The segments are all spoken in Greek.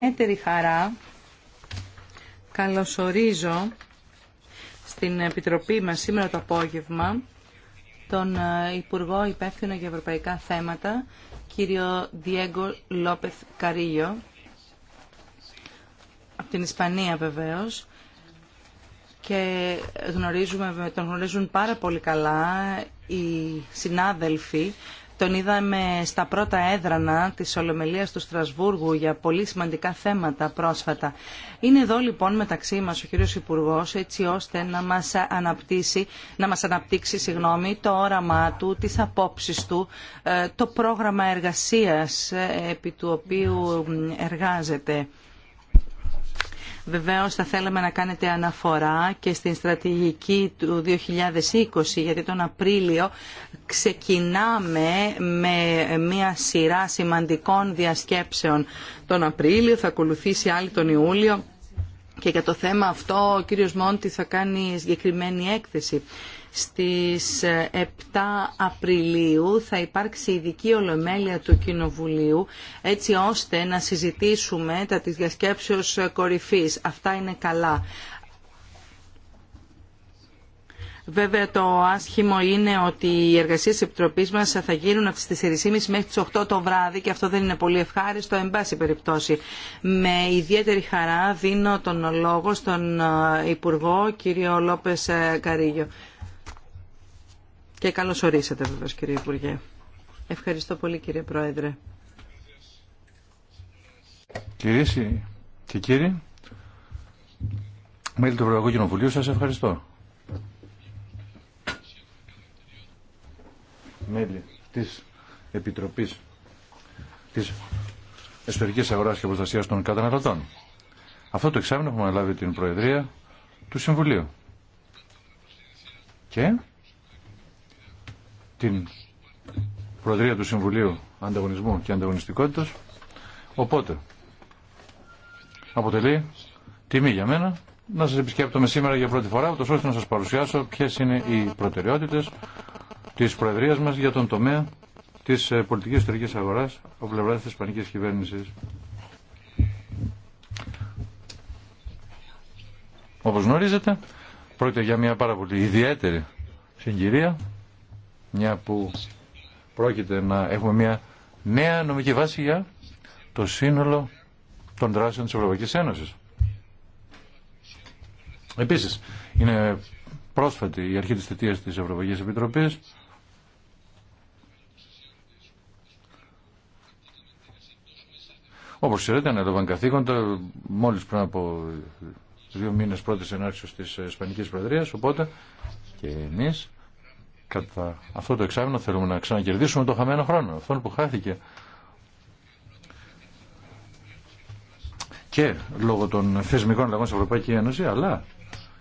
ιδιαίτερη χαρά καλωσορίζω στην Επιτροπή μας σήμερα το απόγευμα τον ε, Υπουργό Υπεύθυνο για Ευρωπαϊκά Θέματα, κύριο Διέγκο Λόπεθ Καρίγιο, από την Ισπανία βεβαίως, και γνωρίζουμε, τον γνωρίζουν πάρα πολύ καλά οι συνάδελφοι τον είδαμε στα πρώτα έδρανα της Ολομελίας του Στρασβούργου για πολύ σημαντικά θέματα πρόσφατα. Είναι εδώ λοιπόν μεταξύ μας ο κύριος Υπουργός έτσι ώστε να μας, αναπτύξει, να μας αναπτύξει συγγνώμη, το όραμά του, τις απόψεις του, ε, το πρόγραμμα εργασίας ε, επί του οποίου εργάζεται. Βεβαίως θα θέλαμε να κάνετε αναφορά και στην στρατηγική του 2020, γιατί τον Απρίλιο ξεκινάμε με μια σειρά σημαντικών διασκέψεων. Τον Απρίλιο θα ακολουθήσει άλλη τον Ιούλιο και για το θέμα αυτό ο κύριος Μόντι θα κάνει συγκεκριμένη έκθεση. Στις 7 ε, Απριλίου θα υπάρξει ειδική ολομέλεια του Κοινοβουλίου έτσι ώστε να συζητήσουμε τα της διασκέψεως ε, κορυφής. Αυτά είναι καλά. Βέβαια το άσχημο είναι ότι οι εργασίες τη Επιτροπή μα θα γίνουν από τι 4.30 μέχρι τις 8 το βράδυ και αυτό δεν είναι πολύ ευχάριστο, εν πάση περιπτώσει. Με ιδιαίτερη χαρά δίνω τον λόγο στον ε, Υπουργό, κύριο Λόπε Καρίγιο. Και καλώς ορίσατε βέβαια, κύριε Υπουργέ. Ευχαριστώ πολύ κύριε Πρόεδρε. Κυρίες και κύριοι, μέλη του Ευρωπαϊκού Κοινοβουλίου, σας ευχαριστώ. Μέλη της Επιτροπής της Εσωτερικής Αγοράς και Προστασίας των Καταναλωτών. Αυτό το εξάμεινο έχουμε λάβει την Προεδρία του Συμβουλίου. Και την Προεδρία του Συμβουλίου Ανταγωνισμού και Ανταγωνιστικότητας. Οπότε, αποτελεί τιμή για μένα να σας επισκέπτομαι σήμερα για πρώτη φορά, ώστε να σας παρουσιάσω ποιες είναι οι προτεραιότητες της Προεδρίας μας για τον τομέα της ε, πολιτικής ιστορικής αγοράς από πλευρά τη ισπανική κυβέρνηση. Όπως γνωρίζετε, πρόκειται για μια πάρα πολύ ιδιαίτερη συγκυρία μια που πρόκειται να έχουμε μια νέα νομική βάση για το σύνολο των δράσεων της Ευρωπαϊκής Ένωσης. Επίσης, είναι πρόσφατη η αρχή της θητείας της Ευρωπαϊκής Επιτροπής Όπως ξέρετε, ανέλαβαν καθήκοντα μόλις πριν από δύο μήνες πρώτης ενάρξη της Ισπανικής Προεδρίας, οπότε και εμείς Κατά αυτό το εξάμεινο θέλουμε να ξανακερδίσουμε το χαμένο χρόνο, Αυτό που χάθηκε. Και λόγω των θεσμικών λαγών στην Ευρωπαϊκή Ένωση, αλλά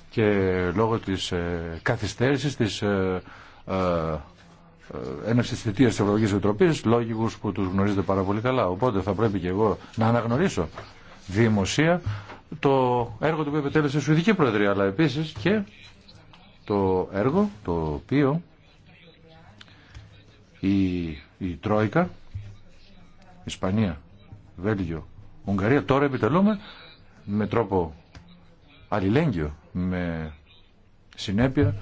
και λόγω της ε, καθυστέρησης της ε, ε, ε έναρξη τη θητεία τη Ευρωπαϊκή Επιτροπή, που του γνωρίζετε πάρα πολύ καλά. Οπότε θα πρέπει και εγώ να αναγνωρίσω δημοσία το έργο το οποίο επιτέλεσε η Σουηδική Προεδρία, αλλά επίση και το έργο το οποίο η, η Τρόικα, Ισπανία, Βέλγιο, Ουγγαρία, τώρα επιτελούμε με τρόπο αλληλέγγυο, με συνέπεια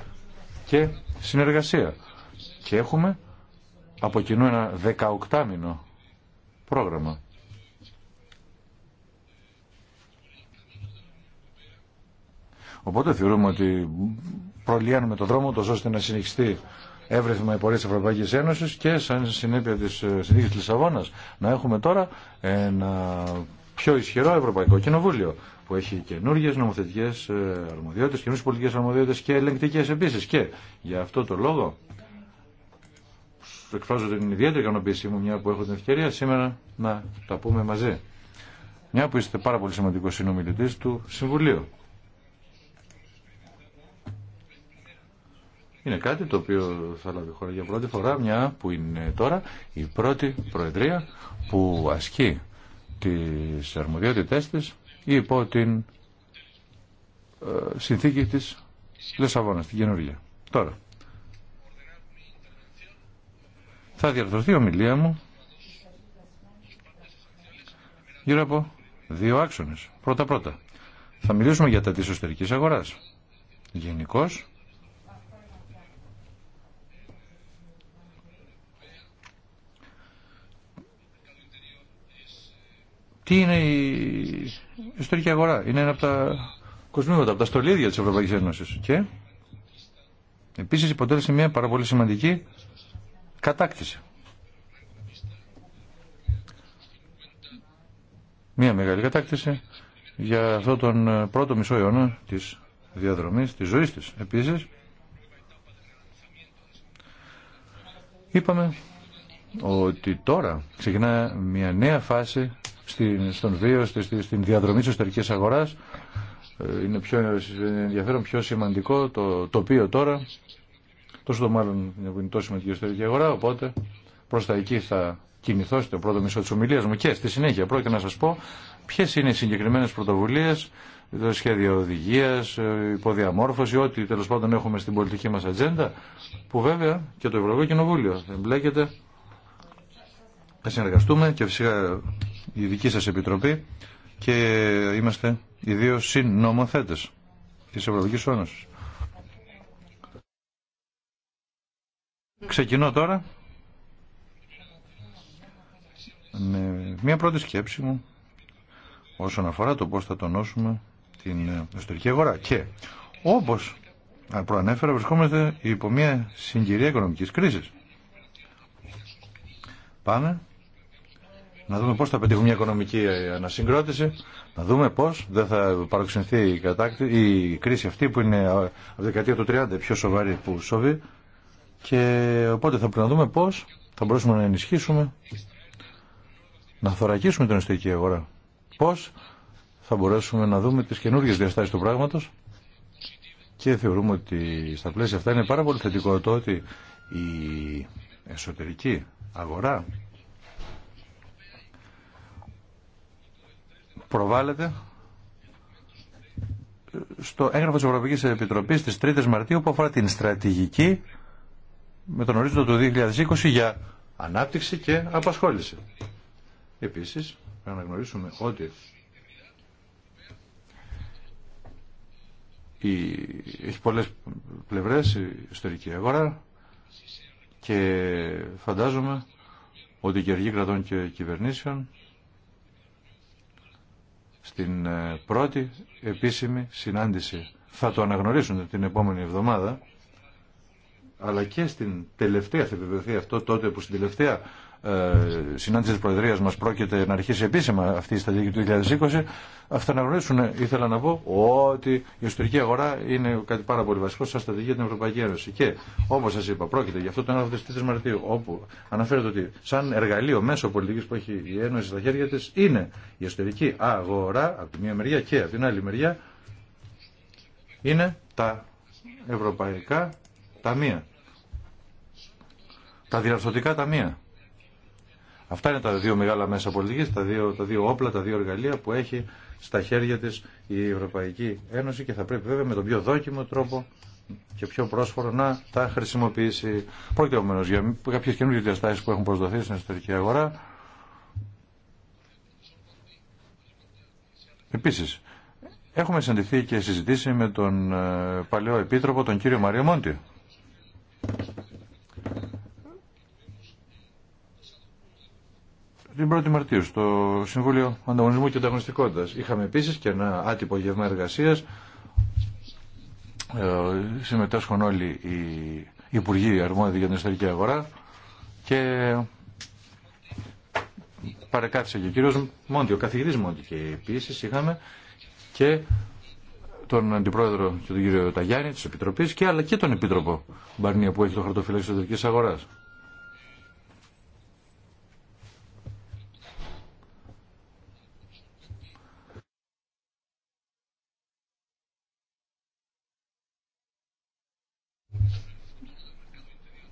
και συνεργασία. Και έχουμε από κοινού ένα 18 μήνο πρόγραμμα. Οπότε θεωρούμε ότι προλυάνουμε το δρόμο τόσο ώστε να συνεχιστεί εύρεθμα οι πορεία της Ευρωπαϊκής Ένωσης και σαν συνέπεια της ε, συνθήκης της Λισαβόνας να έχουμε τώρα ένα πιο ισχυρό Ευρωπαϊκό Κοινοβούλιο που έχει καινούργιε νομοθετικέ ε, αρμοδιότητε, καινούργιε πολιτικέ αρμοδιότητε και ελεγκτικέ επίση. Και για αυτό το λόγο εκφράζω την ιδιαίτερη ικανοποίησή μου, μια που έχω την ευκαιρία σήμερα να τα πούμε μαζί. Μια που είστε πάρα πολύ σημαντικό συνομιλητή του Συμβουλίου. Είναι κάτι το οποίο θα λάβει χώρα για πρώτη φορά, μια που είναι τώρα η πρώτη Προεδρία που ασκεί τις αρμοδιότητές της υπό την ε, συνθήκη της Λεσσαβόνας, την καινούργια. Τώρα. Θα διαρθρωθεί η ομιλία μου γύρω από δύο άξονες. Πρώτα-πρώτα. Θα μιλήσουμε για τα της εσωτερικής αγοράς. Γενικώς Τι είναι η ιστορική αγορά. Είναι ένα από τα κοσμήματα, από τα στολίδια της Ευρωπαϊκής Ένωσης. Και επίσης υποτέλεσε μια πάρα πολύ σημαντική κατάκτηση. Μια μεγάλη κατάκτηση για αυτό τον πρώτο μισό αιώνα της διαδρομής, της ζωής της. Επίσης, είπαμε ότι τώρα ξεκινά μια νέα φάση στην, στον βίο, στην διαδρομή της εσωτερικής αγοράς. Ε, είναι πιο ενδιαφέρον, πιο σημαντικό το τοπίο τώρα. Τόσο το μάλλον που είναι τόσο σημαντική η εσωτερική αγορά, οπότε προς τα εκεί θα κινηθώ στο πρώτο μισό της ομιλίας μου και στη συνέχεια πρόκειται να σας πω ποιες είναι οι συγκεκριμένες πρωτοβουλίες το σχέδιο οδηγία, ε, υποδιαμόρφωση, ό,τι τέλο πάντων έχουμε στην πολιτική μα ατζέντα, που βέβαια και το Ευρωπαϊκό Κοινοβούλιο εμπλέκεται. Θα συνεργαστούμε και φυσικά η δική σας Επιτροπή και είμαστε οι δύο συνομοθέτες της Ευρωπαϊκής Ένωσης. Ξεκινώ τώρα με μια πρώτη σκέψη μου όσον αφορά το πώς θα τονώσουμε την εσωτερική αγορά. Και όπως προανέφερα βρισκόμαστε υπό μια συγκυρία οικονομικής κρίσης. Πάμε να δούμε πώς θα πετύχουμε μια οικονομική ανασυγκρότηση, να δούμε πώς δεν θα παροξενθεί η, κατάκτη, η κρίση αυτή που είναι από τη δεκαετία του 30 πιο σοβαρή που σοβεί και οπότε θα πρέπει να δούμε πώς θα μπορέσουμε να ενισχύσουμε, να θωρακίσουμε την εσωτερική αγορά. Πώς θα μπορέσουμε να δούμε τις καινούργιες διαστάσεις του πράγματος και θεωρούμε ότι στα πλαίσια αυτά είναι πάρα πολύ θετικό το ότι η εσωτερική αγορά προβάλλεται στο έγγραφο της Ευρωπαϊκής Επιτροπής της 3ης Μαρτίου που αφορά την στρατηγική με τον ορίζοντα του 2020 για ανάπτυξη και απασχόληση. Επίσης, να αναγνωρίσουμε ότι η... έχει πολλές πλευρές η ιστορική αγορά και φαντάζομαι ότι οι κρατών και κυβερνήσεων στην ε, πρώτη επίσημη συνάντηση. Θα το αναγνωρίσουν την επόμενη εβδομάδα, αλλά και στην τελευταία θα επιβεβαιωθεί αυτό τότε που στην τελευταία ε, συνάντηση της Προεδρίας μας πρόκειται να αρχίσει επίσημα αυτή η στρατηγική του 2020, αυτά να γνωρίσουν, ήθελα να πω, ότι η εσωτερική αγορά είναι κάτι πάρα πολύ βασικό σαν στρατηγική για την Ευρωπαϊκή Ένωση. Και όπως σας είπα, πρόκειται για αυτό το έγγραφο της 3 Μαρτίου, όπου αναφέρεται ότι σαν εργαλείο μέσω πολιτικής που έχει η Ένωση στα χέρια της είναι η εσωτερική αγορά από τη μία μεριά και από την άλλη μεριά είναι τα ευρωπαϊκά ταμεία. Τα διαρθωτικά ταμεία Αυτά είναι τα δύο μεγάλα μέσα πολιτικής, τα δύο, τα δύο όπλα, τα δύο εργαλεία που έχει στα χέρια της η Ευρωπαϊκή Ένωση και θα πρέπει βέβαια με τον πιο δόκιμο τρόπο και πιο πρόσφορο να τα χρησιμοποιήσει. Πρόκειται για κάποιες καινούργιε διαστάσει που έχουν προσδοθεί στην εσωτερική αγορά. Επίσης, έχουμε συναντηθεί και συζητήσει με τον ε, παλαιό επίτροπο, τον κύριο Μαρία Μόντι. την 1η Μαρτίου στο Συμβούλιο Ανταγωνισμού και Ανταγωνιστικότητα. Είχαμε επίση και ένα άτυπο γεύμα εργασία, ε, Συμμετέσχουν όλοι οι Υπουργοί Αρμόδιοι για την Ιστορική Αγορά και παρεκάθισε και ο κύριος Μόντι, ο καθηγητής Μόντι και επίση είχαμε και τον Αντιπρόεδρο και τον κύριο Ταγιάννη της Επιτροπής και, αλλά και τον Επίτροπο Μπαρνία που έχει το χαρτοφυλάκι της Αγοράς.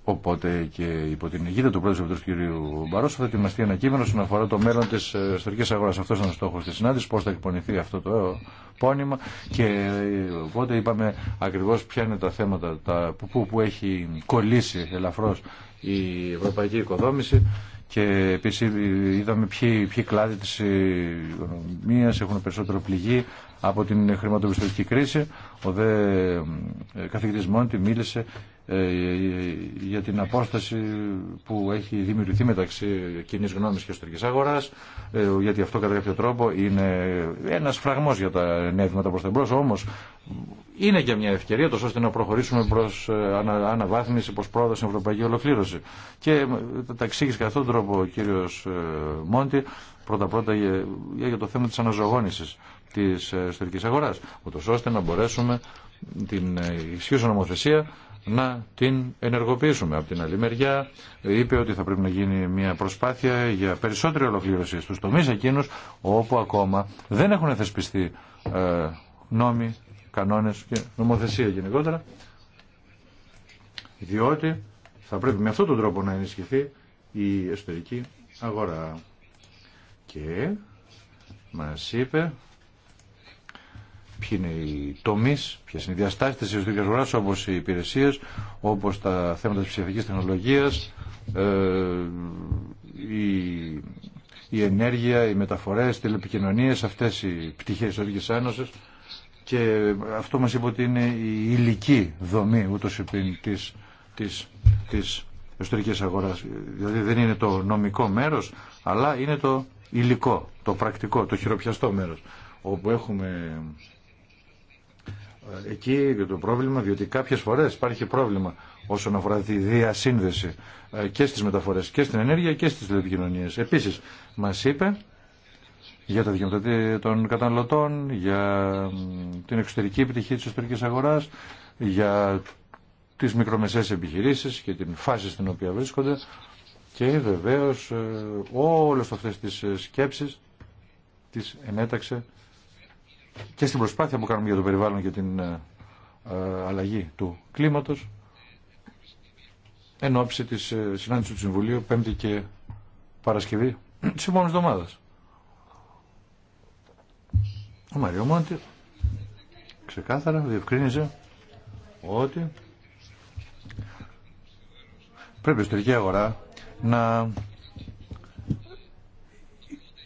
Οπότε και υπό την αιγύδα του πρόεδρου του κ. Μπαρόσου θα ετοιμαστεί ένα κείμενο όσον αφορά το μέλλον τη ε, ιστορική αγορά. Αυτό ήταν ο στόχο τη συνάντηση, πώ θα εκπονηθεί αυτό το ε, πόνημα. Και ε, οπότε είπαμε ακριβώ ποια είναι τα θέματα που, που έχει κολλήσει ελαφρώ η ευρωπαϊκή οικοδόμηση και επίση είδαμε ποιοι, ποιοι κλάδοι τη οικονομία έχουν περισσότερο πληγή από την χρηματοπιστωτική κρίση. Ο δε καθηγητή Μόντι μίλησε ε, για την απόσταση που έχει δημιουργηθεί μεταξύ κοινή γνώμη και εσωτερική αγορά, ε, γιατί αυτό κατά κάποιο τρόπο είναι ένα φραγμό για τα νέα βήματα προ τα εμπρό. Όμω είναι και μια ευκαιρία τόσο ώστε να προχωρήσουμε προ ε, αναβάθμιση, προ πρόοδο στην ευρωπαϊκή ολοκλήρωση. Και τα εξήγησε καθόλου τον τρόπο ο κύριο Μόντι, πρώτα-πρώτα για, για το θέμα τη αναζωογόνηση τη εσωτερική αγορά, ούτω ώστε να μπορέσουμε την ισχύουσα νομοθεσία να την ενεργοποιήσουμε. Από την άλλη μεριά είπε ότι θα πρέπει να γίνει μια προσπάθεια για περισσότερη ολοκλήρωση στους τομείς εκείνους όπου ακόμα δεν έχουν θεσπιστεί ε, νόμοι, κανόνες και νομοθεσία γενικότερα διότι θα πρέπει με αυτόν τον τρόπο να ενισχυθεί η εσωτερική αγορά. Και μας είπε ποιοι είναι οι τομεί, ποιε είναι οι διαστάσει τη εσωτερική αγορά, όπω οι υπηρεσίε, όπω τα θέματα τη ψηφιακή τεχνολογία, ε, η, η ενέργεια, οι μεταφορέ, οι τηλεπικοινωνίε, αυτέ οι πτυχέ τη Ευρωπαϊκή Ένωση. Και αυτό μα είπε ότι είναι η υλική δομή ούτω ή τη εσωτερική αγορά. Δηλαδή δεν είναι το νομικό μέρο, αλλά είναι το υλικό, το πρακτικό, το χειροπιαστό μέρος όπου έχουμε ε, εκεί για το πρόβλημα, διότι κάποιες φορές υπάρχει πρόβλημα όσον αφορά τη διασύνδεση ε, και στις μεταφορές και στην ενέργεια και στις τηλεπικοινωνίες. Επίσης, μας είπε για τα δικαιώματα των καταναλωτών, για την εξωτερική επιτυχία της ιστορικής αγοράς, για τις μικρομεσαίες επιχειρήσεις και την φάση στην οποία βρίσκονται και βεβαίως ε, όλες αυτές τις σκέψεις τις ενέταξε και στην προσπάθεια που κάνουμε για το περιβάλλον και την ε, ε, αλλαγή του κλίματος εν ώψη της ε, συνάντησης του Συμβουλίου Πέμπτη και Παρασκευή της επόμενης εβδομάδα. Ο Μαριό Μόντι ξεκάθαρα διευκρίνησε ότι πρέπει η εσωτερική αγορά να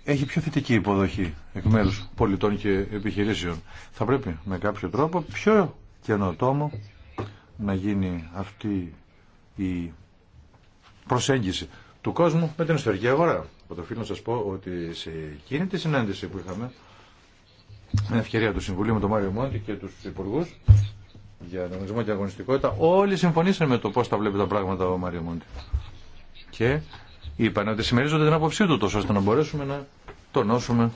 έχει πιο θετική υποδοχή εκ μέρου πολιτών και επιχειρήσεων. Θα πρέπει με κάποιο τρόπο πιο καινοτόμο να γίνει αυτή η προσέγγιση του κόσμου με την ιστορική αγορά. Οπότε οφείλω να σας πω ότι σε εκείνη τη συνάντηση που είχαμε με ευκαιρία του Συμβουλίου με τον Μάριο Μόντι και του υπουργού για νομισμό και αγωνιστικότητα όλοι συμφωνήσαν με το πώ τα βλέπει τα πράγματα ο Μάριο Μόντι. Και είπαν ότι συμμερίζονται την άποψή του τόσο ώστε να μπορέσουμε να τονώσουμε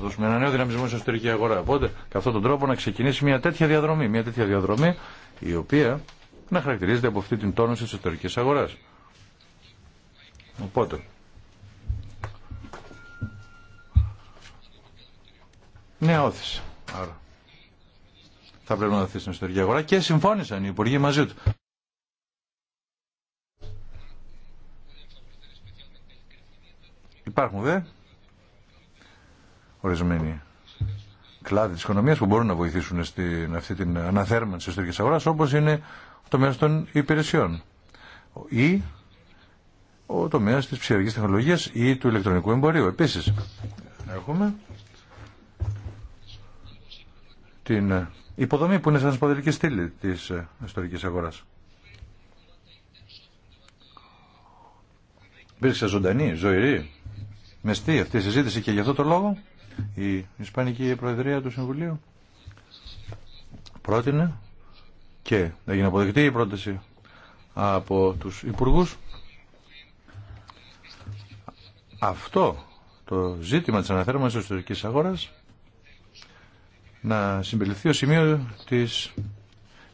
να δώσουμε ένα νέο δυναμισμό στην εσωτερική αγορά. Οπότε, αυτόν τον τρόπο να ξεκινήσει μια τέτοια διαδρομή. Μια τέτοια διαδρομή η οποία να χαρακτηρίζεται από αυτή την τόνωση τη εσωτερική αγορά. Οπότε. Νέα όθηση. Άρα. Θα πρέπει να δοθεί στην εσωτερική αγορά και συμφώνησαν οι υπουργοί μαζί του. Υπάρχουν δε ορισμένοι κλάδοι τη οικονομίας που μπορούν να βοηθήσουν στην αυτή την αναθέρμανση τη ιστορικής αγορά, όπως είναι ο τομέας των υπηρεσιών ή ο τομέας της ψηφιακής τεχνολογίας ή του ηλεκτρονικού εμπορίου. Επίσης έχουμε την υποδομή που είναι σαν σπαδελική στήλη της ιστορικής αγοράς. Υπήρξε ζωντανή, ζωηρή, μεστή αυτή η ο τομεας της ψηφιακης τεχνολογιας η του ηλεκτρονικου εμποριου Επίση εχουμε την υποδομη που ειναι σαν σποδελικη στηλη της ιστορικης αγορας υπηρξε ζωντανη ζωηρη μεστη αυτη η συζητηση και γι' αυτό το λόγο η Ισπανική Προεδρία του Συμβουλίου πρότεινε και έγινε αποδεκτή η πρόταση από τους υπουργούς. Αυτό το ζήτημα της αναθέρμανσης της ιστορικής αγοράς να συμπεριληφθεί ο σημείο της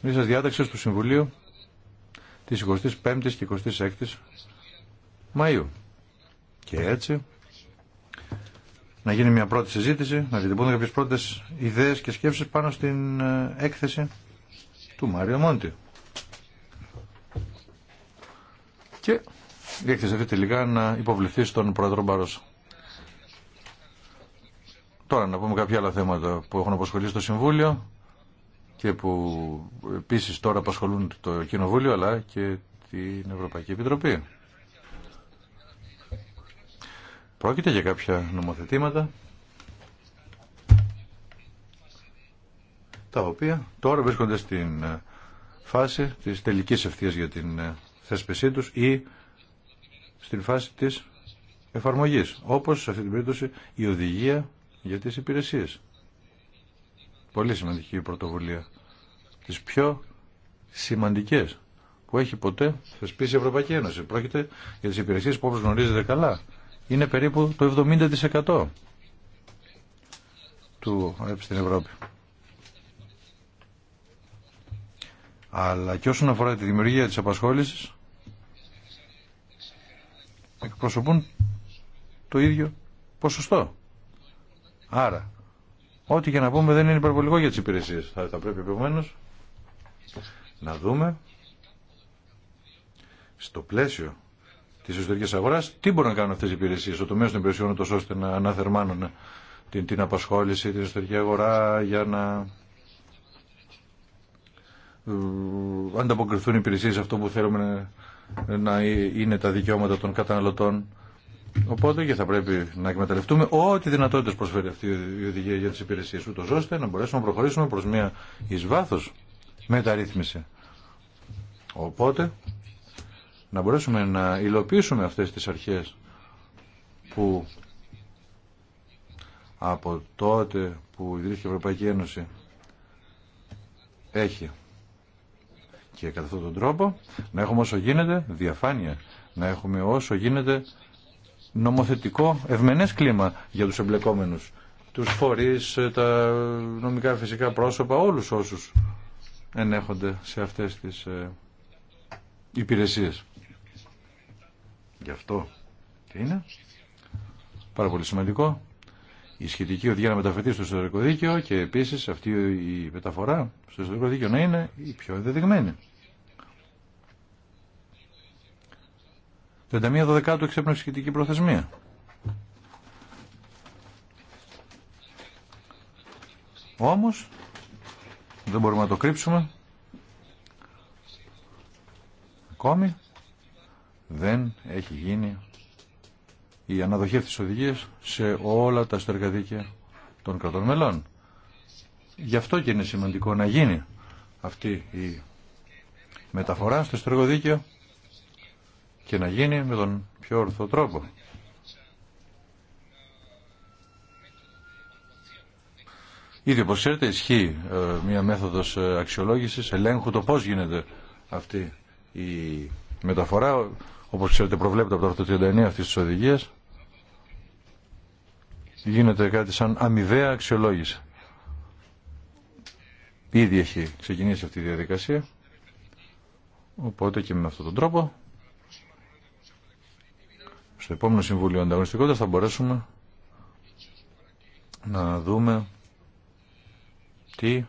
μίσας διάταξης του Συμβουλίου της 25ης και 26ης Μαΐου. Και έτσι να γίνει μια πρώτη συζήτηση, να διατυπούν κάποιε πρώτες ιδέες και σκέψεις πάνω στην ε, έκθεση του Μάριο Μόντι. Και η έκθεση αυτή τελικά να υποβληθεί στον Πρόεδρο Μπαρόσα. Τώρα να πούμε κάποια άλλα θέματα που έχουν απασχολήσει το Συμβούλιο και που επίσης τώρα απασχολούν το Κοινοβούλιο αλλά και την Ευρωπαϊκή Επιτροπή. Πρόκειται για κάποια νομοθετήματα τα οποία τώρα βρίσκονται στην ε, φάση της τελικής ευθείας για την ε, θέσπισή τους ή στην φάση της εφαρμογής, όπως σε αυτή την περίπτωση η οδηγία για τις υπηρεσίες. Πολύ σημαντική η πρωτοβουλία. Τις πιο σημαντικές που έχει ποτέ θεσπίσει η Ευρωπαϊκή Ένωση. Πρόκειται για τις υπηρεσίες που όπως γνωρίζετε καλά είναι περίπου το 70% του ΑΕΠ στην Ευρώπη. Αλλά και όσον αφορά τη δημιουργία της απασχόλησης, εκπροσωπούν το ίδιο ποσοστό. Άρα, ό,τι και να πούμε δεν είναι υπερβολικό για τις υπηρεσίες. Θα, θα πρέπει επομένω να δούμε στο πλαίσιο τη εσωτερική αγορά, τι μπορούν να κάνουν αυτέ οι υπηρεσίε, ο τομέα των υπηρεσιών, ούτω ώστε να αναθερμάνουν την, την απασχόληση, την εσωτερική αγορά, για να ε, ανταποκριθούν οι υπηρεσίε σε αυτό που θέλουμε να ε, είναι τα δικαιώματα των καταναλωτών. Οπότε και θα πρέπει να εκμεταλλευτούμε ό,τι δυνατότητε προσφέρει αυτή η οδηγία για τι υπηρεσίε, ούτω ώστε να μπορέσουμε να προχωρήσουμε προ μια ει βάθο μεταρρύθμιση. Οπότε να μπορέσουμε να υλοποιήσουμε αυτές τις αρχές που από τότε που ιδρύθηκε η Ευρωπαϊκή Ένωση έχει και κατά αυτόν τον τρόπο να έχουμε όσο γίνεται διαφάνεια, να έχουμε όσο γίνεται νομοθετικό ευμενές κλίμα για τους εμπλεκόμενους, τους φορείς, τα νομικά φυσικά πρόσωπα, όλους όσους ενέχονται σε αυτές τις ε, υπηρεσίες. Γι' αυτό και είναι πάρα πολύ σημαντικό η σχετική οδηγία να μεταφερθεί στο ιστορικό δίκαιο και επίσης αυτή η μεταφορά στο ιστορικό δίκαιο να είναι η πιο ενδεδειγμένη. Το 31 Δεκάτου εξέπνευσε σχετική προθεσμία. Όμως δεν μπορούμε να το κρύψουμε ακόμη δεν έχει γίνει η αναδοχή αυτής της οδηγίας σε όλα τα στεργαδίκια των κρατών μελών. Γι' αυτό και είναι σημαντικό να γίνει αυτή η μεταφορά στο στεργοδίκαιο και να γίνει με τον πιο ορθό τρόπο. Ήδη όπως ξέρετε ισχύει ε, μία μέθοδος ε, αξιολόγησης, ελέγχου το πώς γίνεται αυτή η μεταφορά όπως ξέρετε προβλέπεται από το 39 αυτής της οδηγίας, γίνεται κάτι σαν αμοιβαία αξιολόγηση. Ήδη έχει ξεκινήσει αυτή η διαδικασία, οπότε και με αυτόν τον τρόπο, στο επόμενο Συμβούλιο Ανταγωνιστικότητας θα μπορέσουμε να δούμε τι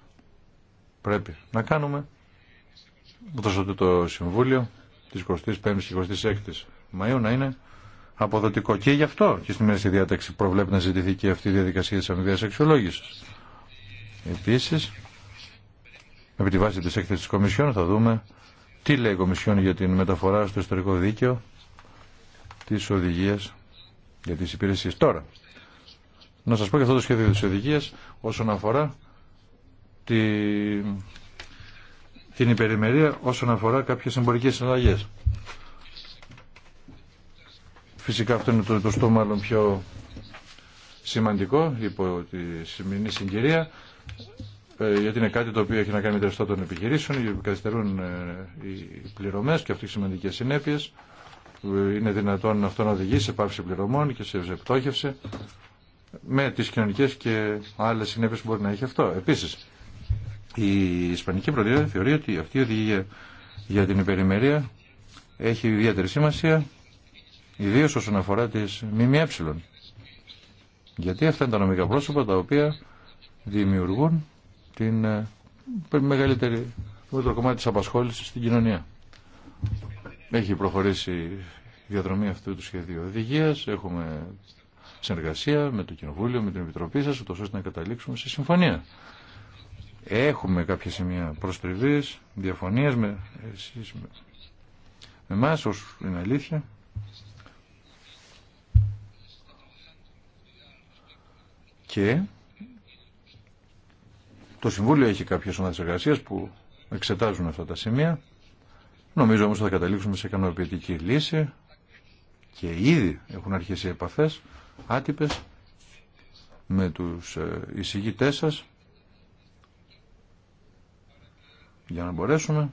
πρέπει να κάνουμε, ούτως το Συμβούλιο Τη 25 η και 26ης Μαΐου να είναι αποδοτικό. Και γι' αυτό και στη μέση διάταξη προβλέπει να ζητηθεί και αυτή η διαδικασία τη αμοιβή αξιολόγηση. Επίση, με τη βάση τη έκθεση τη Κομισιόν θα δούμε τι λέει η Κομισιόν για την μεταφορά στο ιστορικό δίκαιο τη οδηγία για τι υπηρεσίε. Τώρα, να σα πω και αυτό το σχέδιο τη οδηγία όσον αφορά τη την υπερημερία όσον αφορά κάποιες εμπορικές συναλλαγές. Φυσικά αυτό είναι το, το στο μάλλον πιο σημαντικό υπό τη σημερινή συγκυρία ε, γιατί είναι κάτι το οποίο έχει να κάνει με τα των επιχειρήσεων, γιατί καθυστερούν ε, οι πληρωμές και αυτές οι σημαντικές συνέπειες. Ε, είναι δυνατόν αυτό να οδηγεί σε πάυση πληρωμών και σε πτώχευση με τις κοινωνικές και άλλες συνέπειες που μπορεί να έχει αυτό. Επίσης, η Ισπανική Προεδρία θεωρεί ότι αυτή η οδηγία για την υπερημερία έχει ιδιαίτερη σημασία, ιδίως όσον αφορά τις ΜΜΕ. Γιατί αυτά είναι τα νομικά πρόσωπα τα οποία δημιουργούν την ε, μεγαλύτερη μεγαλύτερο κομμάτι της απασχόλησης στην κοινωνία. Έχει προχωρήσει η διαδρομή αυτού του σχεδίου οδηγία. Έχουμε συνεργασία με το Κοινοβούλιο, με την Επιτροπή σας, ώστε να καταλήξουμε σε συμφωνία Έχουμε κάποια σημεία προστριβής, διαφωνίες με εσείς, με, ως είναι αλήθεια. Και το Συμβούλιο έχει κάποιες ομάδες εργασίας που εξετάζουν αυτά τα σημεία. Νομίζω όμως θα καταλήξουμε σε ικανοποιητική λύση και ήδη έχουν αρχίσει επαφές άτυπες με τους ε, εισηγητές σας για να μπορέσουμε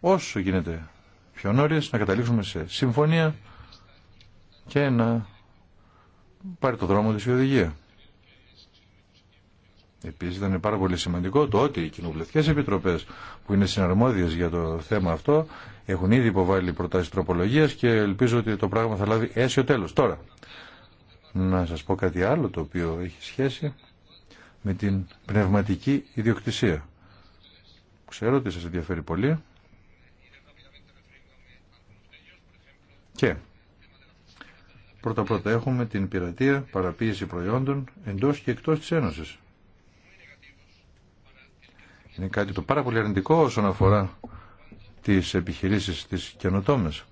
όσο γίνεται πιο νωρίς να καταλήξουμε σε συμφωνία και να πάρει το δρόμο της η οδηγία. Επίσης ήταν πάρα πολύ σημαντικό το ότι οι κοινοβουλευτικές επιτροπές που είναι συναρμόδιες για το θέμα αυτό έχουν ήδη υποβάλει προτάσεις τροπολογίας και ελπίζω ότι το πράγμα θα λάβει αίσιο τέλος. Τώρα, να σας πω κάτι άλλο το οποίο έχει σχέση με την πνευματική ιδιοκτησία ξέρω ότι σας ενδιαφέρει πολύ και πρώτα πρώτα έχουμε την πειρατεία παραποίηση προϊόντων εντός και εκτός της Ένωσης. Είναι κάτι το πάρα πολύ αρνητικό όσον αφορά τις επιχειρήσεις της καινοτόμες.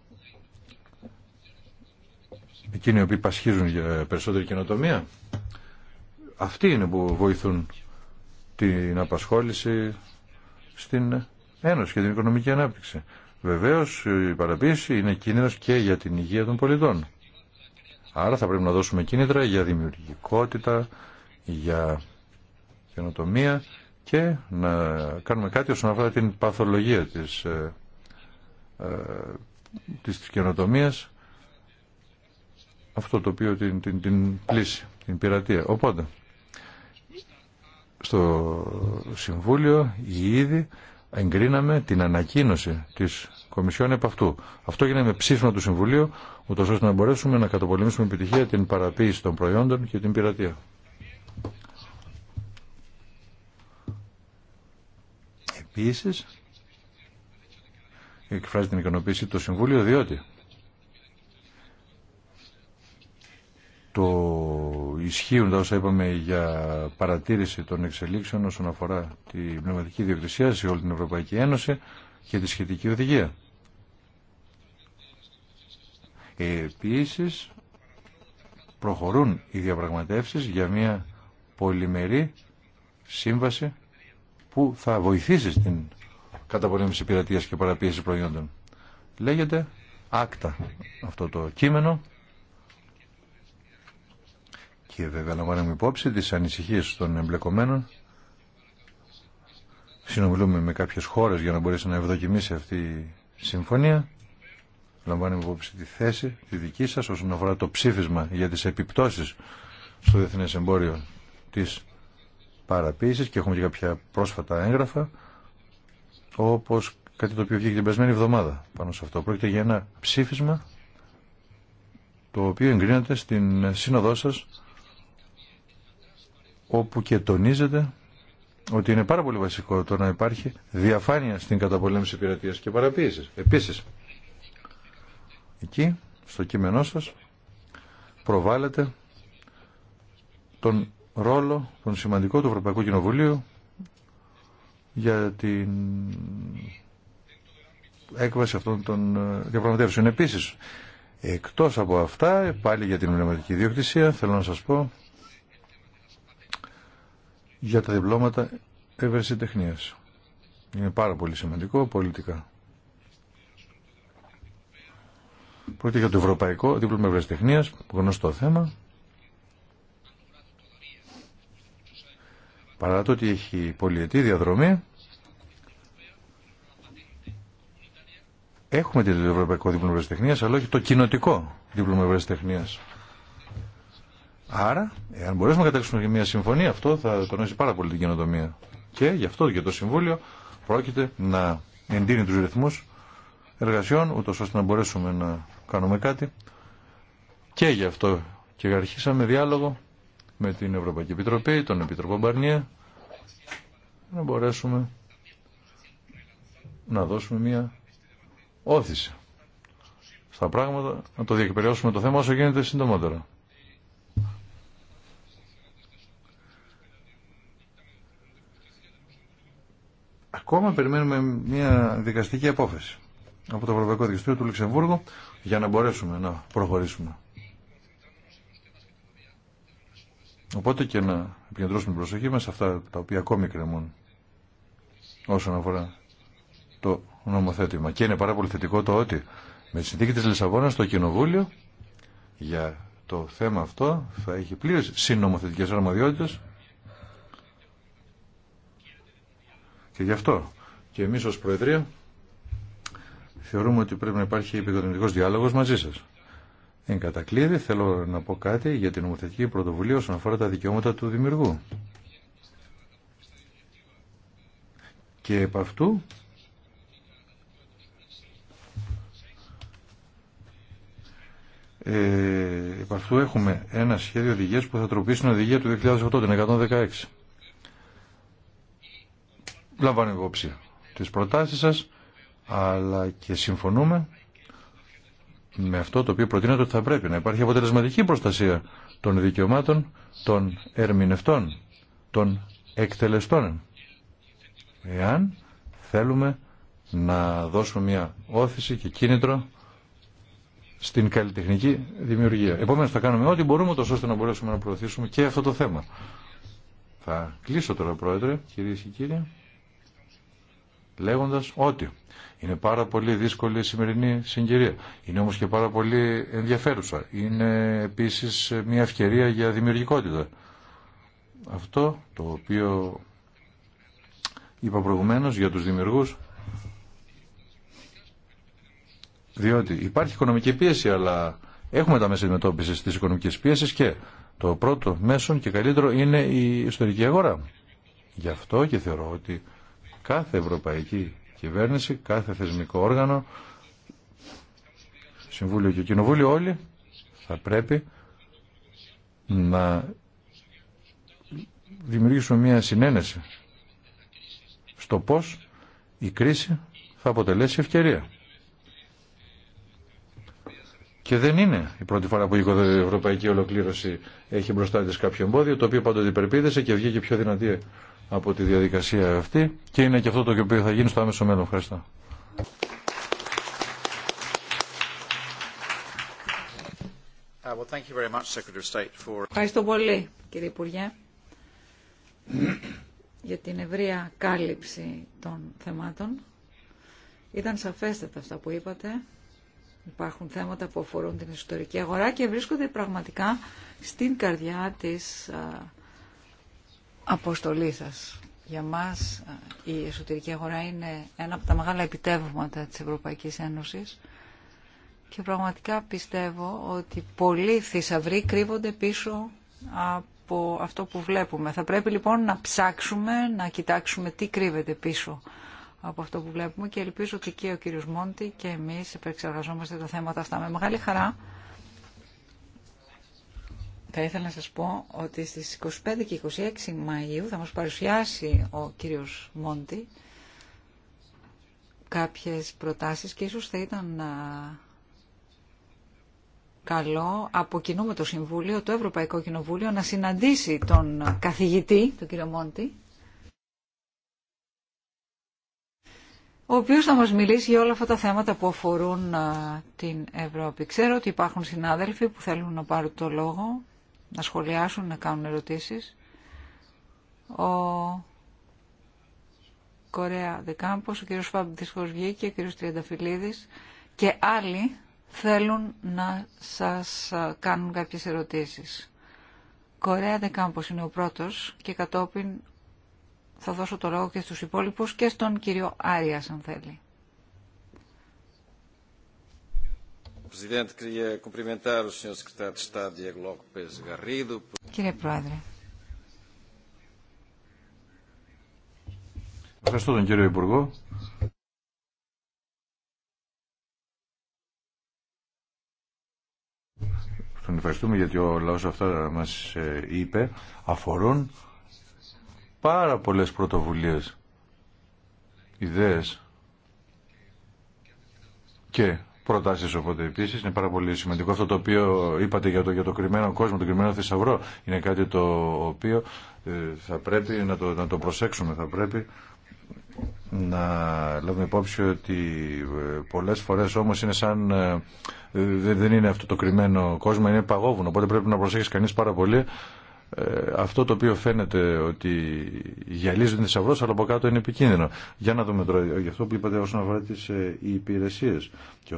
Εκείνοι οι οποίοι πασχίζουν για περισσότερη καινοτομία. Αυτοί είναι που βοηθούν την απασχόληση, στην Ένωση και την οικονομική ανάπτυξη. Βεβαίως η παραποίηση είναι κίνδυνος και για την υγεία των πολιτών. Άρα θα πρέπει να δώσουμε κίνητρα για δημιουργικότητα, για καινοτομία και να κάνουμε κάτι όσον αφορά την παθολογία της, ε, ε, της, της αυτό το οποίο την, την, την πλήση, την πειρατεία. Οπότε, στο Συμβούλιο ήδη εγκρίναμε την ανακοίνωση της Κομισιόν επ' αυτού. Αυτό έγινε με ψήφισμα του Συμβουλίου, ούτω ώστε να μπορέσουμε να καταπολεμήσουμε επιτυχία την παραποίηση των προϊόντων και την πειρατεία. Επίση, εκφράζει την ικανοποίηση του Συμβούλιο, διότι το ισχύουν τα όσα είπαμε για παρατήρηση των εξελίξεων όσον αφορά τη πνευματική διοκτησία σε όλη την Ευρωπαϊκή Ένωση και τη σχετική οδηγία. Επίσης, προχωρούν οι διαπραγματεύσεις για μια πολυμερή σύμβαση που θα βοηθήσει στην καταπολέμηση πειρατείας και παραπίεσης προϊόντων. Λέγεται άκτα αυτό το κείμενο και βέβαια λαμβάνουμε υπόψη τις ανησυχίες των εμπλεκομένων. Συνομιλούμε με κάποιες χώρες για να μπορέσει να ευδοκιμήσει αυτή η συμφωνία. Λαμβάνουμε υπόψη τη θέση, τη δική σας, όσον αφορά το ψήφισμα για τις επιπτώσεις στο διεθνές εμπόριο της παραποίησης και έχουμε και κάποια πρόσφατα έγγραφα, όπως κάτι το οποίο βγήκε την περασμένη εβδομάδα πάνω σε αυτό. Πρόκειται για ένα ψήφισμα το οποίο εγκρίνεται στην σύνοδό σας όπου και τονίζεται ότι είναι πάρα πολύ βασικό το να υπάρχει διαφάνεια στην καταπολέμηση πειρατείας και παραποίησης. Επίσης, εκεί, στο κείμενό σας, προβάλλεται τον ρόλο, τον σημαντικό του Ευρωπαϊκού Κοινοβουλίου για την έκβαση αυτών των ε, διαπραγματεύσεων. Επίσης, εκτός από αυτά, πάλι για την πνευματική διοκτησία, θέλω να σας πω για τα διπλώματα ευρεσιτεχνίας. Είναι πάρα πολύ σημαντικό πολιτικά. Πρόκειται για το Ευρωπαϊκό Δίπλωμα Ευρεσιτεχνίας, γνωστό θέμα. Παρά το ότι έχει πολυετή διαδρομή, έχουμε το Ευρωπαϊκό Δίπλωμα Ευρεσιτεχνίας, αλλά όχι το κοινοτικό Δίπλωμα Ευρεσιτεχνίας. Άρα, εάν μπορέσουμε να καταλήξουμε και μια συμφωνία, αυτό θα τονίσει πάρα πολύ την καινοτομία. Και γι' αυτό και το Συμβούλιο πρόκειται να εντείνει τους ρυθμούς εργασιών, ούτω ώστε να μπορέσουμε να κάνουμε κάτι. Και γι' αυτό και αρχίσαμε διάλογο με την Ευρωπαϊκή Επιτροπή, τον Επιτροπό Μπαρνία να μπορέσουμε να δώσουμε μια όθηση στα πράγματα, να το διακυπηρεώσουμε το θέμα όσο γίνεται συντομότερα. Ακόμα περιμένουμε μια δικαστική απόφαση από το Ευρωπαϊκό Δικαστήριο του Λουξεμβούργου για να μπορέσουμε να προχωρήσουμε. Οπότε και να επικεντρώσουμε την προσοχή μας σε αυτά τα οποία ακόμη κρεμούν όσον αφορά το νομοθέτημα. Και είναι πάρα πολύ θετικό το ότι με τη συνθήκη της Λισαβόνας το Κοινοβούλιο για το θέμα αυτό θα έχει πλήρες συνομοθετικές αρμοδιότητες Και γι' αυτό και εμείς ως Προεδρία θεωρούμε ότι πρέπει να υπάρχει επικοδομητικός διάλογος μαζί σας. Εν κατακλείδη θέλω να πω κάτι για την νομοθετική πρωτοβουλία όσον αφορά τα δικαιώματα του δημιουργού. Και επ' αυτού ε, επ' αυτού έχουμε ένα σχέδιο οδηγίας που θα τροπήσει την οδηγία του 2008, την 116 λαμβάνω υπόψη τις προτάσεις σας, αλλά και συμφωνούμε με αυτό το οποίο προτείνεται ότι θα πρέπει να υπάρχει αποτελεσματική προστασία των δικαιωμάτων των ερμηνευτών, των εκτελεστών. Εάν θέλουμε να δώσουμε μια όθηση και κίνητρο στην καλλιτεχνική δημιουργία. Επομένως θα κάνουμε ό,τι μπορούμε τόσο ώστε να μπορέσουμε να προωθήσουμε και αυτό το θέμα. Θα κλείσω τώρα, Πρόεδρε, κυρίες και κύριοι λέγοντας ότι είναι πάρα πολύ δύσκολη η σημερινή συγκυρία. Είναι όμως και πάρα πολύ ενδιαφέρουσα. Είναι επίσης μια ευκαιρία για δημιουργικότητα. Αυτό το οποίο είπα προηγουμένως για τους δημιουργούς διότι υπάρχει οικονομική πίεση αλλά έχουμε τα μέσα αντιμετώπιση της οικονομικής πίεσης και το πρώτο μέσον και καλύτερο είναι η ιστορική αγορά. Γι' αυτό και θεωρώ ότι κάθε ευρωπαϊκή κυβέρνηση, κάθε θεσμικό όργανο, Συμβούλιο και Κοινοβούλιο όλοι θα πρέπει να δημιουργήσουμε μια συνένεση στο πώς η κρίση θα αποτελέσει ευκαιρία. Και δεν είναι η πρώτη φορά που η ευρωπαϊκή ολοκλήρωση έχει μπροστά της κάποιο εμπόδιο, το οποίο πάντοτε υπερπίδεσε και βγήκε πιο δυνατή από τη διαδικασία αυτή και είναι και αυτό το οποίο θα γίνει στο άμεσο μέλλον. Ευχαριστώ. Uh, Ευχαριστώ πολύ κύριε Υπουργέ για την ευρεία κάλυψη των θεμάτων. Ήταν σαφέστατα αυτά που είπατε. Υπάρχουν θέματα που αφορούν την ιστορική αγορά και βρίσκονται πραγματικά στην καρδιά της uh, αποστολή σας. Για μας ε, η εσωτερική αγορά είναι ένα από τα μεγάλα επιτεύγματα της Ευρωπαϊκής Ένωσης και πραγματικά πιστεύω ότι πολλοί θησαυροί κρύβονται πίσω από αυτό που βλέπουμε. Θα πρέπει λοιπόν να ψάξουμε, να κοιτάξουμε τι κρύβεται πίσω από αυτό που βλέπουμε και ελπίζω ότι και ο κύριος Μόντι και εμείς επεξεργαζόμαστε τα θέματα αυτά με μεγάλη χαρά. Θα ήθελα να σας πω ότι στις 25 και 26 Μαΐου θα μας παρουσιάσει ο κύριος Μόντι κάποιες προτάσεις και ίσως θα ήταν καλό από κοινού με το Συμβούλιο, το Ευρωπαϊκό Κοινοβούλιο, να συναντήσει τον καθηγητή, τον κύριο Μόντι, ο οποίος θα μας μιλήσει για όλα αυτά τα θέματα που αφορούν την Ευρώπη. Ξέρω ότι υπάρχουν συνάδελφοι που θέλουν να πάρουν το λόγο να σχολιάσουν, να κάνουν ερωτήσεις. Ο Κορέα Δεκάμπος, ο κύριος Φάμπ και ο κύριος Τριανταφυλλίδης και άλλοι θέλουν να σας κάνουν κάποιες ερωτήσεις. Κορέα Δεκάμπος είναι ο πρώτος και κατόπιν θα δώσω το λόγο και στους υπόλοιπους και στον κύριο Άριας αν θέλει. Presidente, queria cumprimentar o Κύριε Ευχαριστώ τον κύριο Υπουργό. Τον ευχαριστούμε γιατί ο λαός αυτά μας ε, είπε αφορούν πάρα πολλές πρωτοβουλίες, ιδέες και προτάσεις οπότε επίση είναι πάρα πολύ σημαντικό αυτό το οποίο είπατε για το, κρυμμένο κόσμο, το κρυμμένο θησαυρό είναι κάτι το οποίο ε, θα πρέπει να το, να το προσέξουμε θα πρέπει να λάβουμε υπόψη ότι ε, πολλές φορές όμως είναι σαν ε, δεν είναι αυτό το κρυμμένο κόσμο είναι παγόβουνο οπότε πρέπει να προσέχεις κανείς πάρα πολύ ε, αυτό το οποίο φαίνεται ότι γυαλίζουν θησαυρό, αλλά από κάτω είναι επικίνδυνο. Για να δούμε τώρα, για αυτό που είπατε όσον αφορά τι ε, υπηρεσίε και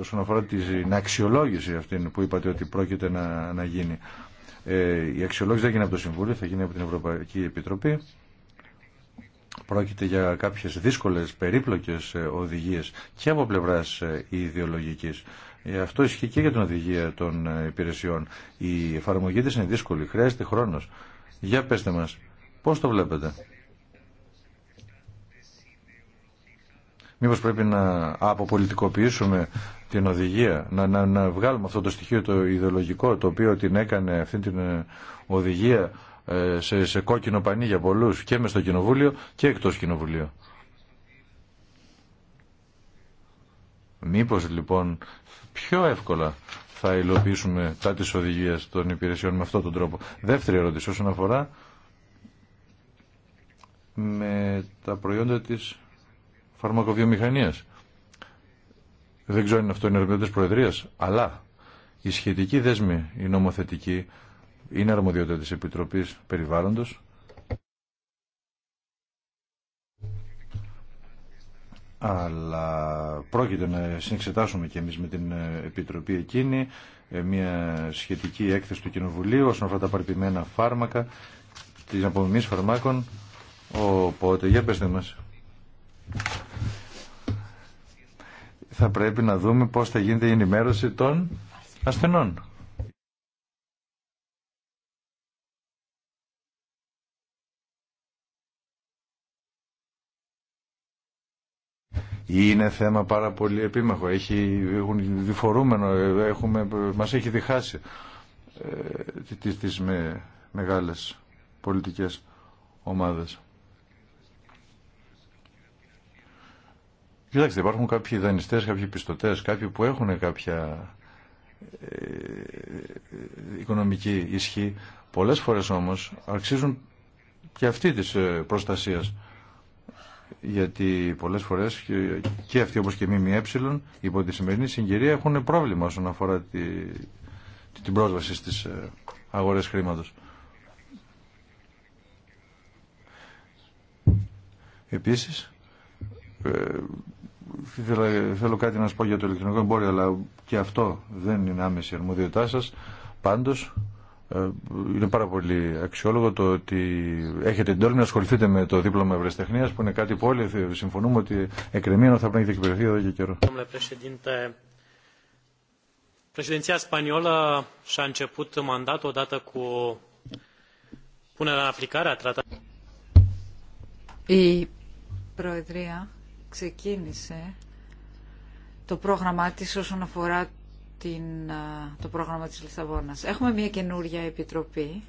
όσον αφορά την αξιολόγηση αυτή που είπατε ότι πρόκειται να, να γίνει. Ε, η αξιολόγηση δεν γίνει από το Συμβούλιο, θα γίνει από την Ευρωπαϊκή Επιτροπή. Πρόκειται για κάποιες δύσκολες, περίπλοκες οδηγίες και από πλευράς ιδεολογικής. Ε, αυτό ισχύει και για την οδηγία των ε, υπηρεσιών. Η εφαρμογή της είναι δύσκολη, χρειάζεται χρόνος. Για πέστε μας, πώς το βλέπετε. Μήπως πρέπει να αποπολιτικοποιήσουμε την οδηγία, να, να, να βγάλουμε αυτό το στοιχείο το ιδεολογικό, το οποίο την έκανε αυτή την ε, οδηγία σε, σε κόκκινο πανί για πολλούς και μες στο κοινοβούλιο και εκτός κοινοβουλίου. Μήπως λοιπόν πιο εύκολα θα υλοποιήσουμε τα τη οδηγία των υπηρεσιών με αυτόν τον τρόπο. Δεύτερη ερώτηση όσον αφορά με τα προϊόντα της φαρμακοβιομηχανίας. Δεν ξέρω αν αυτό είναι αρμοδιότητα της Προεδρίας, αλλά η σχετική δέσμη, η νομοθετική, είναι αρμοδιότητα της Επιτροπής Περιβάλλοντος αλλά πρόκειται να συνεξετάσουμε και εμείς με την ε, Επιτροπή εκείνη ε, μια σχετική έκθεση του Κοινοβουλίου όσον αφορά τα παρπημένα φάρμακα της απομιμής φαρμάκων οπότε για πέστε μας θα πρέπει να δούμε πώς θα γίνεται η ενημέρωση των ασθενών Είναι θέμα πάρα πολύ επίμαχο. Έχει, έχουν διφορούμενο, ε, έχουμε, μας έχει διχάσει ε, τις, τις με, μεγάλες πολιτικές ομάδες. Κοιτάξτε, υπάρχουν κάποιοι δανειστές, κάποιοι πιστωτές, κάποιοι που έχουν κάποια ε, ε, οικονομική ισχύ. Πολλές φορές όμως αξίζουν και αυτή της προστασίας γιατί πολλές φορές και αυτοί όπως και ΜΜΕ υπό τη σημερινή συγκυρία έχουν πρόβλημα όσον αφορά τη, την πρόσβαση στις ε, αγορές χρήματος. Επίσης, ε, Θέλω, κάτι να σας πω για το ηλεκτρονικό εμπόριο, αλλά και αυτό δεν είναι άμεση αρμοδιότητά σας. Πάντως, ε, είναι πάρα πολύ αξιόλογο το ότι έχετε την τόλμη να ασχοληθείτε με το δίπλωμα ευρεσιτεχνία που είναι κάτι που όλοι συμφωνούμε ότι εκκρεμεί ενώ θα πρέπει να εκπαιδευτεί εδώ και καιρό. Președinția spaniolă și-a început mandatul odată cu punerea în aplicare a tratatului. Η Προεδρία ξεκίνησε το πρόγραμμά της όσον αφορά την, το πρόγραμμα της Λισαβόνας. Έχουμε μια καινούρια επιτροπή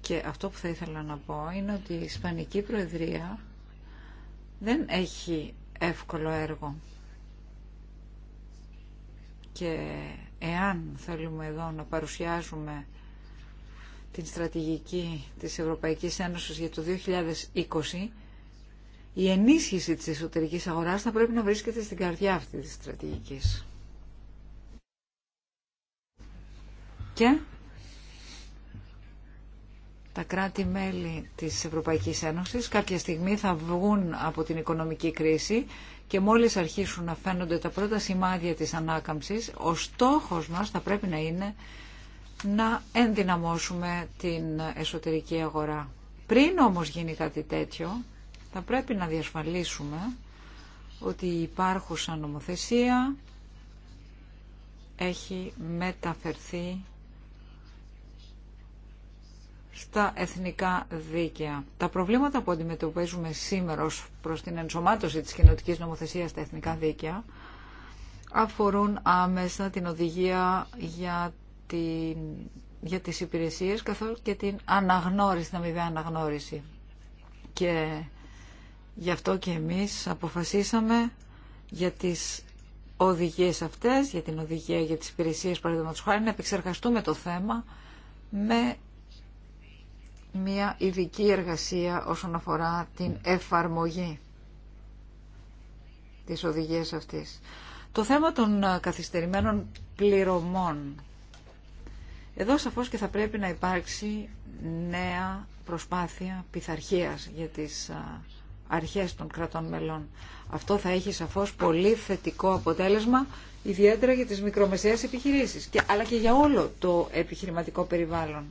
και αυτό που θα ήθελα να πω είναι ότι η Ισπανική Προεδρία δεν έχει εύκολο έργο. Και εάν θέλουμε εδώ να παρουσιάζουμε την στρατηγική της Ευρωπαϊκής Ένωσης για το 2020, η ενίσχυση της εσωτερικής αγοράς θα πρέπει να βρίσκεται στην καρδιά αυτής της στρατηγικής. και τα κράτη-μέλη της Ευρωπαϊκής Ένωσης κάποια στιγμή θα βγουν από την οικονομική κρίση και μόλις αρχίσουν να φαίνονται τα πρώτα σημάδια της ανάκαμψης, ο στόχος μας θα πρέπει να είναι να ενδυναμώσουμε την εσωτερική αγορά. Πριν όμως γίνει κάτι τέτοιο, θα πρέπει να διασφαλίσουμε ότι η υπάρχουσα νομοθεσία έχει μεταφερθεί στα εθνικά δίκαια. Τα προβλήματα που αντιμετωπίζουμε σήμερα προς την ενσωμάτωση της κοινωτική νομοθεσίας στα εθνικά δίκαια αφορούν άμεσα την οδηγία για, την, για τις υπηρεσίες καθώς και την αναγνώριση, την αναγνώριση. Και γι' αυτό και εμείς αποφασίσαμε για τις οδηγίες αυτές, για την οδηγία για τις υπηρεσίες παραδείγματος χάρη, να επεξεργαστούμε το θέμα με μια ειδική εργασία όσον αφορά την εφαρμογή της οδηγίας αυτής. Το θέμα των ε, καθυστερημένων πληρωμών. Εδώ σαφώς και θα πρέπει να υπάρξει νέα προσπάθεια πειθαρχία για τις ε, αρχές των κρατών μελών. Αυτό θα έχει σαφώς πολύ θετικό αποτέλεσμα, ιδιαίτερα για τις μικρομεσαίες επιχειρήσεις, αλλά και για όλο το επιχειρηματικό περιβάλλον.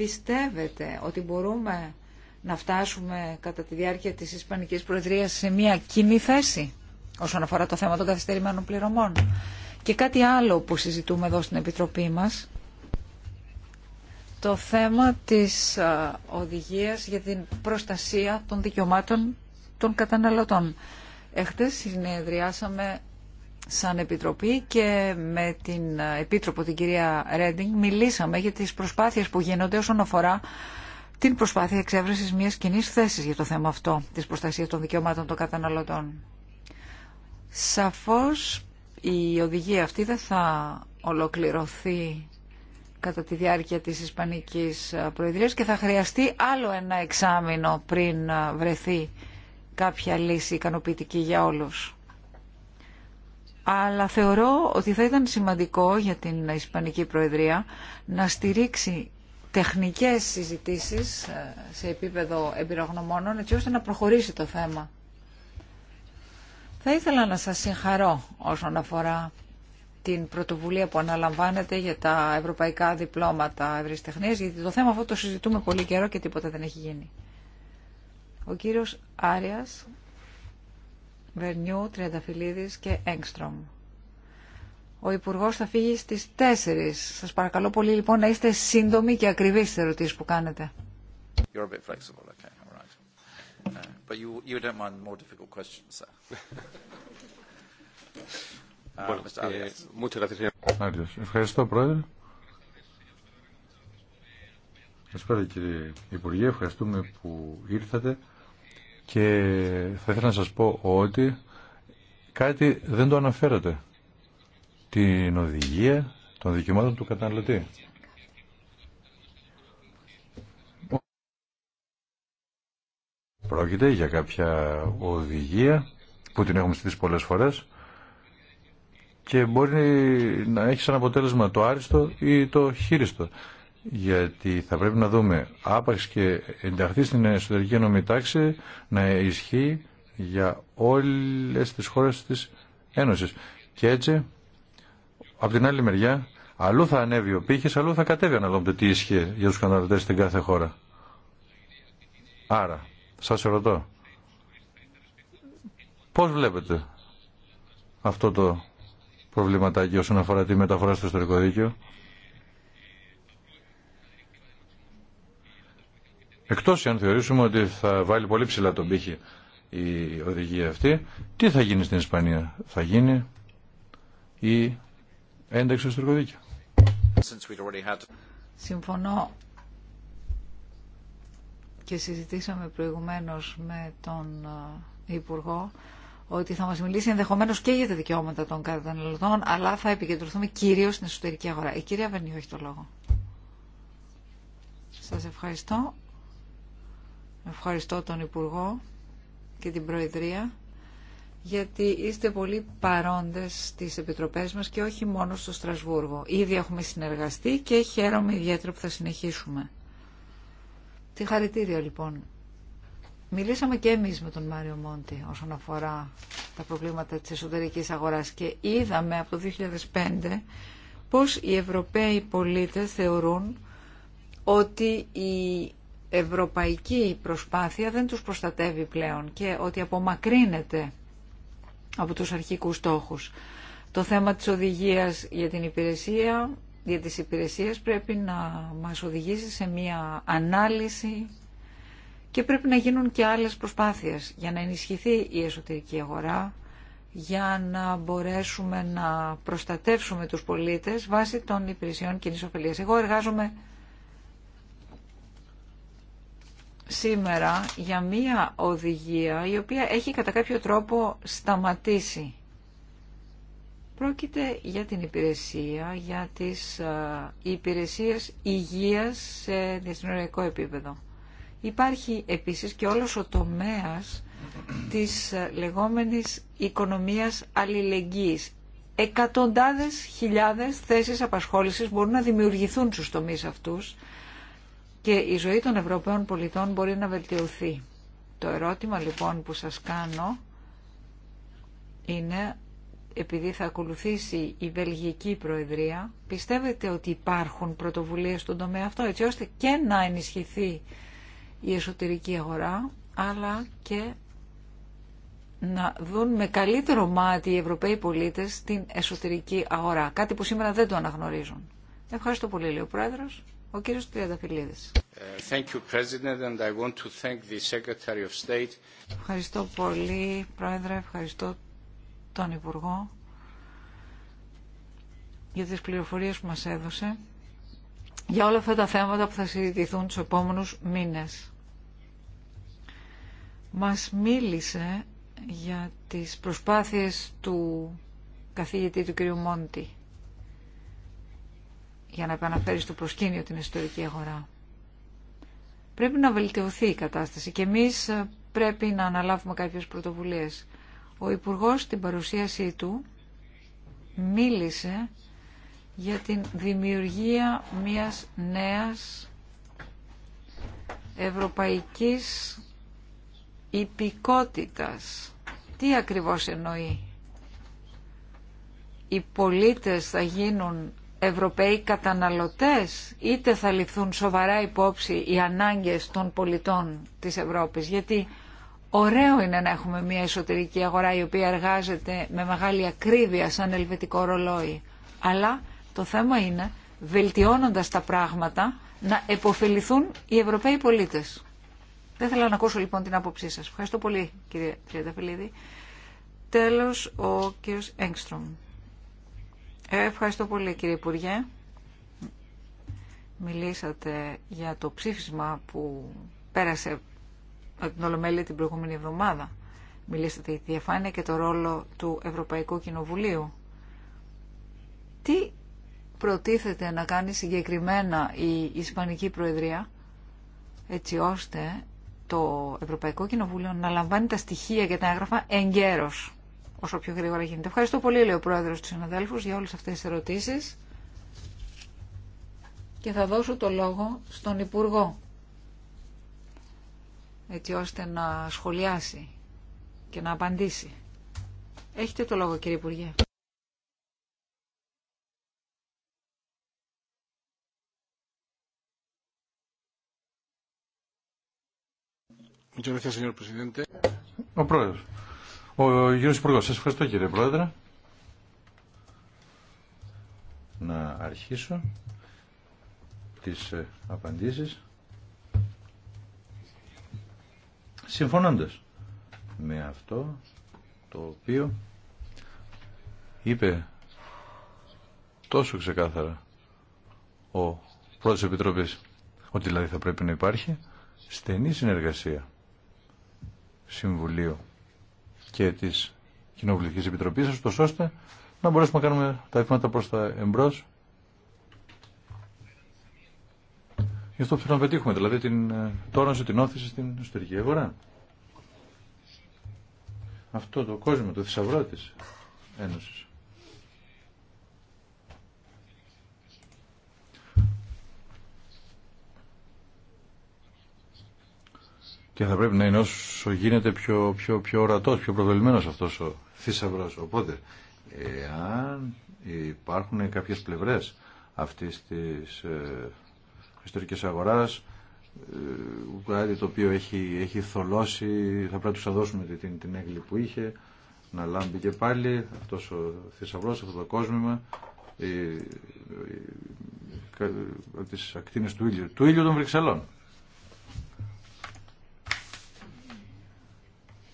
Πιστεύετε ότι μπορούμε να φτάσουμε κατά τη διάρκεια της Ισπανικής Προεδρίας σε μια κοινή θέση όσον αφορά το θέμα των καθυστερημένων πληρωμών. Και κάτι άλλο που συζητούμε εδώ στην Επιτροπή μας, το θέμα της οδηγίας για την προστασία των δικαιωμάτων των καταναλωτών. Εχθές συνεδριάσαμε σαν Επιτροπή και με την Επίτροπο την κυρία Ρέντινγκ μιλήσαμε για τις προσπάθειες που γίνονται όσον αφορά την προσπάθεια εξέβρεσης μιας κοινή θέσης για το θέμα αυτό της προστασίας των δικαιωμάτων των καταναλωτών. Σαφώς η οδηγία αυτή δεν θα ολοκληρωθεί κατά τη διάρκεια της Ισπανικής Προεδρίας και θα χρειαστεί άλλο ένα εξάμεινο πριν βρεθεί κάποια λύση ικανοποιητική για όλους αλλά θεωρώ ότι θα ήταν σημαντικό για την Ισπανική Προεδρία να στηρίξει τεχνικές συζητήσεις ε, σε επίπεδο εμπειρογνωμόνων έτσι ώστε να προχωρήσει το θέμα. Θα ήθελα να σας συγχαρώ όσον αφορά την πρωτοβουλία που αναλαμβάνετε για τα ευρωπαϊκά διπλώματα ευρυστεχνίας, γιατί το θέμα αυτό το συζητούμε πολύ καιρό και τίποτα δεν έχει γίνει. Ο κύριος Άριας Βερνιού, Τριανταφυλλίδης και Έγκστρομ. Ο Υπουργό θα φύγει στι 4. Σα παρακαλώ πολύ λοιπόν να είστε σύντομοι και ακριβεί στι ερωτήσει που κάνετε. Uh, eh, Ευχαριστώ, Πρόεδρε. Ευχαριστώ κύριε Υπουργέ. Ευχαριστούμε που ήρθατε και θα ήθελα να σας πω ότι κάτι δεν το αναφέρατε. Την οδηγία των δικαιωμάτων του καταναλωτή. Πρόκειται για κάποια οδηγία που την έχουμε στήσει πολλές φορές και μπορεί να έχει σαν αποτέλεσμα το άριστο ή το χείριστο γιατί θα πρέπει να δούμε άπαξ και ενταχθεί στην εσωτερική νομή τάξη να ισχύει για όλες τις χώρες της Ένωσης. Και έτσι, από την άλλη μεριά, αλλού θα ανέβει ο πύχης, αλλού θα κατέβει αναλόγω το τι ισχύει για τους καταναλωτές στην κάθε χώρα. Άρα, σας ρωτώ, πώς βλέπετε αυτό το προβληματάκι όσον αφορά τη μεταφορά στο ιστορικό δίκαιο. Εκτός αν θεωρήσουμε ότι θα βάλει πολύ ψηλά τον πύχη η οδηγία αυτή, τι θα γίνει στην Ισπανία. Θα γίνει η ένταξη στο εργοδίκιο. Συμφωνώ και συζητήσαμε προηγουμένως με τον ε, Υπουργό ότι θα μας μιλήσει ενδεχομένως και για τα δικαιώματα των καταναλωτών, αλλά θα επικεντρωθούμε κυρίως στην εσωτερική αγορά. Η κυρία Βενίου έχει το λόγο. Σας ευχαριστώ. Ευχαριστώ τον Υπουργό και την Προεδρία γιατί είστε πολύ παρόντες στις επιτροπές μας και όχι μόνο στο Στρασβούργο. Ήδη έχουμε συνεργαστεί και χαίρομαι ιδιαίτερα που θα συνεχίσουμε. Τι χαρητήρια λοιπόν. Μιλήσαμε και εμείς με τον Μάριο Μόντι όσον αφορά τα προβλήματα της εσωτερικής αγοράς και είδαμε από το 2005 πως οι Ευρωπαίοι πολίτες θεωρούν ότι η ευρωπαϊκή προσπάθεια δεν τους προστατεύει πλέον και ότι απομακρύνεται από τους αρχικούς στόχους. Το θέμα της οδηγίας για την υπηρεσία, για τις υπηρεσίες πρέπει να μας οδηγήσει σε μια ανάλυση και πρέπει να γίνουν και άλλες προσπάθειες για να ενισχυθεί η εσωτερική αγορά, για να μπορέσουμε να προστατεύσουμε τους πολίτες βάσει των υπηρεσιών κοινής ωφελίας. Εγώ εργάζομαι σήμερα για μία οδηγία η οποία έχει κατά κάποιο τρόπο σταματήσει. Πρόκειται για την υπηρεσία, για τις ε, υπηρεσίες υγείας σε διεθνωριακό επίπεδο. Υπάρχει επίσης και όλος ο τομέας της ε, λεγόμενης οικονομίας αλληλεγγύης. Εκατοντάδες χιλιάδες θέσεις απασχόλησης μπορούν να δημιουργηθούν στους τομείς αυτούς και η ζωή των Ευρωπαίων πολιτών μπορεί να βελτιωθεί. Το ερώτημα λοιπόν που σας κάνω είναι, επειδή θα ακολουθήσει η Βελγική Προεδρία, πιστεύετε ότι υπάρχουν πρωτοβουλίες στον τομέα αυτό, έτσι ώστε και να ενισχυθεί η εσωτερική αγορά, αλλά και να δουν με καλύτερο μάτι οι Ευρωπαίοι πολίτες την εσωτερική αγορά. Κάτι που σήμερα δεν το αναγνωρίζουν. Ευχαριστώ πολύ, λέει ο Πρόεδρος. Ο κύριος Τριανταφυλλίδης. Ευχαριστώ πολύ, Πρόεδρε. Ευχαριστώ τον Υπουργό για τις πληροφορίες που μας έδωσε για όλα αυτά τα θέματα που θα συζητηθούν τους επόμενους μήνες. Μας μίλησε για τις προσπάθειες του καθηγητή του κ. Μόντι για να επαναφέρει στο προσκήνιο την ιστορική αγορά. Πρέπει να βελτιωθεί η κατάσταση και εμείς ε, πρέπει να αναλάβουμε κάποιες πρωτοβουλίες. Ο Υπουργός στην παρουσίασή του μίλησε για την δημιουργία μιας νέας ευρωπαϊκής υπηκότητας. Τι ακριβώς εννοεί. Οι πολίτες θα γίνουν Ευρωπαίοι καταναλωτές είτε θα ληφθούν σοβαρά υπόψη οι ανάγκες των πολιτών της Ευρώπης γιατί ωραίο είναι να έχουμε μια εσωτερική αγορά η οποία εργάζεται με μεγάλη ακρίβεια σαν ελβετικό ρολόι αλλά το θέμα είναι βελτιώνοντας τα πράγματα να επωφεληθούν οι Ευρωπαίοι πολίτες. Δεν θέλω να ακούσω λοιπόν την άποψή σας. Ευχαριστώ πολύ κύριε Τριανταφυλλίδη. Τέλος ο κύριος Έγκστρομ. Ευχαριστώ πολύ κύριε Υπουργέ. Μιλήσατε για το ψήφισμα που πέρασε από την Ολομέλεια την προηγούμενη εβδομάδα. Μιλήσατε για τη διαφάνεια και το ρόλο του Ευρωπαϊκού Κοινοβουλίου. Τι προτίθεται να κάνει συγκεκριμένα η Ισπανική Προεδρία έτσι ώστε το Ευρωπαϊκό Κοινοβούλιο να λαμβάνει τα στοιχεία και τα έγγραφα εγκαίρως όσο πιο γρήγορα γίνεται. Ευχαριστώ πολύ, λέει ο πρόεδρο του συναδέλφου, για όλε αυτέ τις ερωτήσει. Και θα δώσω το λόγο στον Υπουργό, έτσι ώστε να σχολιάσει και να απαντήσει. Έχετε το λόγο, κύριε Υπουργέ. Ο Πρόεδρος. Ο Γιώργος Υπουργός, σας ευχαριστώ κύριε Πρόεδρε. Να αρχίσω τις ε, απαντήσεις συμφωνώντας με αυτό το οποίο είπε τόσο ξεκάθαρα ο πρώτος Επιτροπής ότι δηλαδή θα πρέπει να υπάρχει στενή συνεργασία Συμβουλίου και τη Κοινοβουλευτική επιτροπή, σας, ώστε να μπορέσουμε να κάνουμε τα βήματα προ τα εμπρό. Γι' αυτό θέλω να πετύχουμε, δηλαδή την ε, τόνωση, την όθηση στην εσωτερική αγορά. Αυτό το κόσμο, το θησαυρό τη Ένωσης. και θα πρέπει να είναι όσο γίνεται πιο, πιο, πιο ορατός, πιο προβελμένος αυτός ο θησαυρό. Οπότε, εάν υπάρχουν κάποιες πλευρές αυτής της ε, ιστορικής αγοράς, κάτι το οποίο έχει, έχει θολώσει, θα πρέπει να δώσουμε την, την έγκλη που είχε, να λάμπει και πάλι αυτός ο θησαυρό, αυτό το κόσμημα, από τις ακτίνες του ήλιου, του ήλιου των Βρυξελών.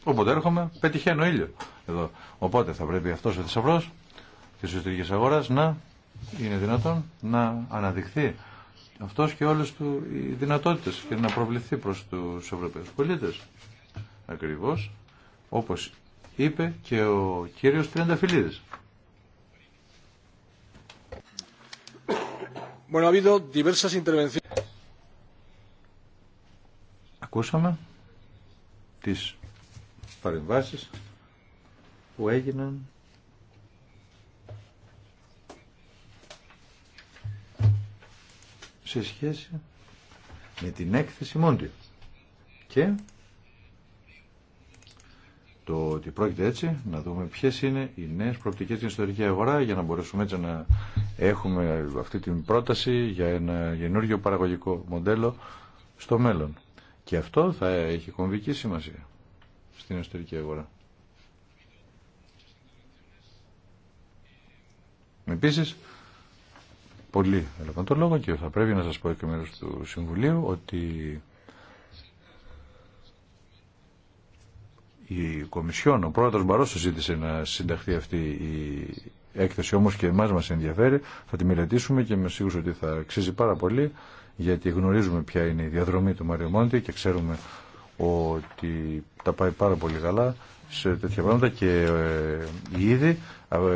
Όποτε έρχομαι, πετυχαίνω ήλιο εδώ. Οπότε θα πρέπει αυτό ο θησαυρό τη εσωτερική αγορά να είναι δυνατόν να αναδειχθεί αυτό και όλε του οι δυνατότητε και να προβληθεί προ του Ευρωπαίου πολίτε. Ακριβώ όπω είπε και ο κύριο Τριανταφυλλίδη. Ακούσαμε τις παρεμβάσεις που έγιναν σε σχέση με την έκθεση Μόντι και το ότι πρόκειται έτσι να δούμε ποιες είναι οι νέες προοπτικές στην ιστορική αγορά για να μπορέσουμε έτσι να έχουμε αυτή την πρόταση για ένα καινούργιο παραγωγικό μοντέλο στο μέλλον. Και αυτό θα έχει κομβική σημασία στην εσωτερική αγορά. Επίσης, πολύ έλαβαν το λόγο και θα πρέπει να σας πω εκ μέρους του Συμβουλίου ότι η Κομισιόν, ο πρόεδρος Μπαρός ζήτησε να συνταχθεί αυτή η έκθεση όμως και εμάς μας ενδιαφέρει θα τη μελετήσουμε και είμαι σίγουρος ότι θα αξίζει πάρα πολύ γιατί γνωρίζουμε ποια είναι η διαδρομή του Μάριο και ξέρουμε ότι τα πάει πάρα πολύ καλά σε τέτοια πράγματα και ε, ήδη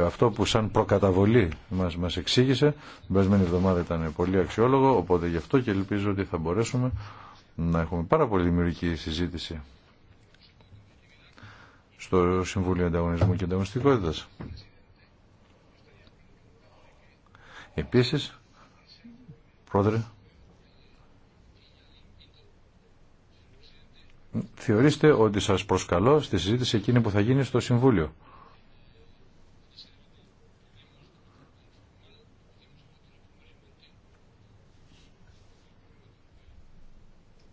αυτό που σαν προκαταβολή μας, μας εξήγησε την περασμένη εβδομάδα ήταν πολύ αξιόλογο οπότε γι' αυτό και ελπίζω ότι θα μπορέσουμε να έχουμε πάρα πολύ δημιουργική συζήτηση στο Συμβούλιο Ανταγωνισμού και Ανταγωνιστικότητας. Επίσης, πρόεδρε, θεωρήστε ότι σας προσκαλώ στη συζήτηση εκείνη που θα γίνει στο Συμβούλιο.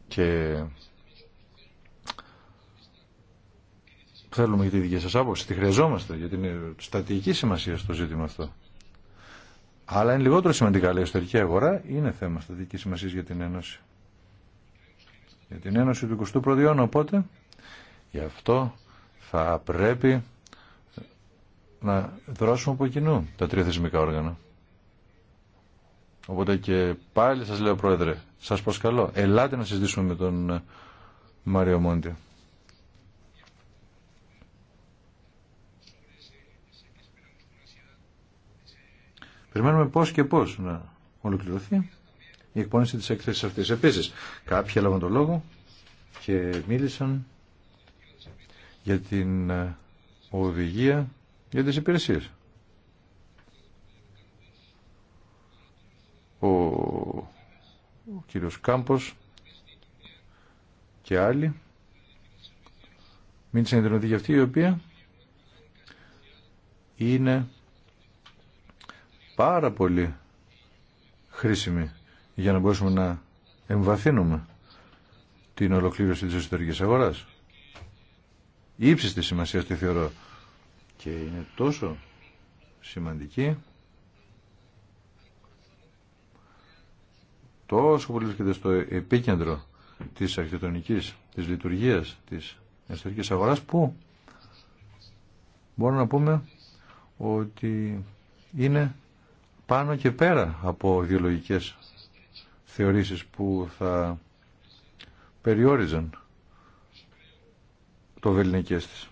Και θέλουμε για τη δική σας άποψη, τη χρειαζόμαστε, γιατί είναι στατική σημασία στο ζήτημα αυτό. Αλλά είναι λιγότερο σημαντικά, αλλά η ιστορική αγορά, είναι θέμα στατική σημασία για την Ένωση για την Ένωση του 21ου Οπότε γι' αυτό θα πρέπει να δράσουμε από κοινού τα τρία θεσμικά όργανα. Οπότε και πάλι σας λέω Πρόεδρε, σας προσκαλώ, ελάτε να συζητήσουμε με τον Μάριο Μόντι. Περιμένουμε πώς και πώς να ολοκληρωθεί η εκπόνηση της έκθεσης αυτής. Επίσης, κάποιοι έλαβαν τον λόγο και μίλησαν για την ε, οδηγία για τις υπηρεσίες. Ο, ο κύριος Κάμπος και άλλοι μίλησαν για την οδηγία αυτή η οποία είναι πάρα πολύ χρήσιμη για να μπορέσουμε να εμβαθύνουμε την ολοκλήρωση της εσωτερικής αγοράς. Η ύψιστη της σημασίας τη θεωρώ και είναι τόσο σημαντική τόσο πολύ βρίσκεται στο επίκεντρο της αρχιτεκτονικής, της λειτουργίας της εσωτερικής αγοράς που μπορούμε να πούμε ότι είναι πάνω και πέρα από ιδεολογικές θεωρήσεις που θα περιόριζαν το βεληνικές της.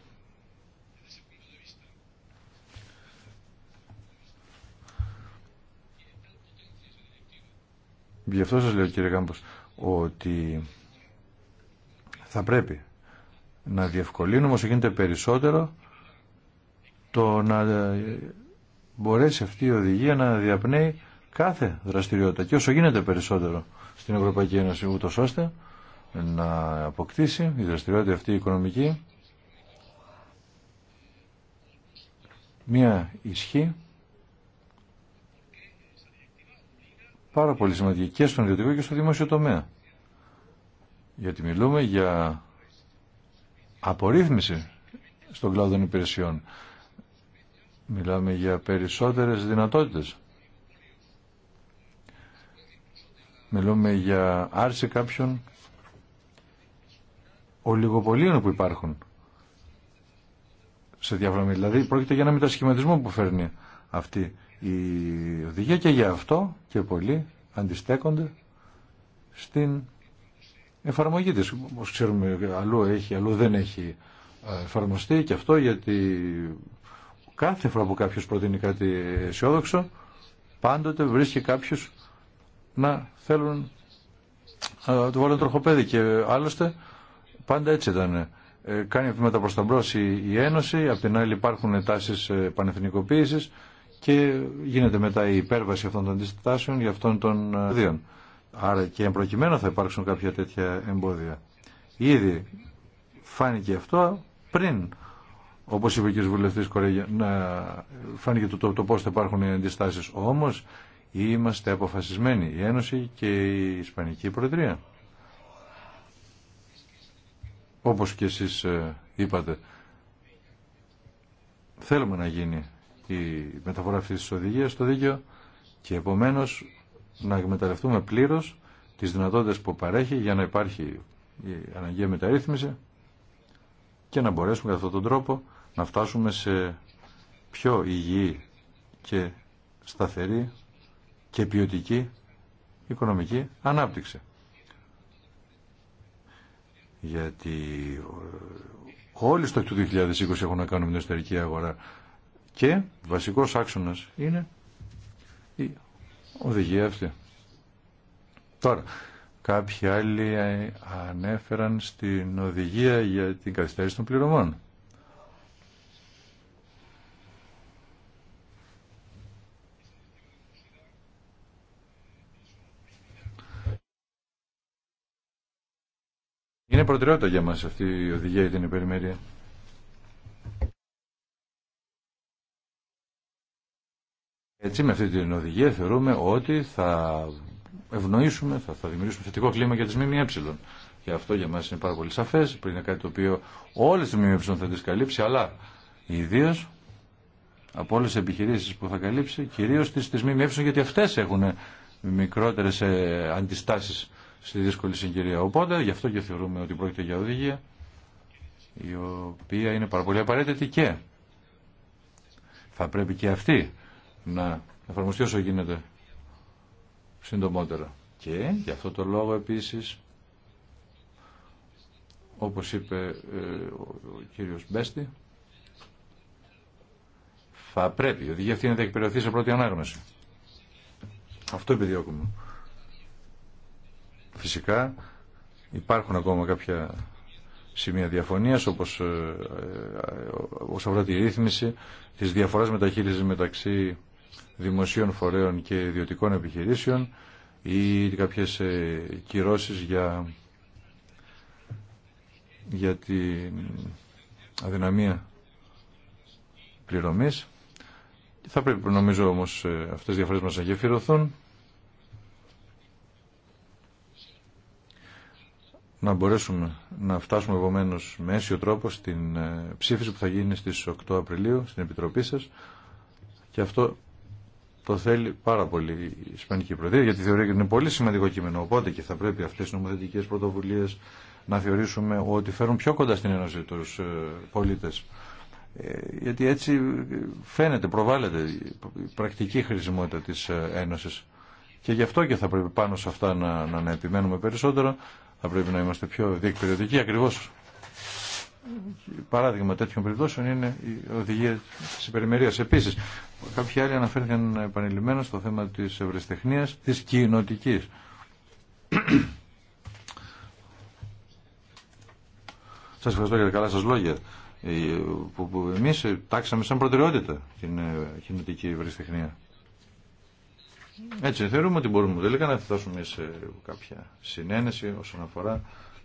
Γι' αυτό σας λέω κύριε Κάμπος ότι θα πρέπει να διευκολύνουμε όσο γίνεται περισσότερο το να μπορέσει αυτή η οδηγία να διαπνέει κάθε δραστηριότητα και όσο γίνεται περισσότερο στην Ευρωπαϊκή Ένωση ούτω ώστε να αποκτήσει η δραστηριότητα αυτή η οικονομική μία ισχύ πάρα πολύ σημαντική και στον ιδιωτικό και στο δημόσιο τομέα. Γιατί μιλούμε για απορρίθμιση στον κλάδο των υπηρεσιών. Μιλάμε για περισσότερες δυνατότητες μιλούμε για άρση κάποιων ολιγοπολίων που υπάρχουν σε διάφορα Δηλαδή πρόκειται για ένα μετασχηματισμό που φέρνει αυτή η οδηγία και για αυτό και πολλοί αντιστέκονται στην εφαρμογή της. Όπως ξέρουμε αλλού έχει, αλλού δεν έχει ε, εφαρμοστεί και αυτό γιατί κάθε φορά που κάποιος προτείνει κάτι αισιόδοξο πάντοτε βρίσκει κάποιους να θέλουν να του βάλουν τροχοπέδι και άλλωστε πάντα έτσι ήταν. Ε, κάνει βήματα προς τα μπρος η Ένωση, απ' την άλλη υπάρχουν τάσεις ε, πανεθνικοποίησης και γίνεται μετά η υπέρβαση αυτών των αντιστάσεων για αυτών των ε, δύο. Άρα και εμπροκειμένα θα υπάρξουν κάποια τέτοια εμπόδια. Ήδη φάνηκε αυτό πριν, όπως είπε ο κ. Βουλευτής Κορέγια, να φάνηκε το, το, πώς θα υπάρχουν οι αντιστάσεις. Όμως ή είμαστε αποφασισμένοι η Ένωση και η Ισπανική Προεδρία. Όπως και εσείς ε, είπατε, θέλουμε να γίνει η μεταφορά αυτής της οδηγίας στο δίκαιο και επομένως να εκμεταλλευτούμε πλήρως τις δυνατότητες που παρέχει για να υπάρχει η αναγκαία μεταρρύθμιση και να μπορέσουμε κατά αυτόν τον τρόπο να φτάσουμε σε πιο υγιή και σταθερή και ποιοτική οικονομική ανάπτυξη. Γιατί όλοι στο 2020 έχουν να κάνουν με την εσωτερική αγορά και βασικός άξονας είναι η οδηγία αυτή. Τώρα, κάποιοι άλλοι ανέφεραν στην οδηγία για την καθυστέρηση των πληρωμών. Είναι προτεραιότητα για μας αυτή η οδηγία για την υπερημέρεια. Έτσι με αυτή την οδηγία θεωρούμε ότι θα ευνοήσουμε, θα, θα δημιουργήσουμε θετικό κλίμα για τις ΜΜΕ. Και αυτό για μας είναι πάρα πολύ σαφές, πριν είναι κάτι το οποίο όλες τις ΜΜΕ θα τις καλύψει, αλλά ιδίω από όλες τις επιχειρήσεις που θα καλύψει, κυρίως τις, τις ΜΜΕ, γιατί αυτές έχουν μικρότερες ε, αντιστάσεις στη δύσκολη συγκυρία. Οπότε γι' αυτό και θεωρούμε ότι πρόκειται για οδηγία η οποία είναι πάρα πολύ απαραίτητη και θα πρέπει και αυτή να εφαρμοστεί όσο γίνεται συντομότερα. Και γι' αυτό το λόγο επίσης όπως είπε ε, ο κύριος Μπέστη θα πρέπει η οδηγία αυτή να σε πρώτη ανάγνωση. Αυτό επιδιώκουμε. Φυσικά υπάρχουν ακόμα κάποια σημεία διαφωνίας όπως ε, ε, όσον αφορά τη ρύθμιση της διαφοράς μεταχείρισης μεταξύ δημοσίων φορέων και ιδιωτικών επιχειρήσεων ή κάποιες ε, κυρώσεις για, για την αδυναμία πληρωμής. Θα πρέπει νομίζω όμως αυτές οι διαφορές μας να γεφυρωθούν να μπορέσουμε να φτάσουμε επομένω με αίσιο τρόπο στην ε, ψήφιση που θα γίνει στις 8 Απριλίου στην Επιτροπή σας και αυτό το θέλει πάρα πολύ η Ισπανική Προεδρία γιατί θεωρεί ότι είναι πολύ σημαντικό κείμενο οπότε και θα πρέπει αυτές οι νομοθετικές πρωτοβουλίες να θεωρήσουμε ότι φέρουν πιο κοντά στην Ένωση τους ε, πολίτες ε, γιατί έτσι φαίνεται, προβάλλεται η πρακτική χρησιμότητα της Ένωσης. Και γι' αυτό και θα πρέπει πάνω σε αυτά να, να, να επιμένουμε περισσότερο, θα πρέπει να είμαστε πιο διεκπαιδευτικοί ακριβώς. Παράδειγμα τέτοιων περιπτώσεων είναι η οδηγία τη υπερημερία. Επίση, κάποιοι άλλοι αναφέρθηκαν επανειλημμένα στο θέμα τη ευρεσιτεχνία τη κοινοτική. Σα ευχαριστώ για τα καλά σα λόγια που εμεί τάξαμε σαν προτεραιότητα την ε, κοινοτική ευρεσιτεχνία. Έτσι, θεωρούμε ότι μπορούμε τελικά να φτάσουμε σε κάποια συνένεση όσον αφορά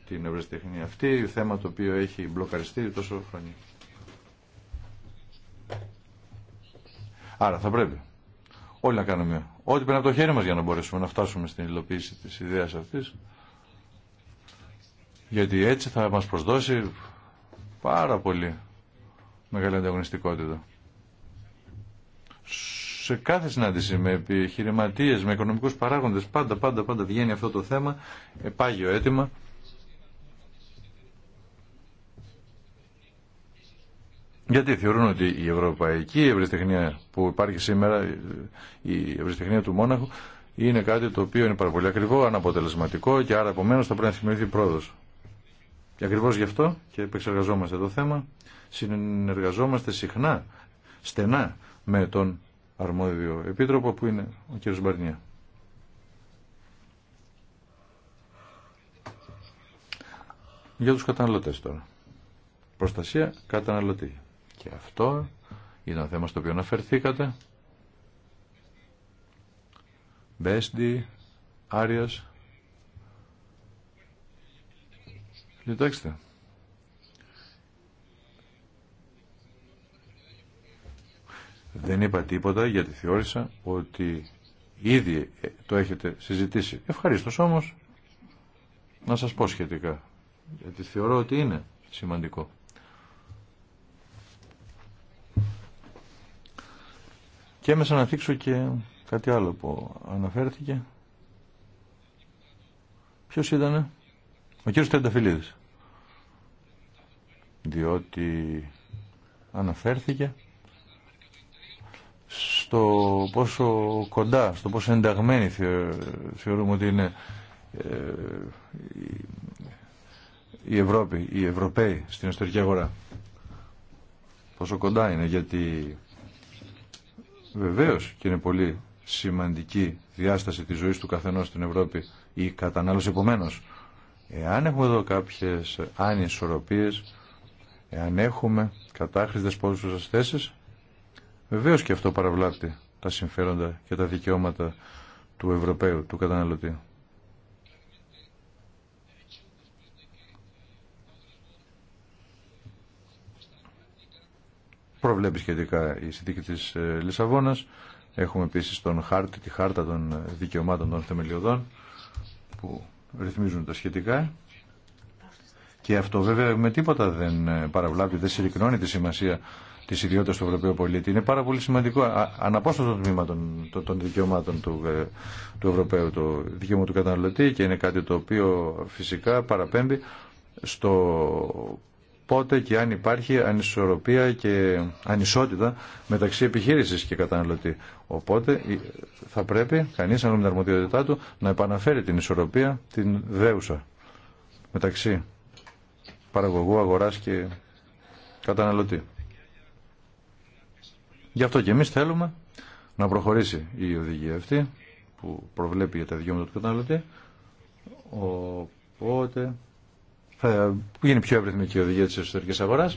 την ευρεσιτεχνή αυτή, θέμα το οποίο έχει μπλοκαριστεί τόσο χρόνια. Άρα θα πρέπει όλοι να κάνουμε ό,τι πρέπει από το χέρι μας για να μπορέσουμε να φτάσουμε στην υλοποίηση της ιδέας αυτής γιατί έτσι θα μας προσδώσει πάρα πολύ μεγάλη ανταγωνιστικότητα σε κάθε συνάντηση με επιχειρηματίε, με οικονομικού παράγοντε, πάντα, πάντα, πάντα βγαίνει αυτό το θέμα, ε, πάγιο αίτημα. Γιατί θεωρούν ότι η ευρωπαϊκή ευρεσιτεχνία που υπάρχει σήμερα, ε, η ευρεσιτεχνία του Μόναχου, είναι κάτι το οποίο είναι πάρα πολύ ακριβό, αναποτελεσματικό και άρα επομένω θα πρέπει να θυμηθεί πρόοδο. Και ακριβώ γι' αυτό και επεξεργαζόμαστε το θέμα, συνεργαζόμαστε συχνά, στενά με τον αρμόδιο επίτροπο που είναι ο κ. Μπαρνιά. Για τους καταναλωτές τώρα. Προστασία καταναλωτή. Και αυτό είναι ένα θέμα στο οποίο αναφερθήκατε. Μπέσντι, Άριας. Κοιτάξτε, Δεν είπα τίποτα γιατί θεώρησα ότι ήδη το έχετε συζητήσει. Ευχαρίστως όμως να σας πω σχετικά, γιατί θεωρώ ότι είναι σημαντικό. Και έμεσα να θίξω και κάτι άλλο που αναφέρθηκε. Ποιος ήτανε? Ο κύριος Τενταφυλίδης. Διότι αναφέρθηκε στο πόσο κοντά, στο πόσο ενταγμένη θεωρούμε ότι είναι ε, η Ευρώπη, οι Ευρωπαίοι στην εσωτερική αγορά. Πόσο κοντά είναι, γιατί βεβαίως και είναι πολύ σημαντική διάσταση της ζωής του καθενός στην Ευρώπη η κατανάλωση επομένω. Εάν έχουμε εδώ κάποιες ανισορροπίες, εάν έχουμε κατάχρηστες στους θέσει. Βεβαίω και αυτό παραβλάπτει τα συμφέροντα και τα δικαιώματα του Ευρωπαίου, του καταναλωτή. Προβλέπει σχετικά η συνθήκη της ε, Λισαβόνας. Έχουμε επίσης τον χάρτη, τη χάρτα των δικαιωμάτων των θεμελιωδών που ρυθμίζουν τα σχετικά. Και αυτό βέβαια με τίποτα δεν ε, παραβλάπτει, δεν συρρυκνώνει τη σημασία τη ιδιότητα του Ευρωπαίου πολίτη. Είναι πάρα πολύ σημαντικό, αναπόσπαστο τμήμα των, των, δικαιωμάτων του, ε, του Ευρωπαίου, το δικαίωμα του καταναλωτή και είναι κάτι το οποίο φυσικά παραπέμπει στο πότε και αν υπάρχει ανισορροπία και ανισότητα μεταξύ επιχείρησης και καταναλωτή. Οπότε ε, θα πρέπει κανείς, αν την αρμοδιότητά του, να επαναφέρει την ισορροπία, την δέουσα μεταξύ παραγωγού, αγοράς και καταναλωτή. Γι' αυτό και εμεί θέλουμε να προχωρήσει η οδηγία αυτή που προβλέπει για τα δικαιώματα του καταναλωτή. Οπότε θα γίνει πιο εύρυθμη και η οδηγία τη εσωτερική αγορά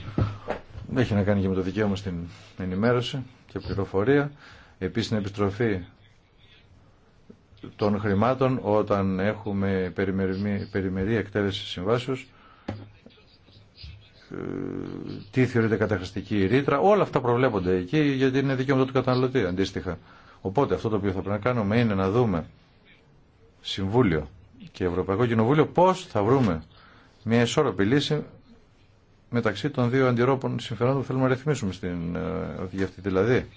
Έχει να κάνει και με το δικαίωμα στην ενημέρωση και πληροφορία. Επίσης την επιστροφή των χρημάτων όταν έχουμε περιμερή, περιμερή εκτέλεση συμβάσεως τι θεωρείται καταχρηστική ρήτρα, όλα αυτά προβλέπονται εκεί γιατί είναι δικαίωμα του καταναλωτή αντίστοιχα. Οπότε αυτό το οποίο θα πρέπει να κάνουμε είναι να δούμε Συμβούλιο και Ευρωπαϊκό Κοινοβούλιο πώς θα βρούμε μια ισόρροπη λύση μεταξύ των δύο αντιρρόπων συμφερόντων που θέλουμε να ρυθμίσουμε στην ε, οδηγία αυτή. Δηλαδή,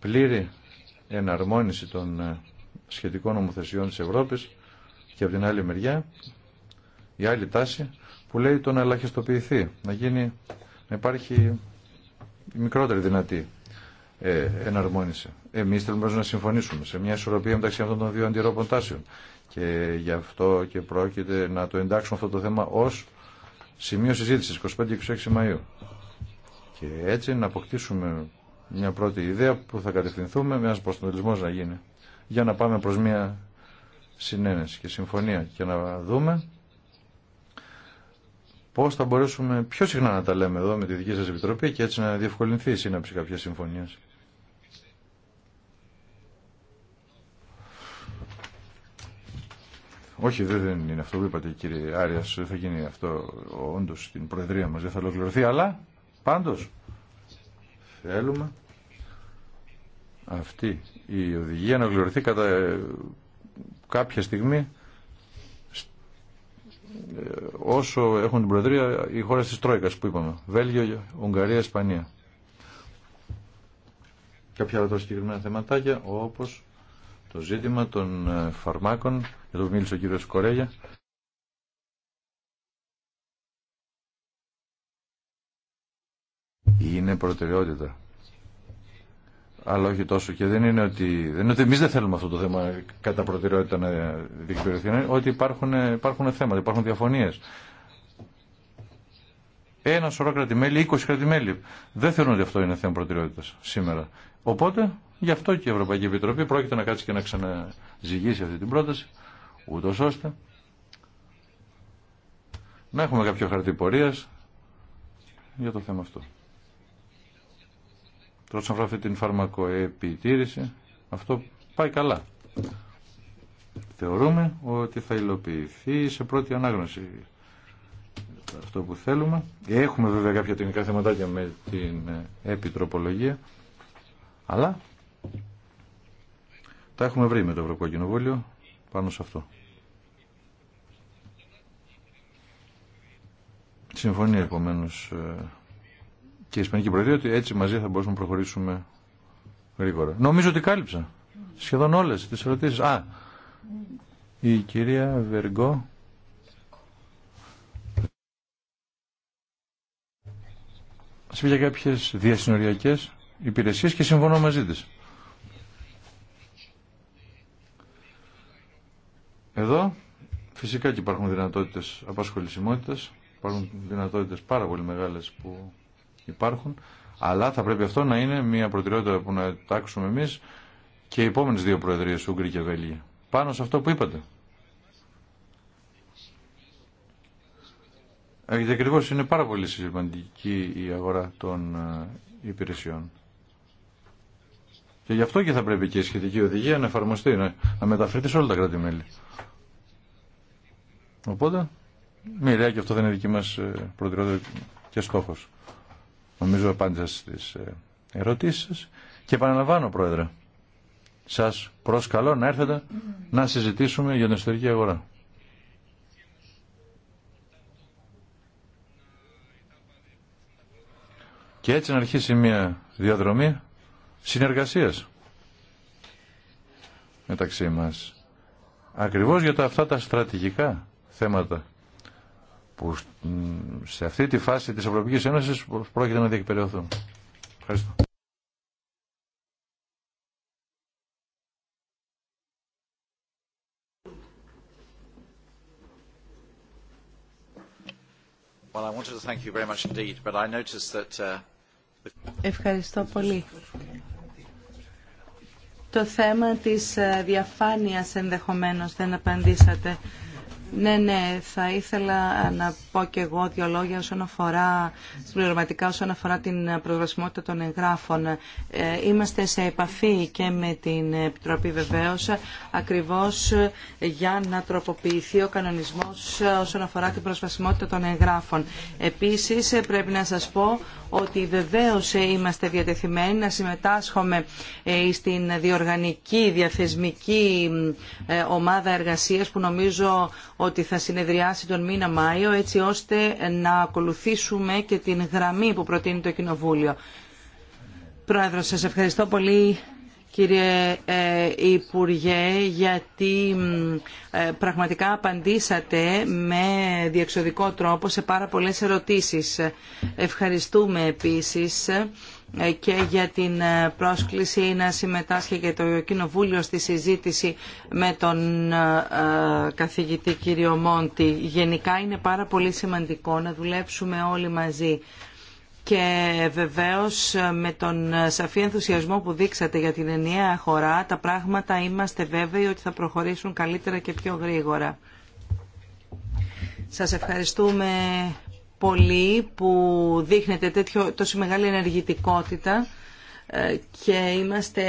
πλήρη εναρμόνιση των ε, σχετικών νομοθεσιών της Ευρώπης και από την άλλη μεριά η άλλη τάση που λέει το να ελαχιστοποιηθεί, να γίνει, να υπάρχει μικρότερη δυνατή ε, εναρμόνιση. Εμείς θέλουμε να συμφωνήσουμε σε μια ισορροπία μεταξύ αυτών των δύο αντιρρόπων τάσεων. Και γι' αυτό και πρόκειται να το εντάξουμε αυτό το θέμα ως σημείο συζήτησης 25 26 Μαΐου. Και έτσι να αποκτήσουμε μια πρώτη ιδέα που θα κατευθυνθούμε με ένας να γίνει. Για να πάμε προς μια συνένεση και συμφωνία και να δούμε πώς θα μπορέσουμε πιο συχνά να τα λέμε εδώ με τη δική σας επιτροπή και έτσι να διευκολυνθεί η σύναψη κάποια συμφωνία. Όχι, δεν είναι αυτό που είπατε κύριε Άρια. δεν θα γίνει αυτό όντω στην Προεδρία μας, δεν θα ολοκληρωθεί, αλλά Πάντω. θέλουμε αυτή η οδηγία να ολοκληρωθεί κατά κάποια στιγμή ε, όσο έχουν την Προεδρία οι χώρες τη Τρόικας που είπαμε. Βέλγιο, Ουγγαρία, Ισπανία. Κάποια άλλα συγκεκριμένα θεματάκια όπως το ζήτημα των ε, φαρμάκων για το που μίλησε ο κύριο Κορέγια. Είναι προτεραιότητα αλλά όχι τόσο. Και δεν είναι ότι, δεν ότι εμεί δεν θέλουμε αυτό το θέμα κατά προτεραιότητα να διεκπαιρεωθεί, είναι ότι υπάρχουν, υπάρχουν θέματα, υπάρχουν διαφωνίε. Ένα σωρό κρατημέλη, 20 κρατημέλη. Δεν θεωρούν ότι αυτό είναι θέμα προτεραιότητα σήμερα. Οπότε, γι' αυτό και η Ευρωπαϊκή Επιτροπή πρόκειται να κάτσει και να ξαναζυγίσει αυτή την πρόταση, ούτω ώστε να έχουμε κάποιο χαρτί πορεία για το θέμα αυτό. Τώρα όσον αφορά την φαρμακοεπιτήρηση, αυτό πάει καλά. Θεωρούμε ότι θα υλοποιηθεί σε πρώτη ανάγνωση αυτό που θέλουμε. Έχουμε βέβαια κάποια τεχνικά θεματάκια με την ε, επιτροπολογία, αλλά τα έχουμε βρει με το Ευρωπαϊκό Κοινοβούλιο πάνω σε αυτό. Συμφωνεί επομένως ε, και η Ισπανική Προεδρία ότι έτσι μαζί θα μπορούσαμε να προχωρήσουμε γρήγορα. Νομίζω ότι κάλυψα σχεδόν όλες Τι ερωτήσει. Α, η κυρία Βεργό. Σε για κάποιε διασυνοριακές υπηρεσίες και συμφωνώ μαζί τη. Εδώ φυσικά και υπάρχουν δυνατότητες απασχολησιμότητας, υπάρχουν δυνατότητες πάρα πολύ μεγάλες που υπάρχουν, αλλά θα πρέπει αυτό να είναι μια προτεραιότητα που να τάξουμε εμείς και οι επόμενε δύο προεδρίες, Ούγγρη και Βέλγια. Πάνω σε αυτό που είπατε. Γιατί ε, ακριβώ είναι πάρα πολύ σημαντική η αγορά των ε, υπηρεσιών. Και γι' αυτό και θα πρέπει και η σχετική οδηγία να εφαρμοστεί, να, να σε όλα τα κράτη-μέλη. Οπότε, μοιραία ναι, και αυτό δεν είναι δική μας ε, προτεραιότητα και στόχος. Νομίζω απάντησα στις ε, ερωτήσεις σας και επαναλαμβάνω Πρόεδρε. Σας προσκαλώ να έρθετε να συζητήσουμε για την εσωτερική αγορά. Και έτσι να αρχίσει μια διαδρομή συνεργασίας μεταξύ μας. Ακριβώς για τα αυτά τα στρατηγικά θέματα που σε αυτή τη φάση της Ευρωπαϊκής Ένωσης πρόκειται να διεκπαιρεωθούν. Ευχαριστώ. Ευχαριστώ πολύ. Το θέμα της ε, διαφάνειας ενδεχομένως δεν απαντήσατε. Ναι, ναι, θα ήθελα να πω και εγώ δύο λόγια όσον αφορά, συμπληρωματικά όσον αφορά την προσβασιμότητα των εγγράφων. Ε, είμαστε σε επαφή και με την Επιτροπή βεβαίω ακριβώς για να τροποποιηθεί ο κανονισμός όσον αφορά την προσβασιμότητα των εγγράφων. Επίσης, πρέπει να σας πω ότι βεβαίω είμαστε διατεθειμένοι να συμμετάσχουμε ε, στην διοργανική διαθεσμική ε, ομάδα εργασίας που νομίζω ότι θα συνεδριάσει τον μήνα Μάιο έτσι ώστε να ακολουθήσουμε και την γραμμή που προτείνει το Κοινοβούλιο. Πρόεδρο, σας ευχαριστώ πολύ κύριε ε, Υπουργέ γιατί ε, πραγματικά απαντήσατε με διεξοδικό τρόπο σε πάρα πολλές ερωτήσεις. Ευχαριστούμε επίσης ε, και για την ε, πρόσκληση να συμμετάσχει και το Κοινοβούλιο στη συζήτηση με τον ε, καθηγητή κύριο Μόντι. Γενικά είναι πάρα πολύ σημαντικό να δουλέψουμε όλοι μαζί και βεβαίως με τον σαφή ενθουσιασμό που δείξατε για την ενιαία χώρα τα πράγματα είμαστε βέβαιοι ότι θα προχωρήσουν καλύτερα και πιο γρήγορα. Σας ευχαριστούμε πολύ που δείχνετε τέτοιο, τόσο μεγάλη ενεργητικότητα ε, και είμαστε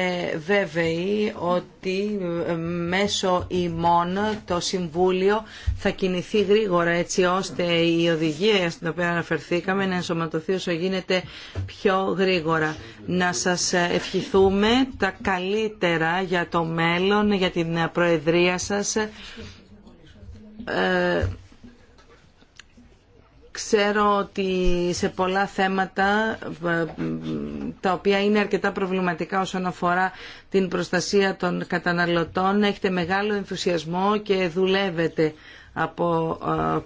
βέβαιοι ότι ε, μέσω ημών το Συμβούλιο θα κινηθεί γρήγορα έτσι ώστε η οδηγία στην οποία αναφερθήκαμε να ενσωματωθεί όσο γίνεται πιο γρήγορα. Να σας ευχηθούμε τα καλύτερα για το μέλλον, για την Προεδρία σας ε, Ξέρω ότι σε πολλά θέματα τα οποία είναι αρκετά προβληματικά όσον αφορά την προστασία των καταναλωτών έχετε μεγάλο ενθουσιασμό και δουλεύετε από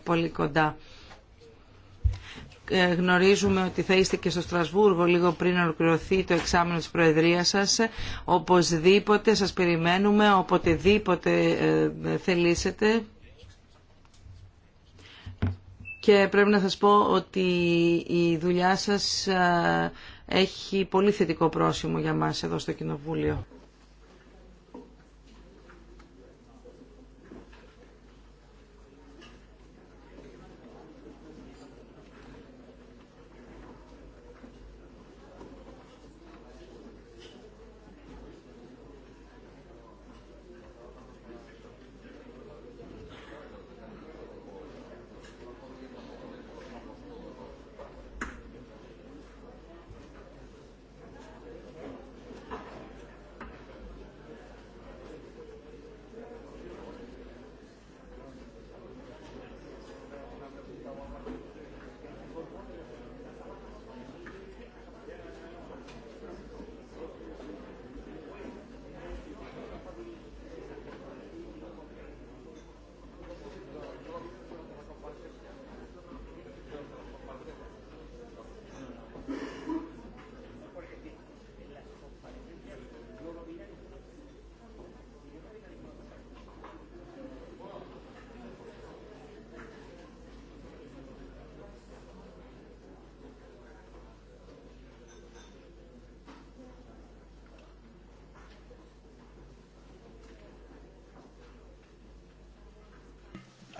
πολύ κοντά. Ε, γνωρίζουμε ότι θα είστε και στο Στρασβούργο λίγο πριν ολοκληρωθεί το εξάμεινο της Προεδρίας σας. Οπωσδήποτε σας περιμένουμε, οποτεδήποτε ε, ε, θελήσετε και πρέπει να σας πω ότι η δουλειά σας έχει πολύ θετικό πρόσημο για μας εδώ στο Κοινοβούλιο.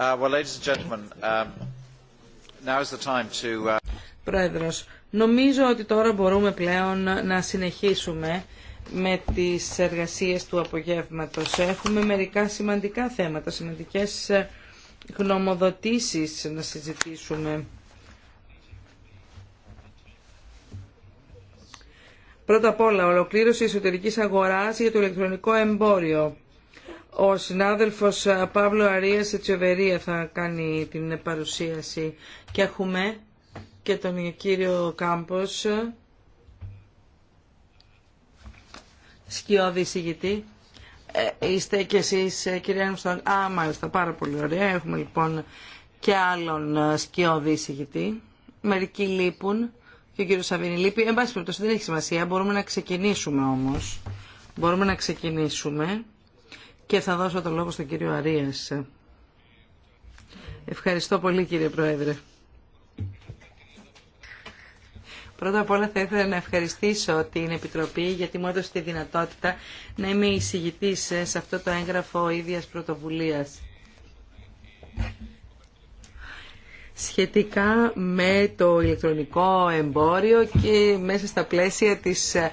Uh, um, uh, Πρόεδρος, νομίζω ότι τώρα μπορούμε πλέον να συνεχίσουμε με τις εργασίες του απογεύματος. Έχουμε μερικά σημαντικά θέματα, σημαντικές γνωμοδοτήσεις να συζητήσουμε. Πρώτα απ' όλα, ολοκλήρωση εσωτερικής αγοράς για το ηλεκτρονικό εμπόριο. Ο συνάδελφος ε, Παύλο Αρίας Ετσεβερία θα κάνει την παρουσίαση και έχουμε και τον κύριο Κάμπος, ε, σκιώδη συγητή. Ε, είστε και εσείς ε, κυρία Ένστον. Α, μάλιστα, πάρα πολύ ωραία. Έχουμε λοιπόν και άλλον σκιώδη συγητή. Μερικοί λείπουν και ο κύριος Σαβίνη λείπει. Εν πάση περιπτώσει δεν έχει σημασία. Μπορούμε να ξεκινήσουμε όμως. Μπορούμε να ξεκινήσουμε. Και θα δώσω το λόγο στον κύριο Αρίας. Ευχαριστώ πολύ κύριε Πρόεδρε. Πρώτα απ' όλα θα ήθελα να ευχαριστήσω την Επιτροπή γιατί μου έδωσε τη δυνατότητα να είμαι εισηγητής σε αυτό το έγγραφο ίδιας πρωτοβουλίας σχετικά με το ηλεκτρονικό εμπόριο και μέσα στα πλαίσια της ε,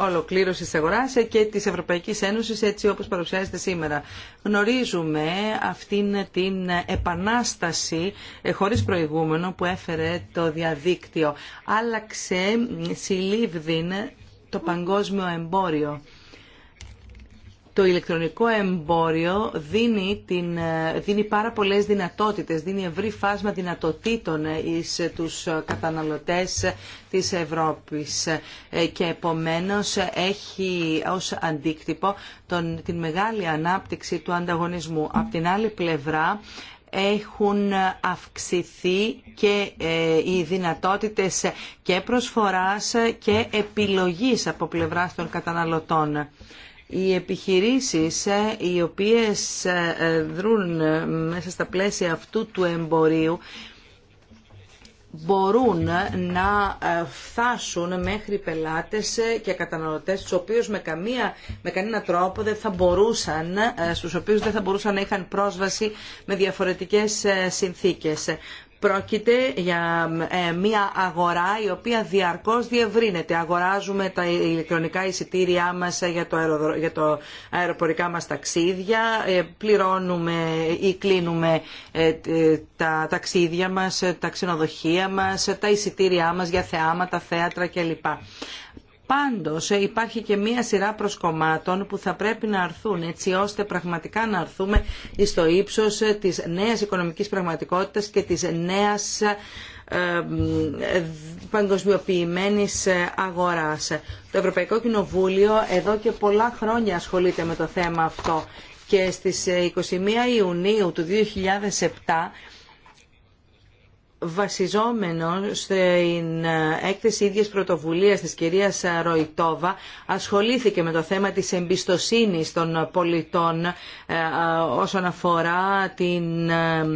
ολοκλήρωσης αγοράς και της Ευρωπαϊκής Ένωσης έτσι όπως παρουσιάζεται σήμερα. Γνωρίζουμε αυτήν την επανάσταση ε, χωρίς προηγούμενο που έφερε το διαδίκτυο. Άλλαξε συλλήβδην το παγκόσμιο εμπόριο το ηλεκτρονικό εμπόριο δίνει, την, ε, δίνει πάρα πολλές δυνατότητες, δίνει ευρύ φάσμα δυνατοτήτων στους ε, ε, τους καταναλωτές της Ευρώπης και επομένως έχει ως αντίκτυπο τον, την μεγάλη ανάπτυξη του ανταγωνισμού. Απ' την άλλη πλευρά έχουν αυξηθεί και οι δυνατότητες και προσφοράς και επιλογής από πλευράς των καταναλωτών οι επιχειρήσεις ε, οι οποίες ε, ε, δρούν μέσα στα πλαίσια αυτού του εμπορίου μπορούν να φτάσουν μέχρι πελάτες και καταναλωτές τους οποίους με, καμία, με κανένα τρόπο δεν θα μπορούσαν, στους οποίους δεν θα μπορούσαν να είχαν πρόσβαση με διαφορετικές συνθήκες. Πρόκειται για ε, μια αγορά η οποία διαρκώς διευρύνεται. Αγοράζουμε τα ηλεκτρονικά εισιτήριά μας ε, για το, το αεροπορικά μας ταξίδια, ε, πληρώνουμε ή κλείνουμε τα ταξίδια μας, τα ξενοδοχεία μας, τα εισιτήριά μας για θεάματα, θέατρα κλπ. Πάντως ε, υπάρχει και μία σειρά προσκομμάτων που θα πρέπει να αρθούν έτσι ώστε πραγματικά να αρθούμε στο ύψος ε, της νέας οικονομικής πραγματικότητας και της νέας ε, παγκοσμιοποιημένης αγοράς. Το Ευρωπαϊκό Κοινοβούλιο εδώ και πολλά χρόνια ασχολείται με το θέμα αυτό και στις 21 Ιουνίου του 2007 βασιζόμενο στην έκθεση ίδιας πρωτοβουλίας της κυρίας Ροϊτόβα ασχολήθηκε με το θέμα της εμπιστοσύνης των πολιτών ε, όσον αφορά την ε,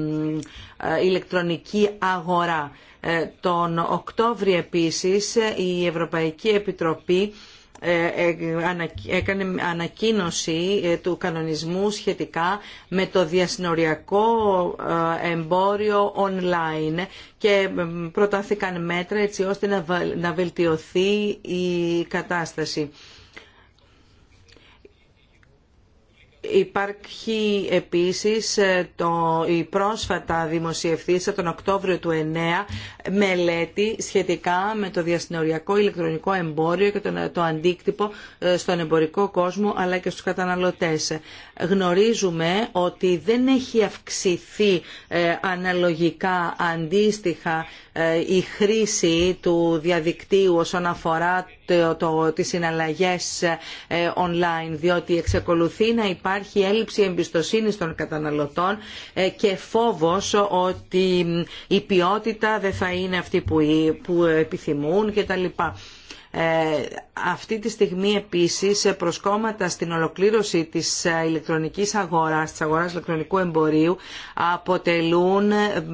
ηλεκτρονική αγορά. Ε, τον Οκτώβριο επίσης η Ευρωπαϊκή Επιτροπή ε, ε, έκανε ανακοίνωση ε, του κανονισμού σχετικά με το διασυνοριακό εμπόριο online και προτάθηκαν μέτρα έτσι ώστε να βελτιωθεί η κατάσταση. Υπάρχει επίσης ε, το, η πρόσφατα δημοσιευθήσα τον Οκτώβριο του 9 μελέτη σχετικά με το διασυνοριακό ηλεκτρονικό εμπόριο και το αντίκτυπο ε, στον εμπορικό κόσμο αλλά και στους καταναλωτές. Γνωρίζουμε ότι δεν έχει αυξηθεί ε, αναλογικά αντίστοιχα η χρήση του διαδικτύου όσον αφορά το, τις συναλλαγές ε, online διότι εξακολουθεί να υπάρχει έλλειψη εμπιστοσύνης των καταναλωτών ε, και φόβος ότι η ποιότητα δεν θα είναι αυτή που, που επιθυμούν κτλ. Ε, αυτή τη στιγμή επίσης προσκόμματα στην ολοκλήρωση της ε, ηλεκτρονικής αγοράς, της αγοράς ηλεκτρονικού εμπορίου αποτελούν ε,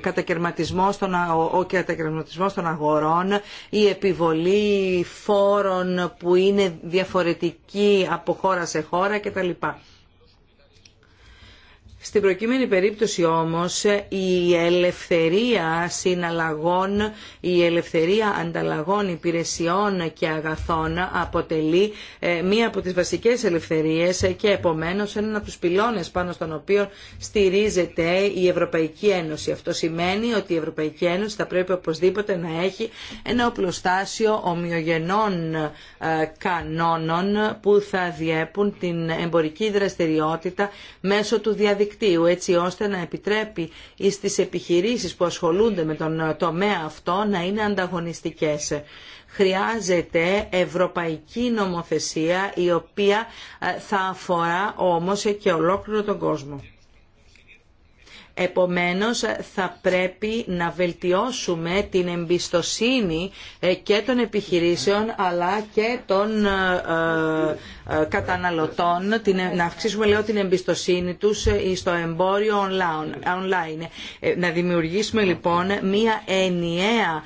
κατακαιρματισμός των, ο κατακαιρματισμός των αγορών, η επιβολή φόρων που είναι διαφορετική από χώρα σε χώρα κτλ. Στην προκειμένη περίπτωση όμως η ελευθερία συναλλαγών, η ελευθερία ανταλλαγών υπηρεσιών και αγαθών αποτελεί ε, μία από τις βασικές ελευθερίες και επομένως έναν από τους πυλώνες πάνω στον οποίο στηρίζεται η Ευρωπαϊκή Ένωση. Αυτό σημαίνει ότι η Ευρωπαϊκή Ένωση θα πρέπει οπωσδήποτε να έχει ένα οπλοστάσιο ομοιογενών ε, κανόνων που θα διέπουν την εμπορική δραστηριότητα μέσω του διαδικασίου έτσι ώστε να επιτρέπει στις επιχειρήσεις που ασχολούνται με τον τομέα αυτό να είναι ανταγωνιστικές χρειάζεται ευρωπαϊκή νομοθεσία η οποία ε, θα αφορά όμως και ολόκληρο τον κόσμο. Επομένως ε, θα πρέπει να βελτιώσουμε την εμπιστοσύνη ε, και των επιχειρήσεων αλλά και των ε, καταναλωτών, ε, να αυξήσουμε λέω την εμπιστοσύνη τους ε, στο εμπόριο online. Να δημιουργήσουμε λοιπόν μία ενιαία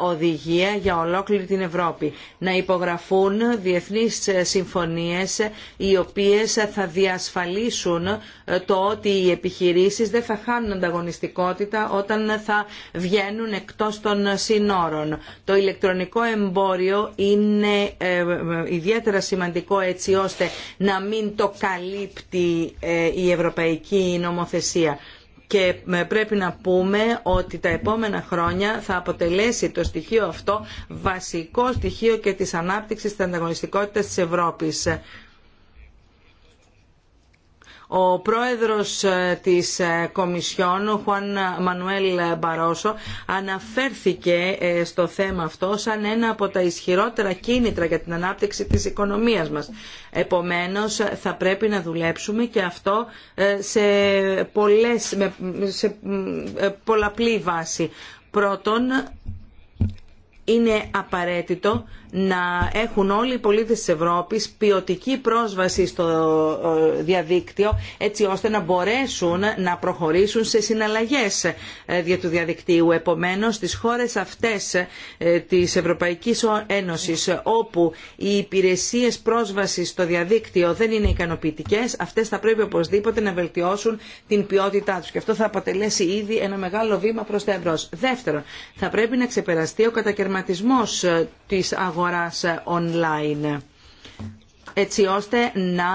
οδηγία για ολόκληρη την Ευρώπη. Να υπογραφούν διεθνείς συμφωνίες οι οποίες θα διασφαλίσουν το ότι οι επιχειρήσεις δεν θα χάνουν ανταγωνιστικότητα όταν θα βγαίνουν εκτός των συνόρων. Το ηλεκτρονικό εμπόριο είναι ιδιαίτερα σημαντικό έτσι ώστε να μην το καλύπτει ε, η ευρωπαϊκή νομοθεσία και ε, πρέπει να πούμε ότι τα επόμενα χρόνια θα αποτελέσει το στοιχείο αυτό βασικό στοιχείο και της ανάπτυξης της ανταγωνιστικότητας της Ευρώπης ο πρόεδρος ε, της ε, Κομισιόν, ο Χουάν Μανουέλ Μπαρόσο, αναφέρθηκε ε, στο θέμα αυτό σαν ένα από τα ισχυρότερα κίνητρα για την ανάπτυξη της οικονομίας μας. Επομένως, θα πρέπει να δουλέψουμε και αυτό σε, πολλές, σε πολλαπλή βάση. Πρώτον, είναι απαραίτητο να έχουν όλοι οι πολίτες της Ευρώπης ποιοτική πρόσβαση στο ε, διαδίκτυο έτσι ώστε να μπορέσουν να προχωρήσουν σε συναλλαγές ε, δια του διαδικτύου. Επομένως, στις χώρες αυτές ε, της Ευρωπαϊκής Ένωσης όπου οι υπηρεσίες πρόσβασης στο διαδίκτυο δεν είναι ικανοποιητικές, αυτές θα πρέπει οπωσδήποτε να βελτιώσουν την ποιότητά τους και αυτό θα αποτελέσει ήδη ένα μεγάλο βήμα προς τα ευρώς. Δεύτερον, θα πρέπει να ξεπεραστεί ο Τη ε, της αγοράς ε, online έτσι ώστε να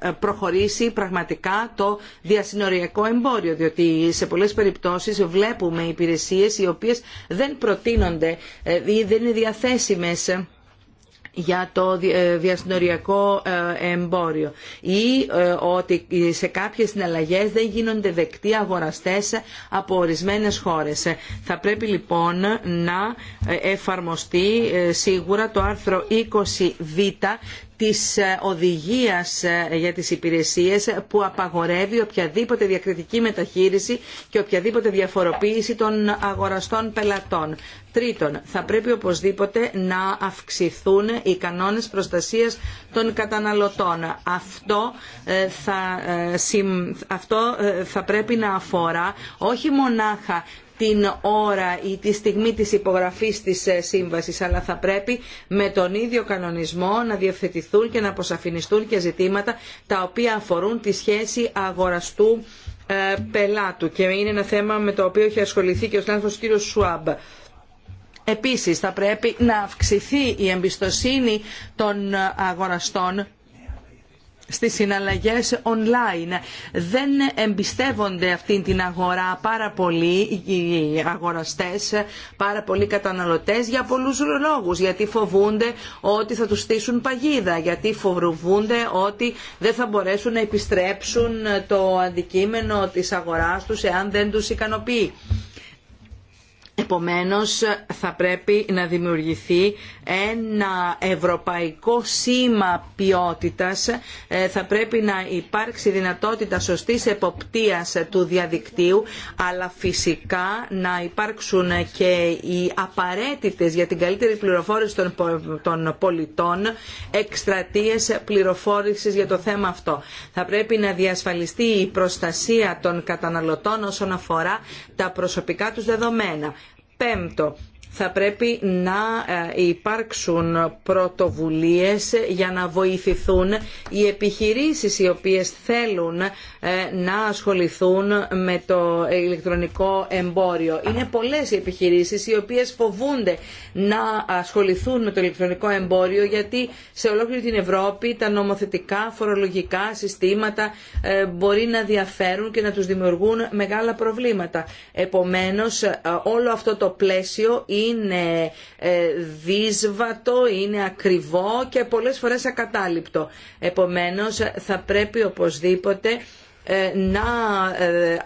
ε, προχωρήσει πραγματικά το διασυνοριακό εμπόριο διότι σε πολλές περιπτώσεις βλέπουμε υπηρεσίες οι οποίες δεν προτείνονται ή δεν είναι διαθέσιμες για το ε, διασυνοριακό ε, εμπόριο ή ε, ότι σε κάποιες συναλλαγές δεν γίνονται δεκτοί αγοραστές από ορισμένες χώρες. Θα πρέπει λοιπόν να εφαρμοστεί σίγουρα το άρθρο 20β της ε, οδηγίας ε, για τις υπηρεσίες που απαγορεύει οποιαδήποτε διακριτική μεταχείριση και οποιαδήποτε διαφοροποίηση των αγοραστών πελατών. Τρίτον, θα πρέπει οπωσδήποτε να αυξηθούν οι κανόνες προστασίας των καταναλωτών. Αυτό ε, θα, αυτό θα πρέπει να αφορά όχι μονάχα την ώρα ή τη στιγμή της υπογραφής της ε, σύμβασης, αλλά θα πρέπει με τον ίδιο κανονισμό να διευθετηθούν και να αποσαφινιστούν και ζητήματα τα οποία αφορούν τη σχέση αγοραστού ε, πελάτου και είναι ένα θέμα με το οποίο έχει ασχοληθεί και ο συνάδελφος κ. Σουάμπ. Επίσης θα πρέπει να αυξηθεί η εμπιστοσύνη των ε, αγοραστών στις συναλλαγές online. Δεν εμπιστεύονται αυτή την αγορά πάρα πολλοί οι αγοραστές, πάρα πολλοί καταναλωτές για πολλούς λόγους. Γιατί φοβούνται ότι θα τους στήσουν παγίδα, γιατί φοβούνται ότι δεν θα μπορέσουν να επιστρέψουν το αντικείμενο της αγοράς τους εάν δεν τους ικανοποιεί. Επομένως θα πρέπει να δημιουργηθεί ένα ευρωπαϊκό σήμα ποιότητας, ε, θα πρέπει να υπάρξει δυνατότητα σωστής εποπτείας του διαδικτύου, αλλά φυσικά να υπάρξουν και οι απαραίτητες για την καλύτερη πληροφόρηση των πολιτών εκστρατείες πληροφόρησης για το θέμα αυτό. Θα πρέπει να διασφαλιστεί η προστασία των καταναλωτών όσον αφορά τα προσωπικά τους δεδομένα Πέμπτο, θα πρέπει να ε, υπάρξουν πρωτοβουλίες για να βοηθηθούν οι επιχειρήσεις οι οποίες θέλουν ε, να ασχοληθούν με το ηλεκτρονικό εμπόριο. Είναι πολλές οι επιχειρήσεις οι οποίες φοβούνται να ασχοληθούν με το ηλεκτρονικό εμπόριο γιατί σε ολόκληρη την Ευρώπη τα νομοθετικά φορολογικά συστήματα ε, μπορεί να διαφέρουν και να τους δημιουργούν μεγάλα προβλήματα. Επομένως όλο αυτό το πλαίσιο είναι ε, δύσβατο, είναι ακριβό και πολλές φορές ακατάληπτο. Επομένως θα πρέπει οπωσδήποτε ε, να ε,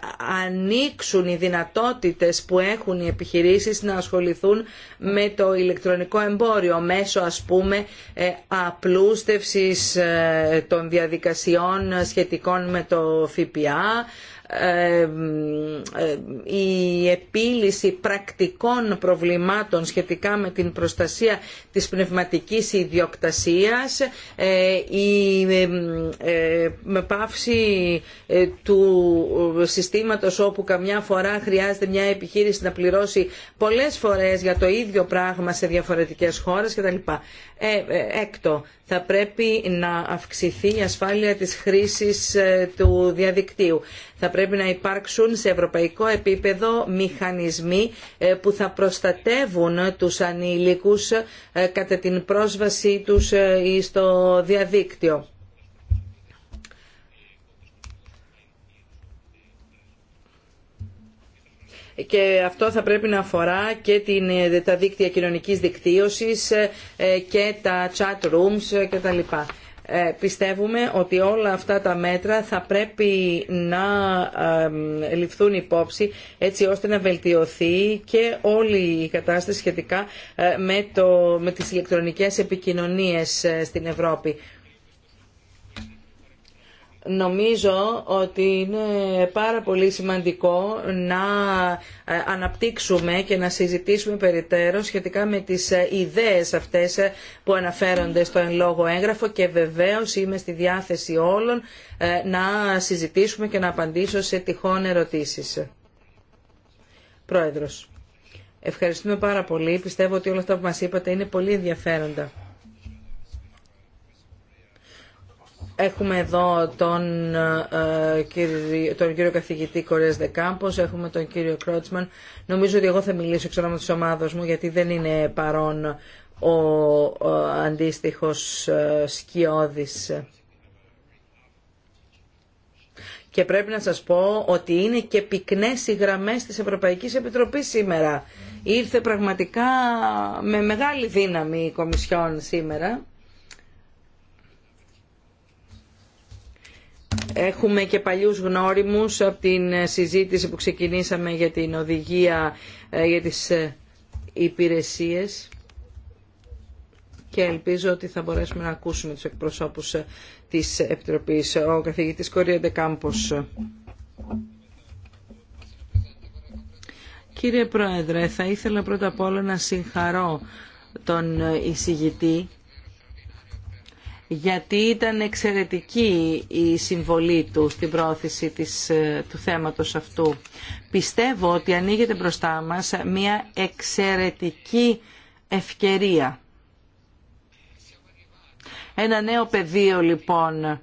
ανοίξουν οι δυνατότητες που έχουν οι επιχειρήσεις να ασχοληθούν με το ηλεκτρονικό εμπόριο μέσω ας πούμε απλούστευσης των διαδικασιών σχετικών με το ΦΠΑ ε, η επίλυση πρακτικών προβλημάτων σχετικά με την προστασία της πνευματικής ιδιοκτασίας ε, η ε, με πάυση του συστήματος όπου καμιά φορά χρειάζεται μια επιχείρηση να πληρώσει πολλές φορές για το ίδιο πράγμα σε διαφορετικές χώρες κτλ. Έκτο, θα πρέπει να αυξηθεί η ασφάλεια της χρήσης ε, του διαδικτύου. Θα πρέπει να υπάρξουν σε ευρωπαϊκό επίπεδο μηχανισμοί ε, που θα προστατεύουν τους ανήλικους ε, κατά την πρόσβασή τους στο διαδίκτυο και αυτό θα πρέπει να αφορά και την, ε, τα δίκτυα κοινωνικής δικτύωσης ε, ε, και τα chat rooms κτλ. Ε, πιστεύουμε ότι όλα αυτά τα μέτρα θα πρέπει να ληφθούν υπόψη έτσι ώστε να βελτιωθεί και όλη η κατάσταση σχετικά με, το, με τις ηλεκτρονικές επικοινωνίες στην Ευρώπη. Νομίζω ότι είναι πάρα πολύ σημαντικό να ε, αναπτύξουμε και να συζητήσουμε περιττέρω σχετικά με τις ε, ιδέες αυτές ε, που αναφέρονται στο εν λόγω έγγραφο και βεβαίως είμαι στη διάθεση όλων να συζητήσουμε και να απαντήσω σε τυχόν ερωτήσεις. Πρόεδρος, ευχαριστούμε πάρα πολύ. Πιστεύω ότι όλα αυτά που μας είπατε είναι πολύ ενδιαφέροντα. Έχουμε εδώ τον, ε, κύριο, τον κύριο καθηγητή Κορέας Δεκάμπος, έχουμε τον κύριο Κρότσμαν. Νομίζω ότι εγώ θα μιλήσω εξ με της ομάδος μου, γιατί δεν είναι παρόν ο, ο αντίστοιχος ε, σκιώδης. Και πρέπει να σας πω ότι είναι και πυκνές οι γραμμές της Ευρωπαϊκής Επιτροπής σήμερα. Ήρθε πραγματικά με μεγάλη δύναμη η Κομισιόν σήμερα. Έχουμε και παλιούς γνώριμους από την συζήτηση που ξεκινήσαμε για την οδηγία ε, για τις ε, υπηρεσίες και ελπίζω ότι θα μπορέσουμε να ακούσουμε τους εκπροσώπους ε, της Επιτροπής. Ο καθηγητής Κορία Ντεκάμπος. Κύριε Πρόεδρε, θα ήθελα πρώτα απ' όλα να συγχαρώ τον εισηγητή γιατί ήταν εξαιρετική η συμβολή του στην πρόθεση της, ε, του θέματος αυτού. Πιστεύω ότι ανοίγεται μπροστά μας μια εξαιρετική ευκαιρία. Ένα νέο πεδίο λοιπόν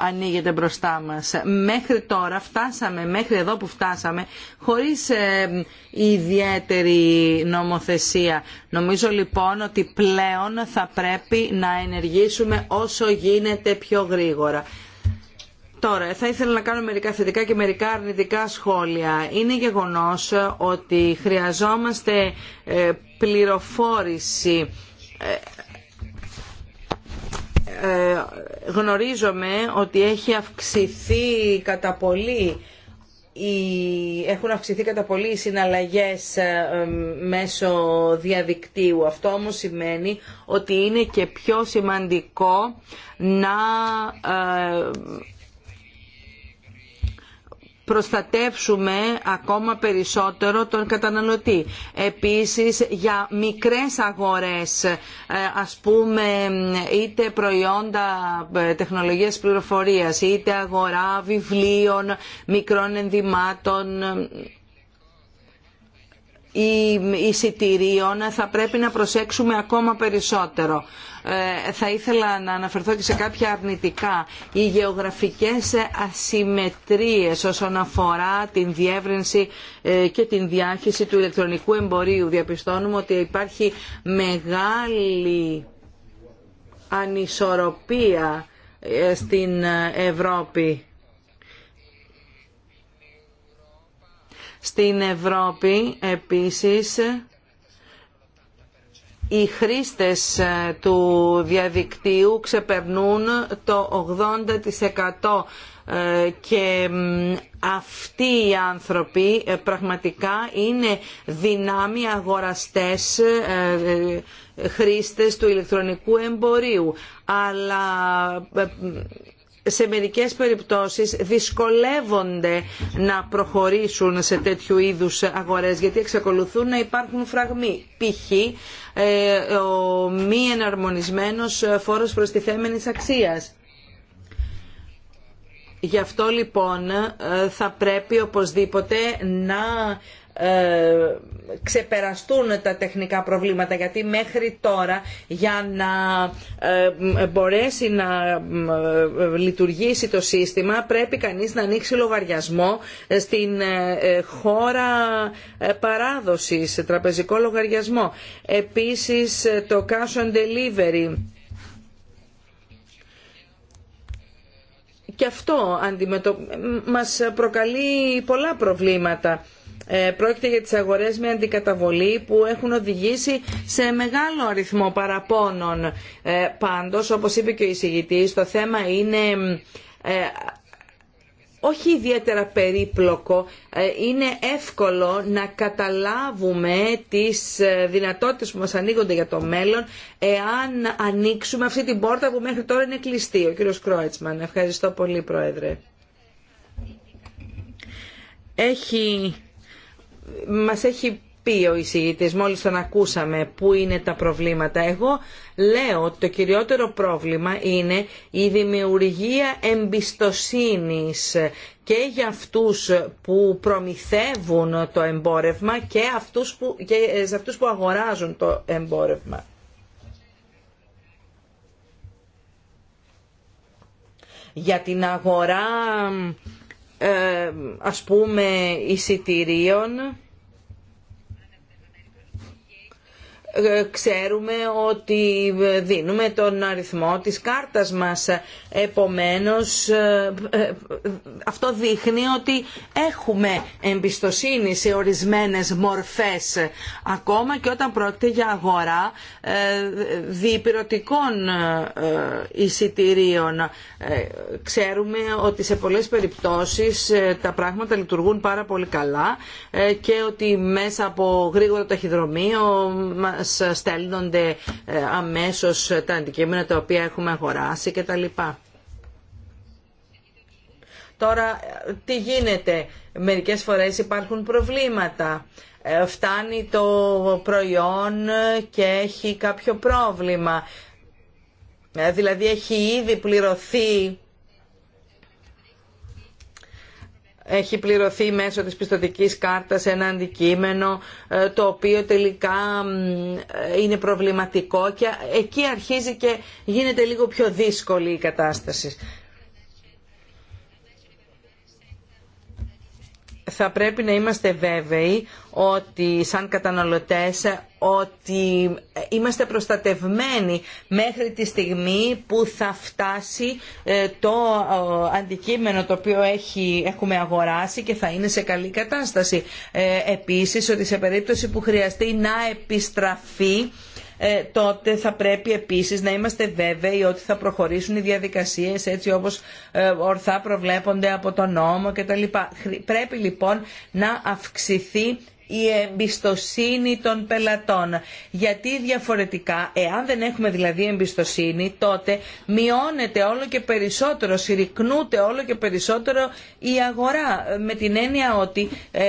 ανοίγεται μπροστά μας. Μέχρι τώρα φτάσαμε, μέχρι εδώ που φτάσαμε, χωρίς ε, ιδιαίτερη νομοθεσία. Νομίζω λοιπόν ότι πλέον θα πρέπει να ενεργήσουμε όσο γίνεται πιο γρήγορα. Τώρα, θα ήθελα να κάνω μερικά θετικά και μερικά αρνητικά σχόλια. Είναι γεγονός ότι χρειαζόμαστε ε, πληροφόρηση ε, γνωρίζομαι ότι έχει αυξηθεί κατά πολύ έχουν αυξηθεί κατά πολύ οι συναλλαγές ε, μέσω διαδικτύου. Αυτό όμως σημαίνει ότι είναι και πιο σημαντικό να ε, προστατεύσουμε ακόμα περισσότερο τον καταναλωτή. Επίσης για μικρές αγορές, ε, ας πούμε είτε προϊόντα ε, τεχνολογίας πληροφορίας, είτε αγορά βιβλίων, μικρών ενδυμάτων, ε, ή εισιτηρίων θα πρέπει να προσέξουμε ακόμα περισσότερο. Ε, θα ήθελα να αναφερθώ και σε κάποια αρνητικά. Οι γεωγραφικές ασυμμετρίες όσον αφορά την διεύρυνση ε, και την διάχυση του ηλεκτρονικού εμπορίου. Διαπιστώνουμε ότι υπάρχει μεγάλη ανισορροπία ε, στην Ευρώπη. Στην Ευρώπη επίσης οι χρήστες ε, του διαδικτύου ξεπερνούν το 80% ε, και αυτοί οι άνθρωποι ε, πραγματικά είναι δυνάμοι αγοραστές χρήστες του ηλεκτρονικού εμπορίου αλλά σε μερικές περιπτώσεις δυσκολεύονται να προχωρήσουν σε τέτοιου είδους αγορές γιατί εξακολουθούν να υπάρχουν φραγμοί. Π.χ. Ε, ο μη εναρμονισμένος φόρος προστιθέμενης αξίας. Γι' αυτό λοιπόν ε, θα πρέπει οπωσδήποτε να ε, ξεπεραστούν τα τεχνικά προβλήματα γιατί μέχρι τώρα για να ε, μπορέσει να ε, λειτουργήσει το σύστημα πρέπει κανείς να ανοίξει λογαριασμό στην χώρα παράδοσης, τραπεζικό λογαριασμό. Επίσης το cash on delivery και αυτό μας προκαλεί πολλά προβλήματα. Ε, πρόκειται για τις αγορές με αντικαταβολή που έχουν οδηγήσει σε μεγάλο αριθμό παραπώνων. Ε, πάντως, όπως είπε και ο εισηγητής, το θέμα είναι ε, όχι ιδιαίτερα περίπλοκο, είναι εύκολο να καταλάβουμε τις δυνατότητες που μας ανοίγονται για το μέλλον εάν ανοίξουμε αυτή την πόρτα που μέχρι τώρα είναι κλειστή. Ο κύριος Κρόιτσμαν, ευχαριστώ πολύ Πρόεδρε. Έχει μας έχει πει ο εισηγητής, μόλις τον ακούσαμε, πού είναι τα προβλήματα. Εγώ λέω ότι το κυριότερο πρόβλημα είναι η δημιουργία εμπιστοσύνης και για αυτούς που προμηθεύουν το εμπόρευμα και, αυτούς που, σε αυτούς που αγοράζουν το εμπόρευμα. Για την αγορά ε, ας πούμε εισιτηρίων Ε, ξέρουμε ότι δίνουμε τον αριθμό της κάρτας μας. Επομένως, ε, ε, αυτό δείχνει ότι έχουμε εμπιστοσύνη σε ορισμένες μορφές, ακόμα και όταν πρόκειται για αγορά διπυρωτικών εισιτηρίων. Ξέρουμε ότι σε πολλές περιπτώσεις τα πράγματα λειτουργούν πάρα πολύ καλά και ότι μέσα από γρήγορο ταχυδρομείο μας στέλνονται ε, αμέσως τα αντικείμενα τα οποία έχουμε αγοράσει κτλ. Τώρα ε, τι γίνεται, μερικές φορές υπάρχουν προβλήματα. Ε, φτάνει το προϊόν και έχει κάποιο πρόβλημα. Δηλαδή έχει ήδη πληρωθεί έχει πληρωθεί μέσω της πιστοτικής κάρτας ένα αντικείμενο ε, το οποίο τελικά ε, είναι προβληματικό και εκεί αρχίζει και γίνεται λίγο πιο δύσκολη η κατάσταση. θα πρέπει να είμαστε βέβαιοι ότι σαν καταναλωτές ότι είμαστε προστατευμένοι μέχρι τη στιγμή που θα φτάσει ε, το ε, αντικείμενο το οποίο έχει, έχουμε αγοράσει και θα είναι σε καλή κατάσταση. Ε, επίσης ότι σε περίπτωση που χρειαστεί να επιστραφεί ε, τότε θα πρέπει επίσης να είμαστε βέβαιοι ότι θα προχωρήσουν οι διαδικασίες έτσι όπως ε, ορθά προβλέπονται από τον νόμο κτλ. Πρέπει λοιπόν να αυξηθεί η εμπιστοσύνη των πελατών. Γιατί διαφορετικά, εάν δεν έχουμε δηλαδή εμπιστοσύνη, τότε μειώνεται όλο και περισσότερο, συρρυκνούται όλο και περισσότερο η αγορά. Με την έννοια ότι ε,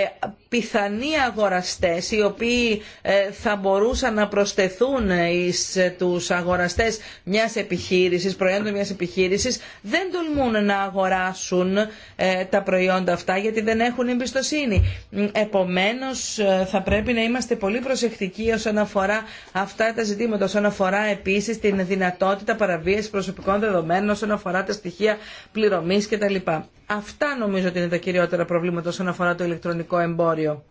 πιθανοί αγοραστές οι οποίοι ε, θα μπορούσαν να προσθεθούν εις ε, τους αγοραστές μιας επιχείρησης, προϊόντων μιας επιχείρησης δεν τολμούν να αγοράσουν ε, τα προϊόντα αυτά γιατί δεν έχουν εμπιστοσύνη. Επομένως θα πρέπει να είμαστε πολύ προσεκτικοί όσον αφορά αυτά τα ζητήματα, όσον αφορά επίσης την δυνατότητα παραβίαση προσωπικών δεδομένων, όσον αφορά τα στοιχεία πληρωμής κτλ. Αυτά νομίζω ότι είναι τα κυριότερα προβλήματα όσον αφορά το ηλεκτρονικό εμπόριο αύριο.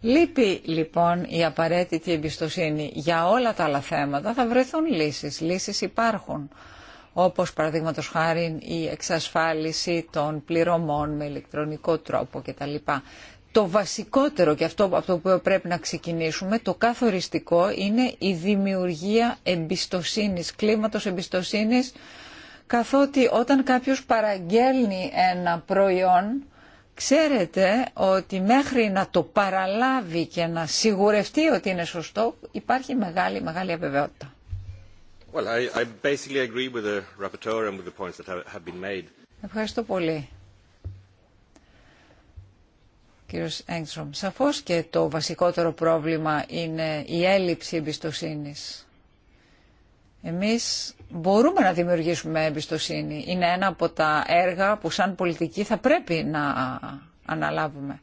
Λείπει λοιπόν η απαραίτητη εμπιστοσύνη για όλα τα άλλα θέματα. Θα βρεθούν λύσεις. Λύσεις υπάρχουν. Όπως παραδείγματο χάρη η εξασφάλιση των πληρωμών με ηλεκτρονικό τρόπο κτλ. Το βασικότερο και αυτό από το οποίο πρέπει να ξεκινήσουμε, το καθοριστικό, είναι η δημιουργία εμπιστοσύνης, κλίματος εμπιστοσύνης, καθότι όταν κάποιος παραγγέλνει ένα προϊόν, Ξέρετε ότι μέχρι να το παραλάβει και να σιγουρευτεί ότι είναι σωστό υπάρχει μεγάλη, μεγάλη αβεβαιότητα. Ευχαριστώ πολύ. Κύριος Έγκστρομ, σαφώς και το βασικότερο πρόβλημα είναι η έλλειψη εμπιστοσύνης. Εμείς μπορούμε να δημιουργήσουμε εμπιστοσύνη. Είναι ένα από τα έργα που σαν πολιτικοί θα πρέπει να αναλάβουμε.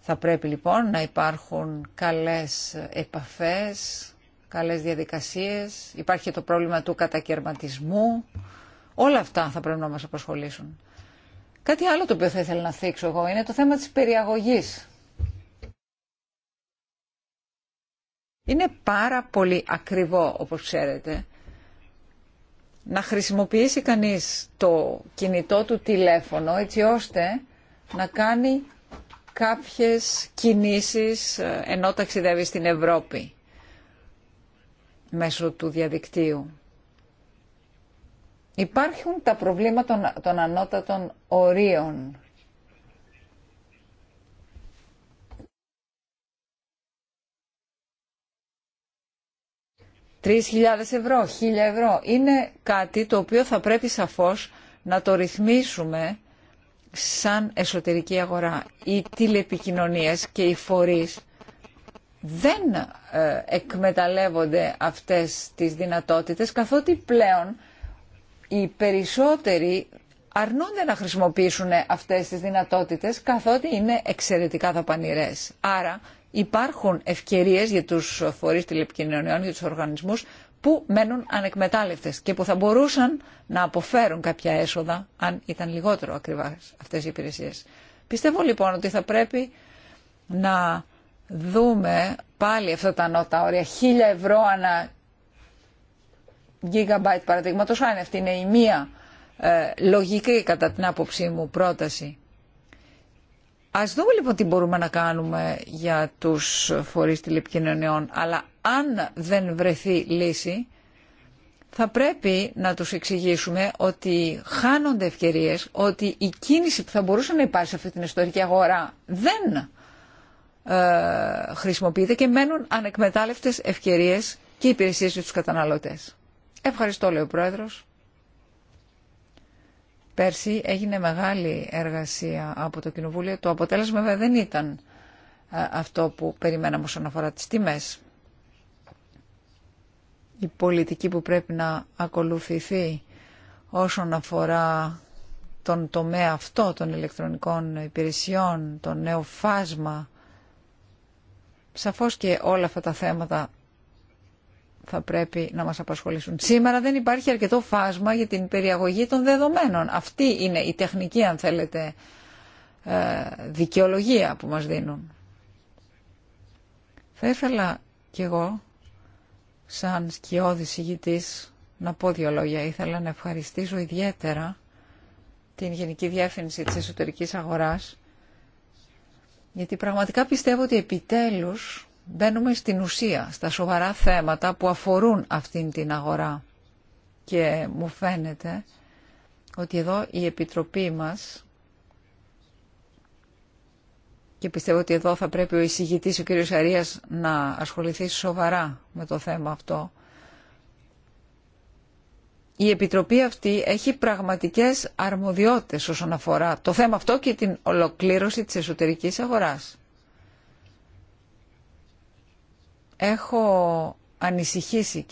Θα πρέπει λοιπόν να υπάρχουν καλές επαφές, καλές διαδικασίες, υπάρχει το πρόβλημα του κατακαιρματισμού. Όλα αυτά θα πρέπει να μας απασχολήσουν. Κάτι άλλο το οποίο θα ήθελα να θίξω εγώ είναι το θέμα της περιαγωγής. Είναι πάρα πολύ ακριβό, όπως ξέρετε, να χρησιμοποιήσει κανείς το κινητό του τηλέφωνο έτσι ώστε να κάνει κάποιες κινήσεις ε, ενώ ταξιδεύει στην Ευρώπη μέσω του διαδικτύου. Υπάρχουν τα προβλήματα των, των ανώτατων ορίων 3.000 ευρώ, 1.000 ευρώ. Είναι κάτι το οποίο θα πρέπει σαφώς να το ρυθμίσουμε σαν εσωτερική αγορά. Οι τηλεπικοινωνίες και οι φορείς δεν ε, εκμεταλλεύονται αυτές τις δυνατότητες καθότι πλέον οι περισσότεροι αρνούνται να χρησιμοποιήσουν αυτές τις δυνατότητες καθότι είναι εξαιρετικά δαπανηρές. Άρα υπάρχουν ευκαιρίες για τους φορείς τηλεπικοινωνιών, για τους οργανισμούς που μένουν ανεκμετάλλευτες και που θα μπορούσαν να αποφέρουν κάποια έσοδα αν ήταν λιγότερο ακριβά αυτές οι υπηρεσίες. Πιστεύω λοιπόν ότι θα πρέπει να δούμε πάλι αυτά τα νότα όρια 1000 ευρώ ανά γίγαμπάιτ παραδείγματος αν αυτή είναι η μία ε, λογική κατά την άποψή μου πρόταση Ας δούμε λοιπόν τι μπορούμε να κάνουμε για τους φορείς τηλεπικοινωνιών, αλλά αν δεν βρεθεί λύση, θα πρέπει να τους εξηγήσουμε ότι χάνονται ευκαιρίες, ότι η κίνηση που θα μπορούσε να υπάρξει σε αυτή την ιστορική αγορά δεν ε, χρησιμοποιείται και μένουν ανεκμετάλλευτες ευκαιρίες και υπηρεσίες για τους καταναλωτές. Ευχαριστώ, λέει ο Πρόεδρος. Πέρσι έγινε μεγάλη εργασία από το Κοινοβούλιο. Το αποτέλεσμα βέβαια δεν ήταν ε, αυτό που περιμέναμε όσον αφορά τις τιμές. Η πολιτική που πρέπει να ακολουθηθεί όσον αφορά τον τομέα αυτό των ηλεκτρονικών υπηρεσιών, το νέο φάσμα. Σαφώς και όλα αυτά τα θέματα θα πρέπει να μας απασχολήσουν. Σήμερα δεν υπάρχει αρκετό φάσμα για την περιαγωγή των δεδομένων. Αυτή είναι η τεχνική, αν θέλετε, ε, δικαιολογία που μας δίνουν. Θα ήθελα κι εγώ, σαν σκιώδης ηγητής, να πω δύο λόγια. Ήθελα να ευχαριστήσω ιδιαίτερα την Γενική Διεύθυνση της Εσωτερικής Αγοράς, γιατί πραγματικά πιστεύω ότι επιτέλους μπαίνουμε στην ουσία, στα σοβαρά θέματα που αφορούν αυτήν την αγορά. Και μου φαίνεται ότι εδώ η Επιτροπή μας και πιστεύω ότι εδώ θα πρέπει ο εισηγητής, ο κύριος Αρίας, να ασχοληθεί σοβαρά με το θέμα αυτό. Η Επιτροπή αυτή έχει πραγματικές αρμοδιότητες όσον αφορά το θέμα αυτό και την ολοκλήρωση της εσωτερικής αγοράς. έχω ανησυχήσει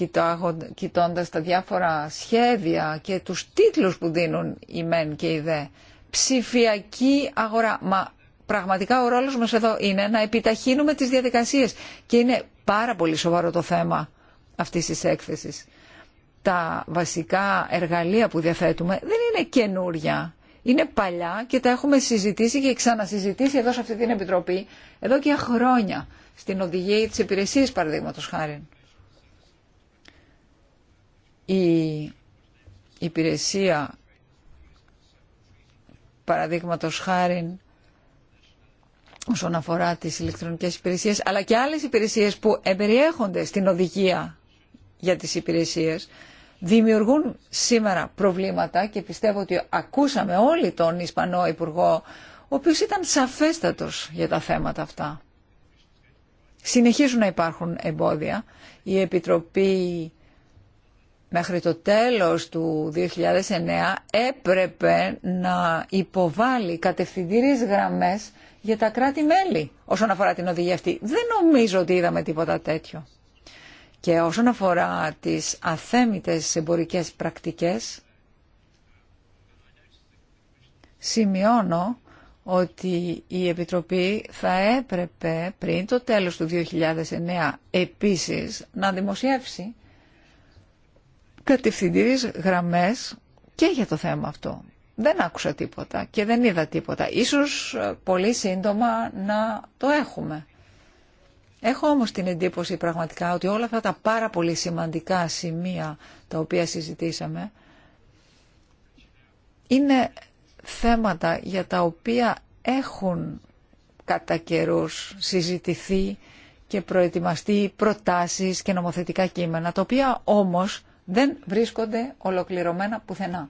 κοιτώντα τα διάφορα σχέδια και τους τίτλους που δίνουν η μεν και η δε. Ψηφιακή αγορά. Μα πραγματικά ο ρόλος μας εδώ είναι να επιταχύνουμε τις διαδικασίες και είναι πάρα πολύ σοβαρό το θέμα αυτής της έκθεσης. Τα βασικά εργαλεία που διαθέτουμε δεν είναι καινούρια. Είναι παλιά και τα έχουμε συζητήσει και ξανασυζητήσει εδώ σε αυτή την Επιτροπή εδώ και χρόνια στην οδηγία Η υπηρεσία παραδείγματο χάρη όσον αφορά τις υπηρεσίες παραδείγματος χάρη. Η υπηρεσία παραδείγματος χάρη όσον αφορά τις ηλεκτρονικές υπηρεσίες αλλά και άλλες υπηρεσίες που εμπεριέχονται στην οδηγία για τις υπηρεσίες δημιουργούν σήμερα προβλήματα και πιστεύω ότι ακούσαμε όλοι τον Ισπανό Υπουργό ο οποίος ήταν σαφέστατος για τα θέματα αυτά συνεχίζουν να υπάρχουν εμπόδια. Η Επιτροπή μέχρι το τέλος του 2009 έπρεπε να υποβάλει κατευθυντήριες γραμμές για τα κράτη-μέλη όσον αφορά την οδηγία αυτή. Δεν νομίζω ότι είδαμε τίποτα τέτοιο. Και όσον αφορά τις αθέμητες εμπορικές πρακτικές, σημειώνω ότι η Επιτροπή θα έπρεπε πριν το τέλος του 2009 επίσης να δημοσιεύσει κατευθυντήριες γραμμές και για το θέμα αυτό. Δεν άκουσα τίποτα και δεν είδα τίποτα. Ίσως ε, πολύ σύντομα να το έχουμε. Έχω όμως την εντύπωση πραγματικά ότι όλα αυτά τα πάρα πολύ σημαντικά σημεία τα οποία συζητήσαμε είναι θέματα για τα οποία έχουν κατά καιρού συζητηθεί και προετοιμαστεί προτάσεις και νομοθετικά κείμενα, τα οποία όμως δεν βρίσκονται ολοκληρωμένα πουθενά.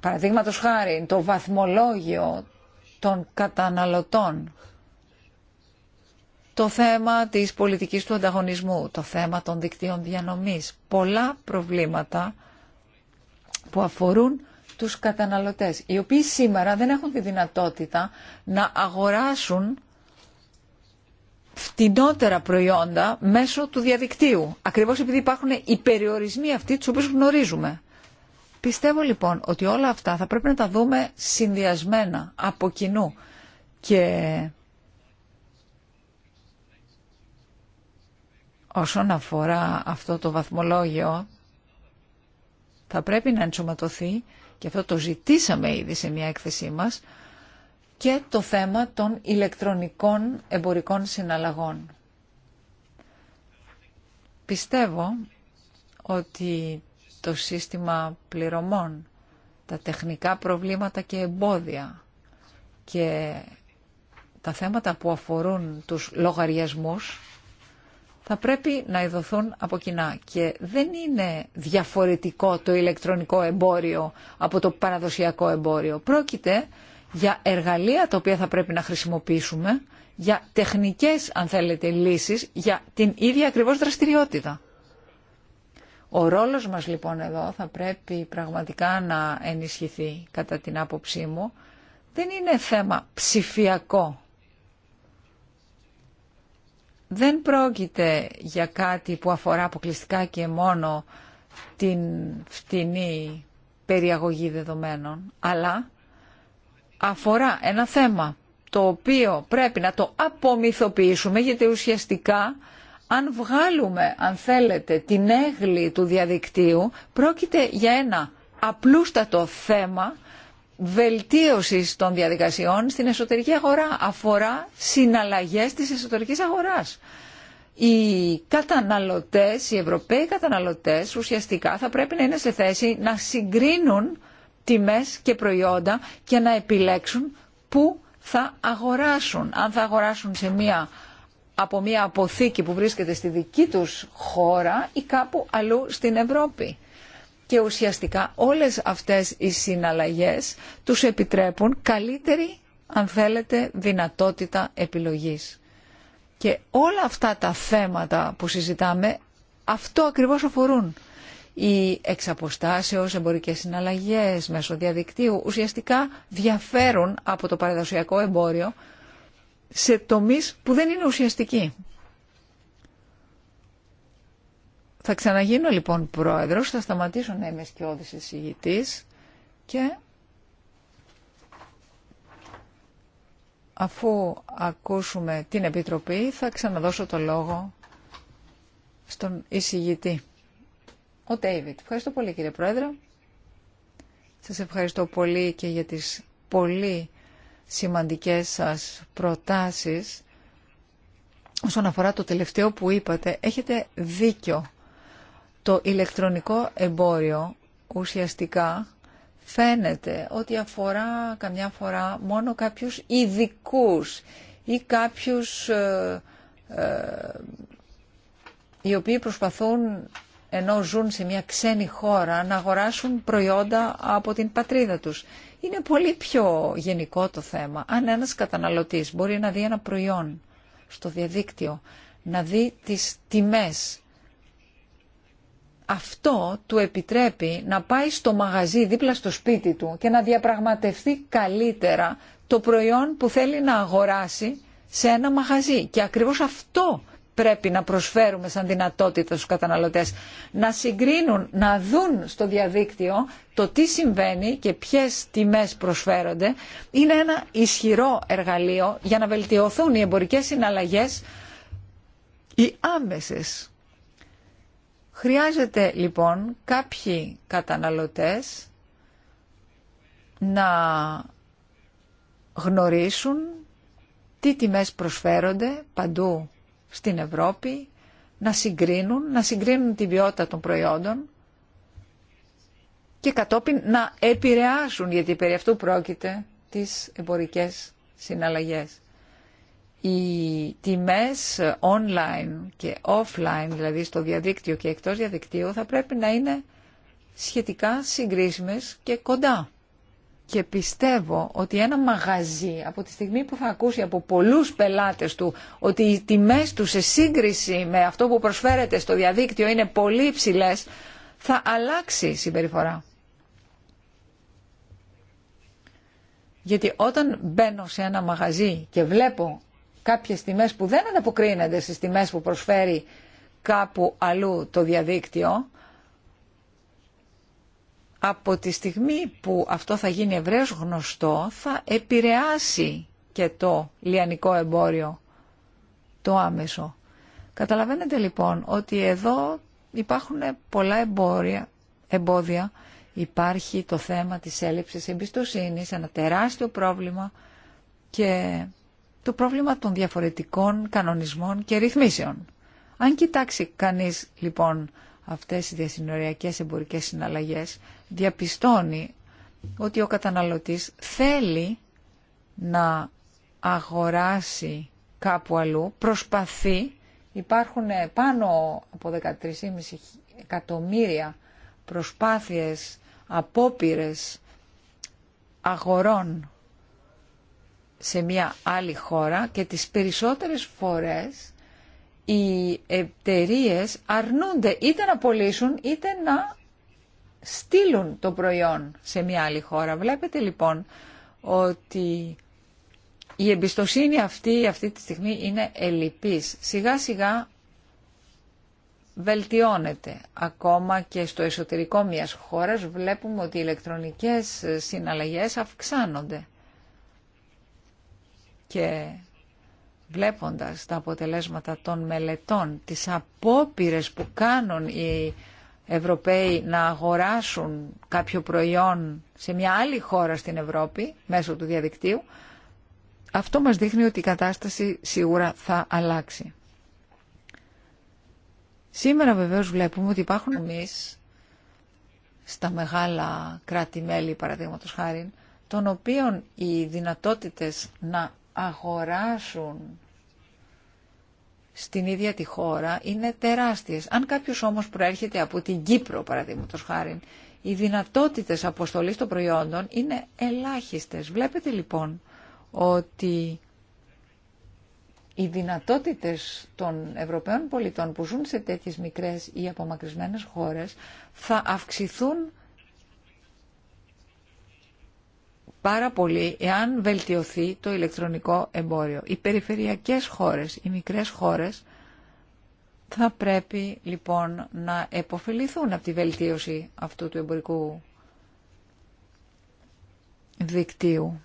Παραδείγματος χάρη, το βαθμολόγιο των καταναλωτών, το θέμα της πολιτικής του ανταγωνισμού, το θέμα των δικτύων διανομής, πολλά προβλήματα που αφορούν τους καταναλωτές, οι οποίοι σήμερα δεν έχουν τη δυνατότητα να αγοράσουν φτηνότερα προϊόντα μέσω του διαδικτύου, ακριβώς επειδή υπάρχουν οι περιορισμοί αυτοί τους οποίους γνωρίζουμε. Πιστεύω λοιπόν ότι όλα αυτά θα πρέπει να τα δούμε συνδυασμένα από κοινού και όσον αφορά αυτό το βαθμολόγιο θα πρέπει να ενσωματωθεί και αυτό το ζητήσαμε ήδη σε μια έκθεσή μας και το θέμα των ηλεκτρονικών εμπορικών συναλλαγών. Πιστεύω ότι το σύστημα πληρωμών, τα τεχνικά προβλήματα και εμπόδια και τα θέματα που αφορούν τους λογαριασμούς θα πρέπει να ειδωθούν από κοινά. Και δεν είναι διαφορετικό το ηλεκτρονικό εμπόριο από το παραδοσιακό εμπόριο. Πρόκειται για εργαλεία τα οποία θα πρέπει να χρησιμοποιήσουμε, για τεχνικές, αν θέλετε, λύσεις, για την ίδια ακριβώς δραστηριότητα. Ο ρόλος μας λοιπόν εδώ θα πρέπει πραγματικά να ενισχυθεί κατά την άποψή μου. Δεν είναι θέμα ψηφιακό δεν πρόκειται για κάτι που αφορά αποκλειστικά και μόνο την φτηνή περιαγωγή δεδομένων, αλλά αφορά ένα θέμα το οποίο πρέπει να το απομυθοποιήσουμε γιατί ουσιαστικά αν βγάλουμε, αν θέλετε, την έγλη του διαδικτύου, πρόκειται για ένα απλούστατο θέμα βελτίωσης των διαδικασιών στην εσωτερική αγορά. Αφορά συναλλαγές της εσωτερικής αγοράς. Οι καταναλωτές, οι ευρωπαίοι καταναλωτές ουσιαστικά θα πρέπει να είναι σε θέση να συγκρίνουν τιμές και προϊόντα και να επιλέξουν πού θα αγοράσουν. Αν θα αγοράσουν σε μία, από μία αποθήκη που βρίσκεται στη δική τους χώρα ή κάπου αλλού στην Ευρώπη και ουσιαστικά όλες αυτές οι συναλλαγές τους επιτρέπουν καλύτερη, αν θέλετε, δυνατότητα επιλογής. Και όλα αυτά τα θέματα που συζητάμε αυτό ακριβώς αφορούν. Οι εξαποστάσεως, εμπορικές συναλλαγές μέσω διαδικτύου ουσιαστικά διαφέρουν από το παραδοσιακό εμπόριο σε τομείς που δεν είναι ουσιαστικοί. Θα ξαναγίνω λοιπόν πρόεδρος, θα σταματήσω να είμαι σκιώδης εισηγητής και αφού ακούσουμε την Επιτροπή θα ξαναδώσω το λόγο στον εισηγητή. Ο Ντέιβιτ. Ευχαριστώ πολύ κύριε Πρόεδρε. Σας ευχαριστώ πολύ και για τις πολύ σημαντικές σας προτάσεις. Όσον αφορά το τελευταίο που είπατε, έχετε δίκιο. Το ηλεκτρονικό εμπόριο ουσιαστικά φαίνεται ότι αφορά καμιά φορά μόνο κάποιους ειδικού ή κάποιους ε, ε, οι οποίοι προσπαθούν ενώ ζουν σε μια ξένη χώρα να αγοράσουν προϊόντα από την πατρίδα τους. Είναι πολύ πιο γενικό το θέμα. Αν ένας καταναλωτής μπορεί να δει ένα προϊόν στο διαδίκτυο, να δει τις τιμές αυτό του επιτρέπει να πάει στο μαγαζί δίπλα στο σπίτι του και να διαπραγματευτεί καλύτερα το προϊόν που θέλει να αγοράσει σε ένα μαγαζί. Και ακριβώς αυτό πρέπει να προσφέρουμε σαν δυνατότητα στους καταναλωτές. Να συγκρίνουν, να δουν στο διαδίκτυο το τι συμβαίνει και ποιες τιμές προσφέρονται. Είναι ένα ισχυρό εργαλείο για να βελτιωθούν οι εμπορικές συναλλαγές οι άμεσες Χρειάζεται λοιπόν κάποιοι καταναλωτές να γνωρίσουν τι τιμές προσφέρονται παντού στην Ευρώπη, να συγκρίνουν, να συγκρίνουν την ποιότητα των προϊόντων και κατόπιν να επηρεάσουν, γιατί περί αυτού πρόκειται, τις εμπορικές συναλλαγές οι τιμές online και offline, δηλαδή στο διαδίκτυο και εκτός διαδικτύου, θα πρέπει να είναι σχετικά συγκρίσιμες και κοντά. Και πιστεύω ότι ένα μαγαζί από τη στιγμή που θα ακούσει από πολλούς πελάτες του ότι οι τιμές του σε σύγκριση με αυτό που προσφέρεται στο διαδίκτυο είναι πολύ υψηλές, θα αλλάξει συμπεριφορά. Γιατί όταν μπαίνω σε ένα μαγαζί και βλέπω κάποιες τιμές που δεν ανταποκρίνονται στις τιμές που προσφέρει κάπου αλλού το διαδίκτυο, από τη στιγμή που αυτό θα γίνει ευρέως γνωστό, θα επηρεάσει και το λιανικό εμπόριο, το άμεσο. Καταλαβαίνετε λοιπόν ότι εδώ υπάρχουν πολλά εμπόρια, εμπόδια. Υπάρχει το θέμα της έλλειψης εμπιστοσύνης, ένα τεράστιο πρόβλημα και το πρόβλημα των διαφορετικών κανονισμών και ρυθμίσεων. Αν κοιτάξει κανείς λοιπόν αυτές οι διασυνοριακές εμπορικές συναλλαγές, διαπιστώνει ότι ο καταναλωτής θέλει να αγοράσει κάπου αλλού, προσπαθεί, υπάρχουν πάνω από 13,5 εκατομμύρια προσπάθειες, απόπειρες αγορών σε μια άλλη χώρα και τις περισσότερες φορές οι εταιρείε αρνούνται είτε να πωλήσουν είτε να στείλουν το προϊόν σε μια άλλη χώρα. Βλέπετε λοιπόν ότι η εμπιστοσύνη αυτή αυτή τη στιγμή είναι ελλειπής. Σιγά σιγά βελτιώνεται. Ακόμα και στο εσωτερικό μιας χώρας βλέπουμε ότι οι ηλεκτρονικές συναλλαγές αυξάνονται και βλέποντας τα αποτελέσματα των μελετών, τις απόπειρες που κάνουν οι Ευρωπαίοι να αγοράσουν κάποιο προϊόν σε μια άλλη χώρα στην Ευρώπη μέσω του διαδικτύου, αυτό μας δείχνει ότι η κατάσταση σίγουρα θα αλλάξει. Σήμερα βεβαίως βλέπουμε ότι υπάρχουν εμεί στα μεγάλα κράτη-μέλη, παραδείγματος χάρη, των οποίων οι δυνατότητες να αγοράσουν στην ίδια τη χώρα είναι τεράστιες. Αν κάποιος όμως προέρχεται από την Κύπρο, παραδείγματο χάρη, οι δυνατότητες αποστολής των προϊόντων είναι ελάχιστες. Βλέπετε λοιπόν ότι οι δυνατότητες των Ευρωπαίων πολιτών που ζουν σε τέτοιες μικρές ή απομακρυσμένες χώρες θα αυξηθούν πάρα πολύ εάν βελτιωθεί το ηλεκτρονικό εμπόριο. Οι περιφερειακές χώρες, οι μικρές χώρες θα πρέπει λοιπόν να επωφεληθούν από τη βελτίωση αυτού του εμπορικού δικτύου.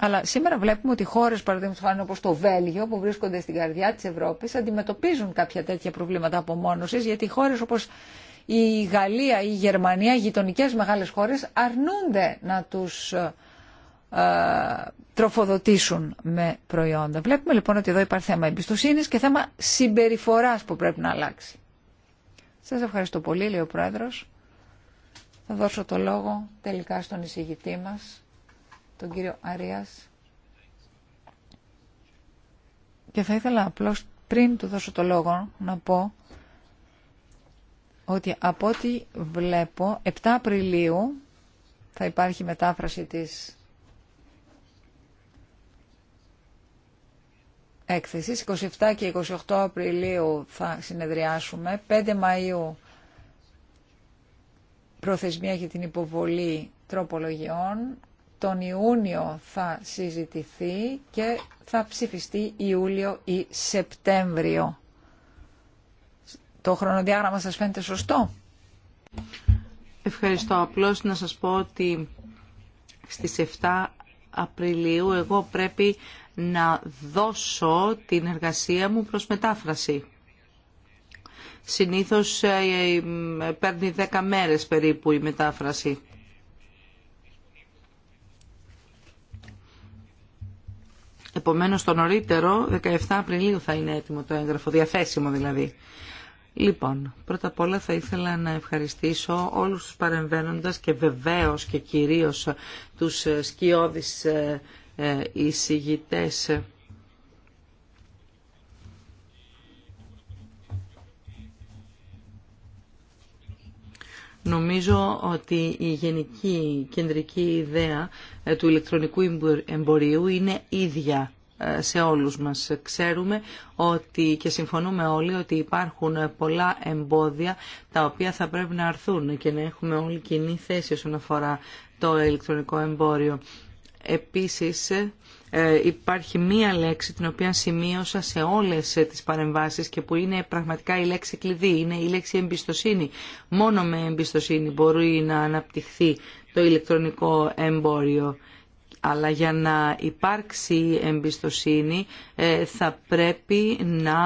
Αλλά σήμερα βλέπουμε ότι χώρες παραδείγματος χάρη όπως το Βέλγιο που βρίσκονται στην καρδιά της Ευρώπης αντιμετωπίζουν κάποια τέτοια προβλήματα απομόνωσης γιατί χώρες όπως η Γαλλία, η Γερμανία, οι γειτονικές μεγάλες χώρες αρνούνται να τους ε, ε, τροφοδοτήσουν με προϊόντα. Βλέπουμε λοιπόν ότι εδώ υπάρχει θέμα εμπιστοσύνη και θέμα συμπεριφοράς που πρέπει να αλλάξει. Σας ευχαριστώ πολύ, λέει ο Πρόεδρος. Θα δώσω το λόγο τελικά στον εισηγητή μας, τον κύριο Αρίας. Και θα ήθελα απλώς πριν του δώσω το λόγο να πω ότι από ό,τι βλέπω 7 Απριλίου θα υπάρχει μετάφραση της έκθεσης. 27 και 28 Απριλίου θα συνεδριάσουμε. 5 Μαΐου προθεσμία για την υποβολή τροπολογιών. Τον Ιούνιο θα συζητηθεί και θα ψηφιστεί Ιούλιο ή Σεπτέμβριο. Το χρονοδιάγραμμα σας φαίνεται σωστό. Ευχαριστώ. Απλώς να σας πω ότι στις 7 Απριλίου εγώ πρέπει να δώσω την εργασία μου προς μετάφραση. Συνήθως ε, ε, παίρνει 10 μέρες περίπου η μετάφραση. Επομένως το νωρίτερο, 17 Απριλίου θα είναι έτοιμο το έγγραφο, διαθέσιμο δηλαδή. Λοιπόν, πρώτα απ' όλα θα ήθελα να ευχαριστήσω όλους τους παρεμβαίνοντας και βεβαίως και κυρίως τους ε, σκιώδεις ε, ε, εισηγητές Νομίζω ότι η γενική κεντρική ιδέα του ηλεκτρονικού εμπορίου είναι ίδια σε όλους μας. Ξέρουμε ότι και συμφωνούμε όλοι ότι υπάρχουν πολλά εμπόδια τα οποία θα πρέπει να αρθούν και να έχουμε όλη κοινή θέση όσον αφορά το ηλεκτρονικό εμπόριο. Επίσης, ε, υπάρχει μία λέξη την οποία σημείωσα σε όλες ε, τις παρεμβάσεις και που είναι πραγματικά η λέξη κλειδί, είναι η λέξη εμπιστοσύνη. Μόνο με εμπιστοσύνη μπορεί να αναπτυχθεί το ηλεκτρονικό εμπόριο αλλά για να υπάρξει εμπιστοσύνη ε, θα πρέπει να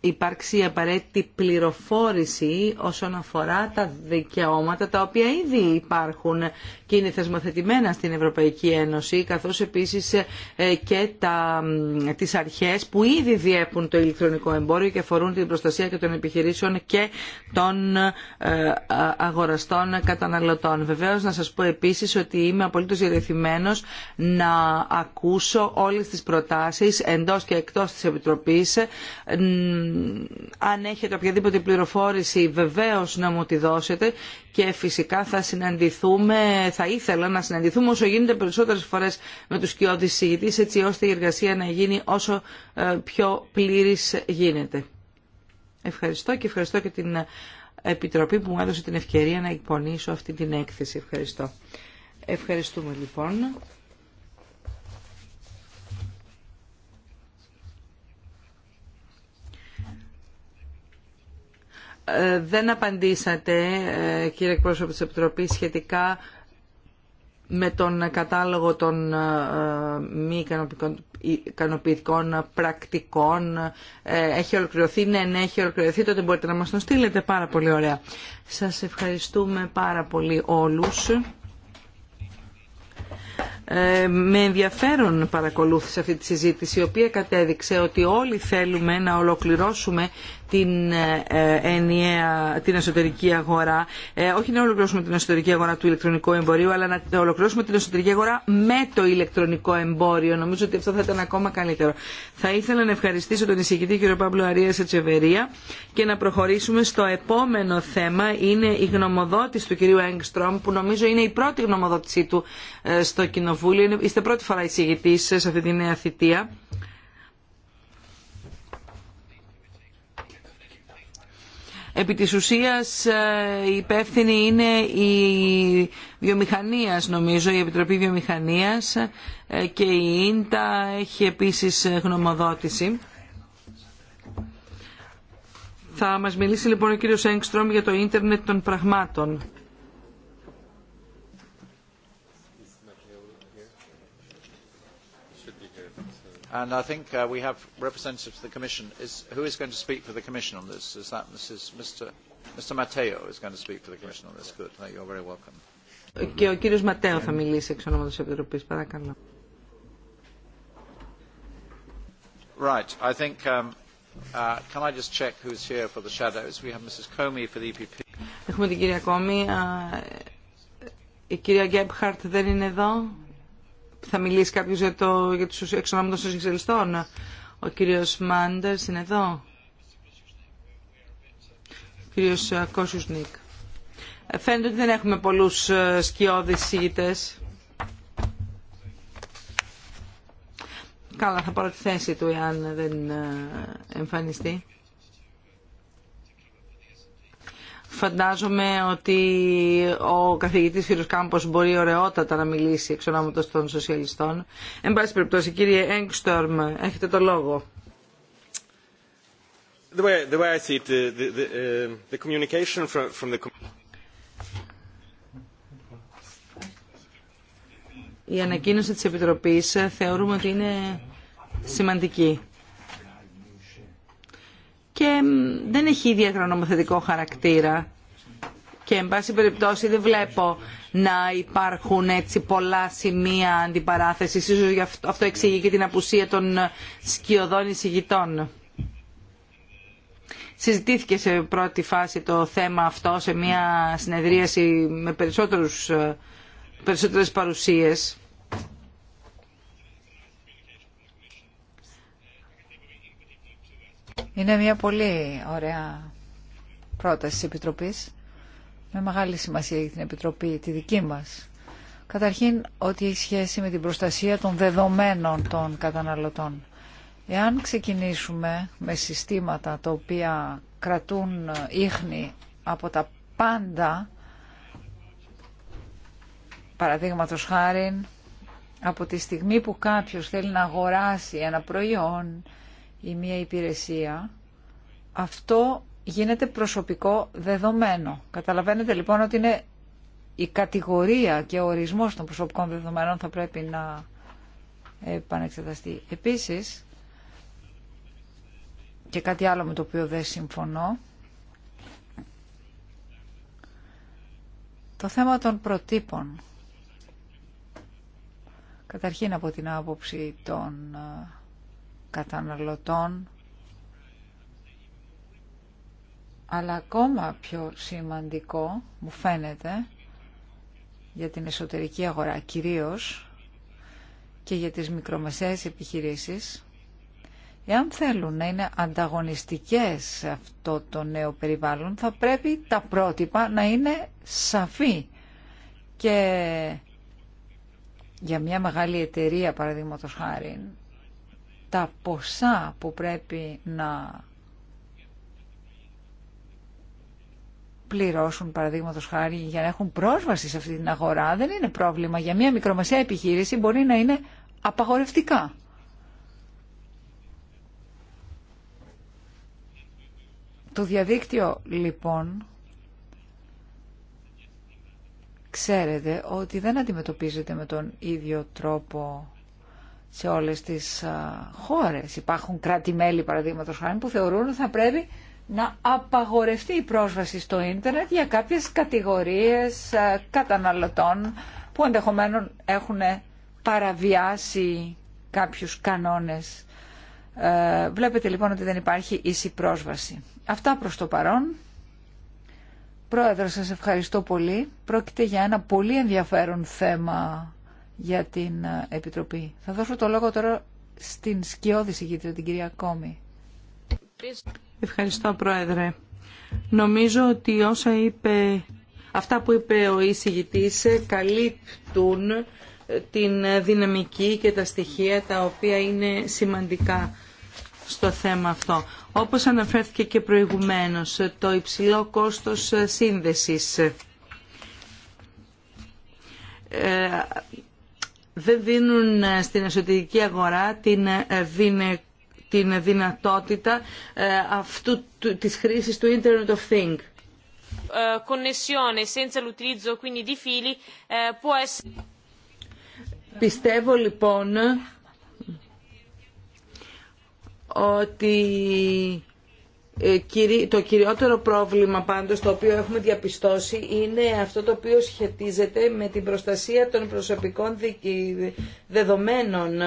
υπάρξει απαραίτητη πληροφόρηση όσον αφορά τα δικαιώματα τα οποία ήδη υπάρχουν και είναι θεσμοθετημένα στην Ευρωπαϊκή Ένωση καθώς επίσης ε, και τα, τις αρχές που ήδη διέπουν το ηλεκτρονικό εμπόριο και αφορούν την προστασία και των επιχειρήσεων και των ε, αγοραστών καταναλωτών. Βεβαίως να σας πω επίσης ότι είμαι απολύτως ερεθιμένος να ακούσω όλες τις προτάσεις εντός και εκτός της Επιτροπής ε, αν έχετε οποιαδήποτε πληροφόρηση βεβαίως να μου τη δώσετε και φυσικά θα συναντηθούμε, θα ήθελα να συναντηθούμε όσο γίνεται περισσότερες φορές με τους κοιότητες συγητής έτσι ώστε η εργασία να γίνει όσο ε, πιο πλήρης γίνεται. Ευχαριστώ και ευχαριστώ και την ε, Επιτροπή που μου έδωσε την ευκαιρία να εκπονήσω αυτή την έκθεση. Ευχαριστώ. Ευχαριστούμε λοιπόν. Ε, δεν απαντήσατε, ε, κύριε εκπρόσωπο της Επιτροπής, σχετικά με τον κατάλογο των ε, μη ικανοποιητικών πρακτικών. Έχει ολοκληρωθεί, ναι, ναι, έχει ολοκληρωθεί, τότε μπορείτε να μας τον στείλετε. Πάρα πολύ ωραία. Σας ευχαριστούμε πάρα πολύ όλους. με ενδιαφέρον παρακολούθησε αυτή τη συζήτηση η οποία κατέδειξε ότι όλοι θέλουμε να ολοκληρώσουμε την, ε, ε, ενιαία, την εσωτερική αγορά, ε, όχι να ολοκληρώσουμε την εσωτερική αγορά του ηλεκτρονικού εμπορίου, αλλά να ολοκληρώσουμε την εσωτερική αγορά με το ηλεκτρονικό εμπόριο. Νομίζω ότι αυτό θα ήταν ακόμα καλύτερο. Θα ήθελα να ευχαριστήσω τον εισηγητή κ. Παύλο Αρία Ετσεβερία και να προχωρήσουμε στο επόμενο θέμα. Είναι η γνωμοδότηση του κ. Έγκστρομ, που νομίζω είναι η πρώτη γνωμοδότησή του στο Κοινοβούλιο. Είστε πρώτη φορά εισηγητή σε αυτή τη νέα θητεία. Επί της ουσίας ε, η υπεύθυνη είναι η βιομηχανίας νομίζω, η Επιτροπή Βιομηχανίας ε, και η ίντα έχει επίσης γνωμοδότηση. Θα μας μιλήσει λοιπόν ο κύριος Έγκστρομ για το ίντερνετ των πραγμάτων. And I think we have representatives of the Commission. Who is going to speak for the Commission on this? Is that Mr. Mr. Matteo is going to speak for the Commission on this? Good. Thank you. You're very welcome. Και ο κύριος Ματέο θα μιλήσει εξ ονόματος Επιτροπής. Παρακαλώ. Right. I think, um, uh, can I just check who's here for the shadows? We have Mrs. Comey for the EPP. Έχουμε την κυρία Κόμη. Η κυρία Γκέμπχαρτ δεν είναι εδώ θα μιλήσει κάποιο για, το, για τους εξονόμητους των Ο κύριος Μάντερ είναι εδώ. Ο κύριος ε, Νίκ. Ε, φαίνεται ότι δεν έχουμε πολλούς ε, σκιώδει Καλά, θα πάρω τη θέση του εάν δεν εμφανιστεί. Φαντάζομαι ότι ο καθηγητής κ. Κάμπος μπορεί ωραιότατα να μιλήσει εξ ονόματος των σοσιαλιστών. Εν πάση περιπτώσει, κύριε Έγκστορμ, έχετε το λόγο. The way, the way I see the, uh, the, communication from, Η ανακοίνωση της Επιτροπής θεωρούμε ότι είναι σημαντική και δεν έχει ιδιαίτερο νομοθετικό χαρακτήρα. Και εν πάση περιπτώσει δεν βλέπω να υπάρχουν έτσι πολλά σημεία αντιπαράθεσης. Ίσως γι αυτό, εξηγεί και την απουσία των ε, σκιωδών εισηγητών. Συζητήθηκε σε πρώτη φάση το θέμα αυτό σε μια συνεδρίαση με περισσότερους, ε, περισσότερες παρουσίες. Είναι μια πολύ ωραία πρόταση της Επιτροπής με μεγάλη σημασία για την Επιτροπή, τη δική μας. Καταρχήν ότι έχει σχέση με την προστασία των δεδομένων των καταναλωτών. Εάν ξεκινήσουμε με συστήματα τα οποία κρατούν ίχνη από τα πάντα, παραδείγματο χάρη, από τη στιγμή που κάποιος θέλει να αγοράσει ένα προϊόν ή μία υπηρεσία, αυτό γίνεται προσωπικό δεδομένο. Καταλαβαίνετε λοιπόν ότι είναι η κατηγορία και ο ορισμός των προσωπικών δεδομένων θα πρέπει να επανεξεταστεί. Επίσης, και κάτι άλλο με το οποίο δεν συμφωνώ, το θέμα των προτύπων. Καταρχήν από την άποψη των ε, καταναλωτών αλλά ακόμα πιο σημαντικό μου φαίνεται για την εσωτερική αγορά κυρίως και για τις μικρομεσαίες επιχειρήσεις εάν θέλουν να είναι ανταγωνιστικές σε αυτό το νέο περιβάλλον θα πρέπει τα πρότυπα να είναι σαφή και για μια μεγάλη εταιρεία παραδείγματος χάρη τα ποσά που πρέπει να πληρώσουν παραδείγματος χάρη για να έχουν πρόσβαση σε αυτή την αγορά δεν είναι πρόβλημα. Για μια μικρομεσαία επιχείρηση μπορεί να είναι απαγορευτικά. Το διαδίκτυο λοιπόν ξέρετε ότι δεν αντιμετωπίζεται με τον ίδιο τρόπο σε όλες τις χώρες. Υπάρχουν κράτη-μέλη παραδείγματος χάρη που θεωρούν ότι θα πρέπει να απαγορευτεί η πρόσβαση στο ίντερνετ για κάποιες κατηγορίες καταναλωτών που ενδεχομένως έχουν παραβιάσει κάποιους κανόνες. Ε, βλέπετε λοιπόν ότι δεν υπάρχει ίση πρόσβαση. Αυτά προς το παρόν. Πρόεδρο, σας ευχαριστώ πολύ. Πρόκειται για ένα πολύ ενδιαφέρον θέμα για την ε, Επιτροπή. Θα δώσω το λόγο τώρα στην σκιώδη συγκήτρια, την κυρία Κόμη. Ευχαριστώ, Πρόεδρε. Νομίζω ότι όσα είπε, αυτά που είπε ο εισηγητής ε, καλύπτουν ε, την δυναμική και τα στοιχεία τα οποία είναι σημαντικά στο θέμα αυτό. Όπως αναφέρθηκε και προηγουμένως, το υψηλό κόστος σύνδεσης δεν δίνουν ε, στην εσωτερική αγορά την ε, την δυνατότητα ε, αυτού της χρήσης του Internet of Things. Πιστεύω λοιπόν ότι ε, το κυριότερο πρόβλημα πάντως το οποίο έχουμε διαπιστώσει είναι αυτό το οποίο σχετίζεται με την προστασία των προσωπικών δεδομένων,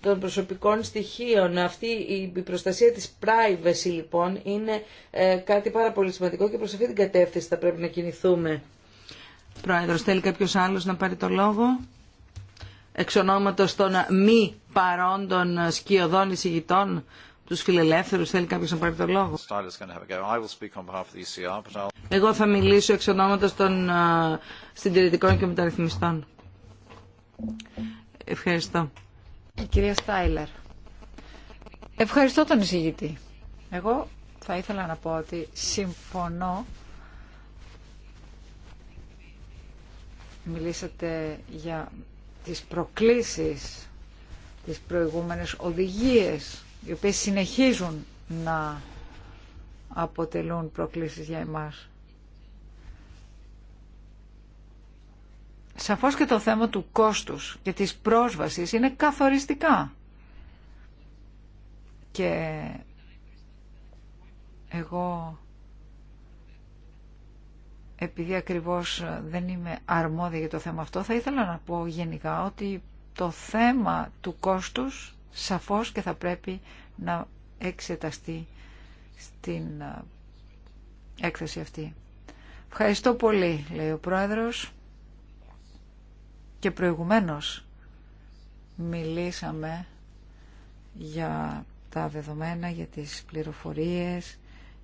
των προσωπικών στοιχείων. Αυτή η προστασία της privacy λοιπόν είναι ε, κάτι πάρα πολύ σημαντικό και προς αυτή την κατεύθυνση θα πρέπει να κινηθούμε. Πρόεδρος, θέλει κάποιος άλλος να πάρει το λόγο εξ ονόματος των μη παρόντων σκιωδών εισηγητών τους φιλελεύθερους. Θέλει κάποιος να πάρει το λόγο. E Εγώ θα μιλήσω εξ ονόματος των συντηρητικών και μεταρρυθμιστών. Ευχαριστώ. Η κυρία Στάιλερ. Ευχαριστώ τον εισηγητή. Εγώ θα ήθελα να πω ότι συμφωνώ. Μιλήσατε για τις προκλήσεις, τις προηγούμενες οδηγίες οι οποίες συνεχίζουν να αποτελούν προκλήσεις για εμάς. Σαφώς και το θέμα του κόστους και της πρόσβασης είναι καθοριστικά. Και εγώ, επειδή ακριβώς δεν είμαι αρμόδια για το θέμα αυτό, θα ήθελα να πω γενικά ότι το θέμα του κόστους σαφώς και θα πρέπει να εξεταστεί στην ε, έκθεση αυτή. Ευχαριστώ πολύ, λέει ο Πρόεδρος. Και προηγουμένως μιλήσαμε για τα δεδομένα, για τις πληροφορίες,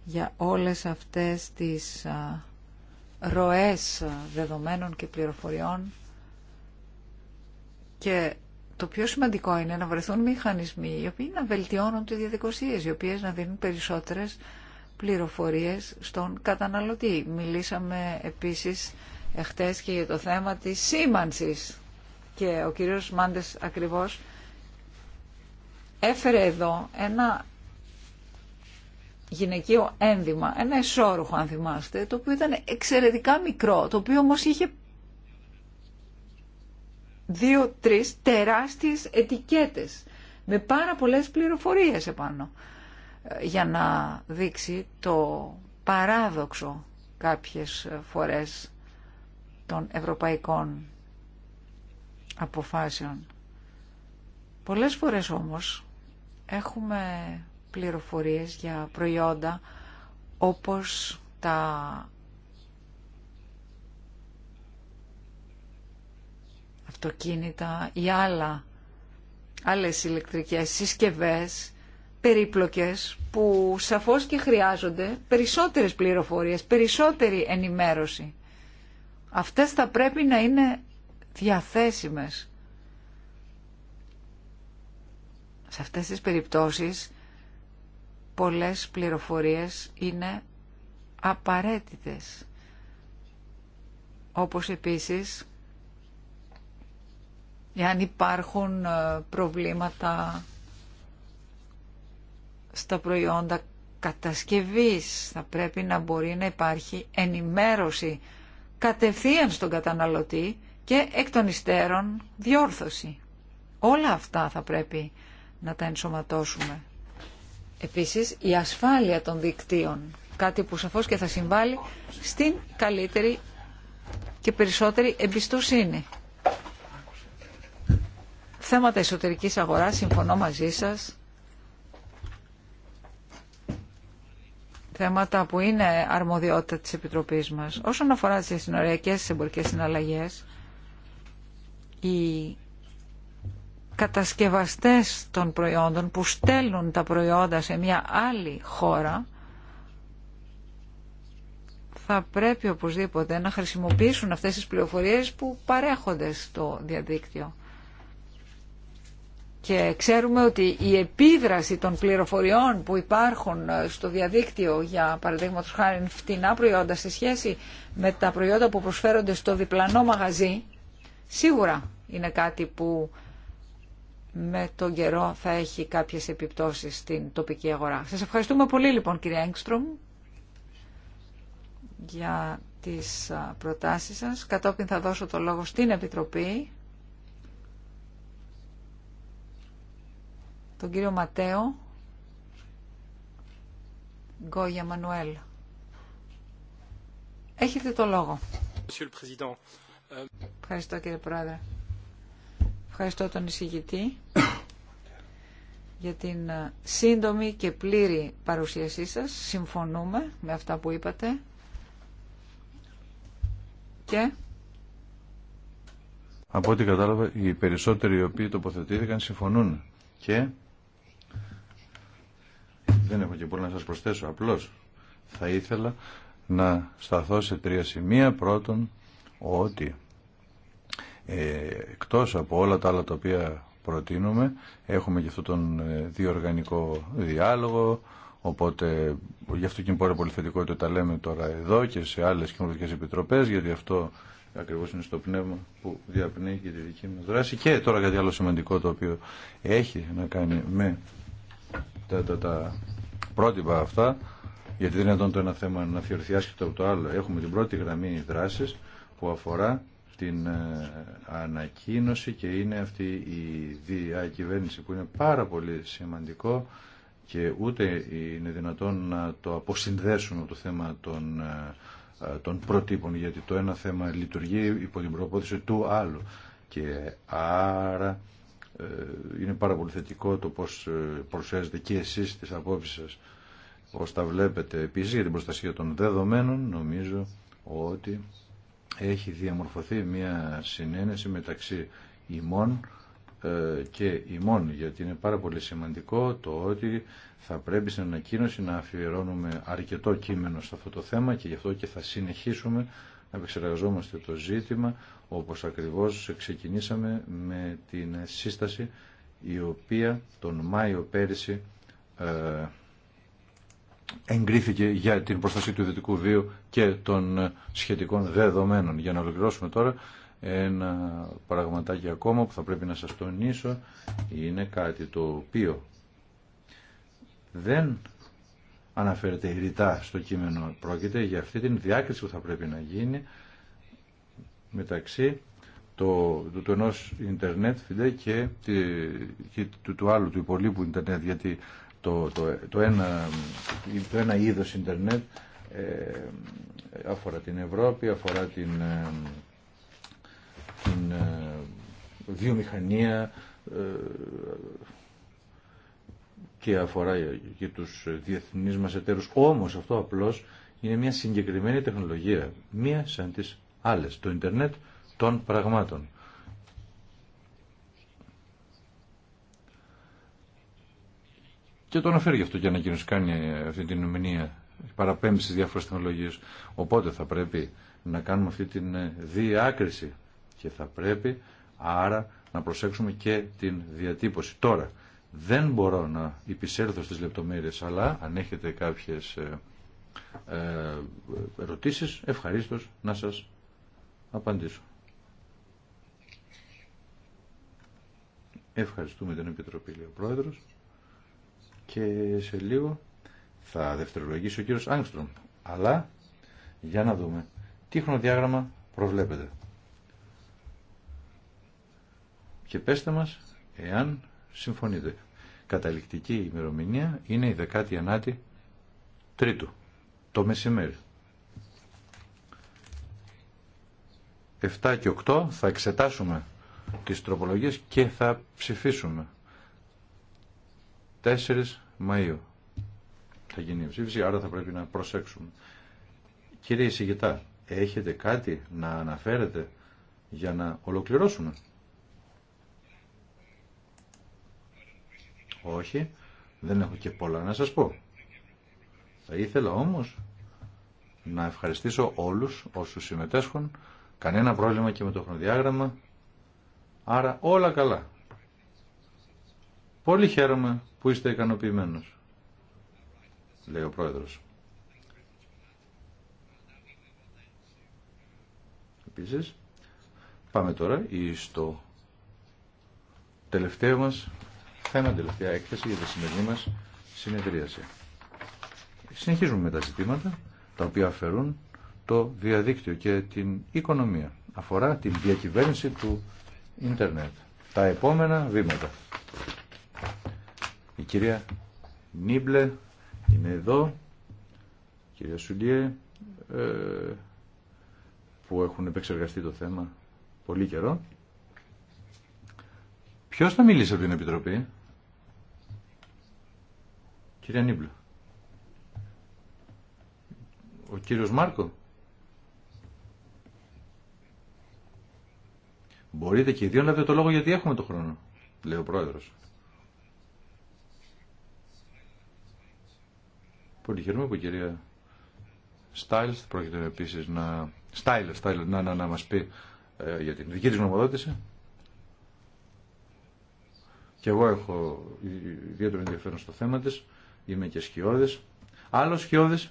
για όλες αυτές τις ε, ροές ε, δεδομένων και πληροφοριών και το πιο σημαντικό είναι να βρεθούν μηχανισμοί οι οποίοι να βελτιώνουν τις διαδικασίες, οι οποίες να δίνουν περισσότερες πληροφορίες στον καταναλωτή. Μιλήσαμε επίσης εχθές και για το θέμα της σήμανσης και ο κύριος Μάντες ακριβώς έφερε εδώ ένα γυναικείο ένδυμα, ένα εσώρουχο αν θυμάστε, το οποίο ήταν εξαιρετικά μικρό, το οποίο όμως είχε δύο-τρεις τεράστιες ετικέτες με πάρα πολλές πληροφορίες επάνω ε, για να δείξει το παράδοξο κάποιες φορές των ευρωπαϊκών αποφάσεων. Πολλές φορές όμως έχουμε πληροφορίες για προϊόντα όπως τα αυτοκίνητα ή άλλα, άλλες ηλεκτρικές συσκευές περίπλοκες που σαφώς και χρειάζονται περισσότερες πληροφορίες, περισσότερη ενημέρωση. Αυτές θα πρέπει να είναι διαθέσιμες. Σε αυτές τις περιπτώσεις πολλές πληροφορίες είναι απαραίτητες. Όπως επίσης εάν υπάρχουν ε, προβλήματα στα προϊόντα κατασκευής. Θα πρέπει να μπορεί να υπάρχει ενημέρωση κατευθείαν στον καταναλωτή και εκ των υστέρων διόρθωση. Όλα αυτά θα πρέπει να τα ενσωματώσουμε. Επίσης, η ασφάλεια των δικτύων, κάτι που σαφώς και θα συμβάλλει στην καλύτερη και περισσότερη εμπιστοσύνη θέματα εσωτερικής αγοράς συμφωνώ μαζί σας. Θέματα που είναι αρμοδιότητα της Επιτροπής μας. Όσον αφορά τις συνοριακές εμπορικές συναλλαγές, οι κατασκευαστές των προϊόντων που στέλνουν τα προϊόντα σε μια άλλη χώρα θα πρέπει οπωσδήποτε να χρησιμοποιήσουν αυτές τις πληροφορίες που παρέχονται στο διαδίκτυο. Και ξέρουμε ότι η επίδραση των πληροφοριών που υπάρχουν ε, στο διαδίκτυο για παραδείγματο χάρη φτηνά προϊόντα σε σχέση με τα προϊόντα που προσφέρονται στο διπλανό μαγαζί σίγουρα είναι κάτι που με τον καιρό θα έχει κάποιες επιπτώσεις στην τοπική αγορά. Σας ευχαριστούμε πολύ λοιπόν κύριε Έγκστρομ για τις προτάσεις σας. Κατόπιν θα δώσω το λόγο στην Επιτροπή τον κύριο Ματέο Γκόγια Μανουέλ. Έχετε το λόγο. Euh, Ευχαριστώ κύριε Πρόεδρε. Ευχαριστώ τον εισηγητή για την ε, σύντομη και πλήρη παρουσίασή σας. Συμφωνούμε με αυτά που είπατε. Και... Από ό,τι κατάλαβα, οι περισσότεροι οι οποίοι τοποθετήθηκαν συμφωνούν. Και δεν έχω και πολλά να σας προσθέσω. Απλώς θα ήθελα να σταθώ σε τρία σημεία. Πρώτον, ότι ε, εκτός από όλα τα άλλα τα οποία προτείνουμε, έχουμε και αυτόν τον ε, διοργανικό διάλογο, Οπότε γι' αυτό και είναι πολύ θετικό ότι τα λέμε τώρα εδώ και σε άλλες κοινωνικές επιτροπές γιατί αυτό ακριβώς είναι στο πνεύμα που διαπνέει και τη δική δράση. Και τώρα κάτι άλλο σημαντικό το οποίο έχει να κάνει με τα, τα, τα πρότυπα αυτά, γιατί δεν είναι δυνατόν το ένα θέμα να θεωρηθεί άσχετα από το άλλο. Έχουμε την πρώτη γραμμή δράση που αφορά την ε, ανακοίνωση και είναι αυτή η διακυβέρνηση που είναι πάρα πολύ σημαντικό και ούτε είναι δυνατόν να το αποσυνδέσουμε το θέμα των, ε, ε, των προτύπων γιατί το ένα θέμα λειτουργεί υπό την προπόθεση του άλλου και άρα ε, είναι πάρα πολύ θετικό το πώς ε, προσφέρετε και εσείς τις απόψεις σας τα βλέπετε επίσης για την προστασία των δεδομένων νομίζω ότι έχει διαμορφωθεί μια συνένεση μεταξύ ημών ε, και ημών γιατί είναι πάρα πολύ σημαντικό το ότι θα πρέπει στην ανακοίνωση να αφιερώνουμε αρκετό κείμενο σε αυτό το θέμα και γι' αυτό και θα συνεχίσουμε να επεξεργαζόμαστε το ζήτημα όπως ακριβώς ξεκινήσαμε με την σύσταση η οποία τον Μάιο πέρυσι ε, εγκρίθηκε για την προστασία του ιδιωτικού βίου και των σχετικών δεδομένων. Για να ολοκληρώσουμε τώρα ένα πραγματάκι ακόμα που θα πρέπει να σας τονίσω είναι κάτι το οποίο δεν αναφέρεται ρητά στο κείμενο. Πρόκειται για αυτή την διάκριση που θα πρέπει να γίνει μεταξύ το, του, του ενός ίντερνετ και, και του, του άλλου, του υπολείπου ίντερνετ, γιατί το, το, το, ένα, το ένα είδος ίντερνετ ε, αφορά την Ευρώπη, αφορά την, ε, την ε, βιομηχανία, ε, και αφορά και τους διεθνείς μας εταίρους. Όμως αυτό απλώς είναι μια συγκεκριμένη τεχνολογία, μία σαν τις άλλες, το ίντερνετ των πραγμάτων. Και το αναφέρει γι' αυτό και ανακοίνωση κάνει αυτή την ημερομηνία, παραπέμπει στις διάφορες τεχνολογίες. Οπότε θα πρέπει να κάνουμε αυτή την διάκριση και θα πρέπει άρα να προσέξουμε και την διατύπωση. Τώρα, δεν μπορώ να υπησέλθω στις λεπτομέρειες, αλλά αν έχετε κάποιες ε, ε, ερωτήσεις, ευχαρίστως να σας απαντήσω. Ευχαριστούμε την Επιτροπή, λέει ο Πρόεδρος. Και σε λίγο θα δευτερολογήσει ο κύριος Άγκστρομ. Αλλά, για να δούμε, τι χρονοδιάγραμμα προβλέπετε. Και πέστε μας, εάν συμφωνείτε. Καταληκτική ημερομηνία είναι η 19η Τρίτου, το μεσημέρι. 7 και 8 θα εξετάσουμε τις τροπολογίες και θα ψηφίσουμε. 4 Μαΐου θα γίνει η ψήφιση, άρα θα πρέπει να προσέξουμε. Κύριε Ισηγητά, έχετε κάτι να αναφέρετε για να ολοκληρώσουμε. Όχι, δεν έχω και πολλά να σας πω. Θα ήθελα όμως να ευχαριστήσω όλους όσους συμμετέσχουν. Κανένα πρόβλημα και με το χρονοδιάγραμμα. Άρα όλα καλά. Πολύ χαίρομαι που είστε ικανοποιημένος, λέει ο πρόεδρος. Επίσης, πάμε τώρα στο τελευταίο μας θα είναι τελευταία έκθεση για τη σημερινή μας συνεδρίαση. Συνεχίζουμε με τα ζητήματα τα οποία αφαιρούν το διαδίκτυο και την οικονομία. Αφορά την διακυβέρνηση του ίντερνετ. Τα επόμενα βήματα. Η κυρία Νίμπλε είναι εδώ. Η κυρία Σουλιέ ε, που έχουν επεξεργαστεί το θέμα πολύ καιρό. Ποιος θα μιλήσει από την Επιτροπή. Κυρία Νίμπλου. Ο κύριος Μάρκο. Μπορείτε και οι δύο να δείτε το λόγο γιατί έχουμε το χρόνο, λέει ο πρόεδρος. Πολύ χαίρομαι που η κυρία Στάιλς πρόκειται επίσης να... Στάιλ, Στάιλ, να, να, να μας πει ε, για την δική της γνωμοδότηση. Και εγώ έχω ιδιαίτερο ενδιαφέρον στο θέμα της. Είμαι και σκιώδης. Άλλο σκιώδης.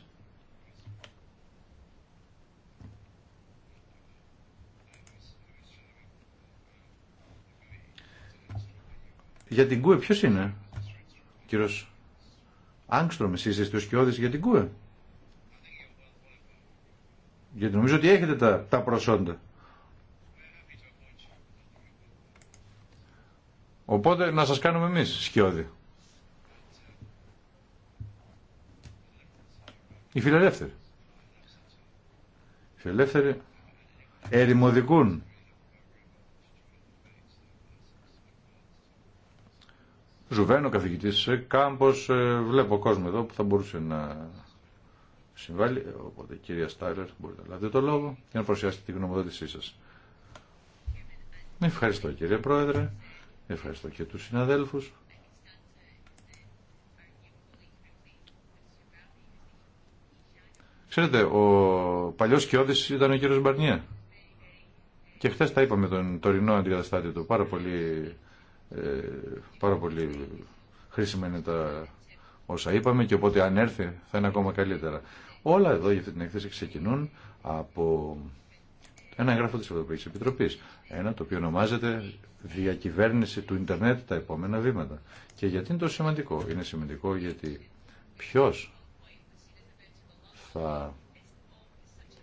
Για την ΚΟΕ ποιος είναι, κύριος Άγκστρομ, εσείς είστε ο σκιώδης για την ΚΟΕ. Γιατί νομίζω ότι έχετε τα, τα προσόντα. Οπότε να σας κάνουμε εμείς σκιώδη. Οι φιλελεύθεροι. Οι φιλελεύθεροι ερημοδικούν σε καθηγητή Κάμπο, ε, βλέπω κόσμο εδώ που θα μπορούσε να συμβάλλει. Οπότε, κυρία Στάιλερ, μπορείτε να λάβετε το λόγο και να παρουσιάσετε την γνωμοδότησή σα. Ευχαριστώ, κύριε Πρόεδρε. Ευχαριστώ και του συναδέλφου. Ξέρετε, ο παλιό Κιώδης ήταν ο κύριο Μπαρνιέ. Και χθε τα είπαμε τον τωρινό αντικαταστάτη του. Πάρα πολύ, ε, πάρα πολύ χρήσιμα είναι τα όσα είπαμε και οπότε αν έρθει θα είναι ακόμα καλύτερα. Όλα εδώ για αυτή την έκθεση ξεκινούν από ένα έγγραφο της Ευρωπαϊκής Επιτροπής. Ένα το οποίο ονομάζεται διακυβέρνηση του ίντερνετ τα επόμενα βήματα. Και γιατί είναι τόσο σημαντικό. Είναι σημαντικό γιατί ποιος θα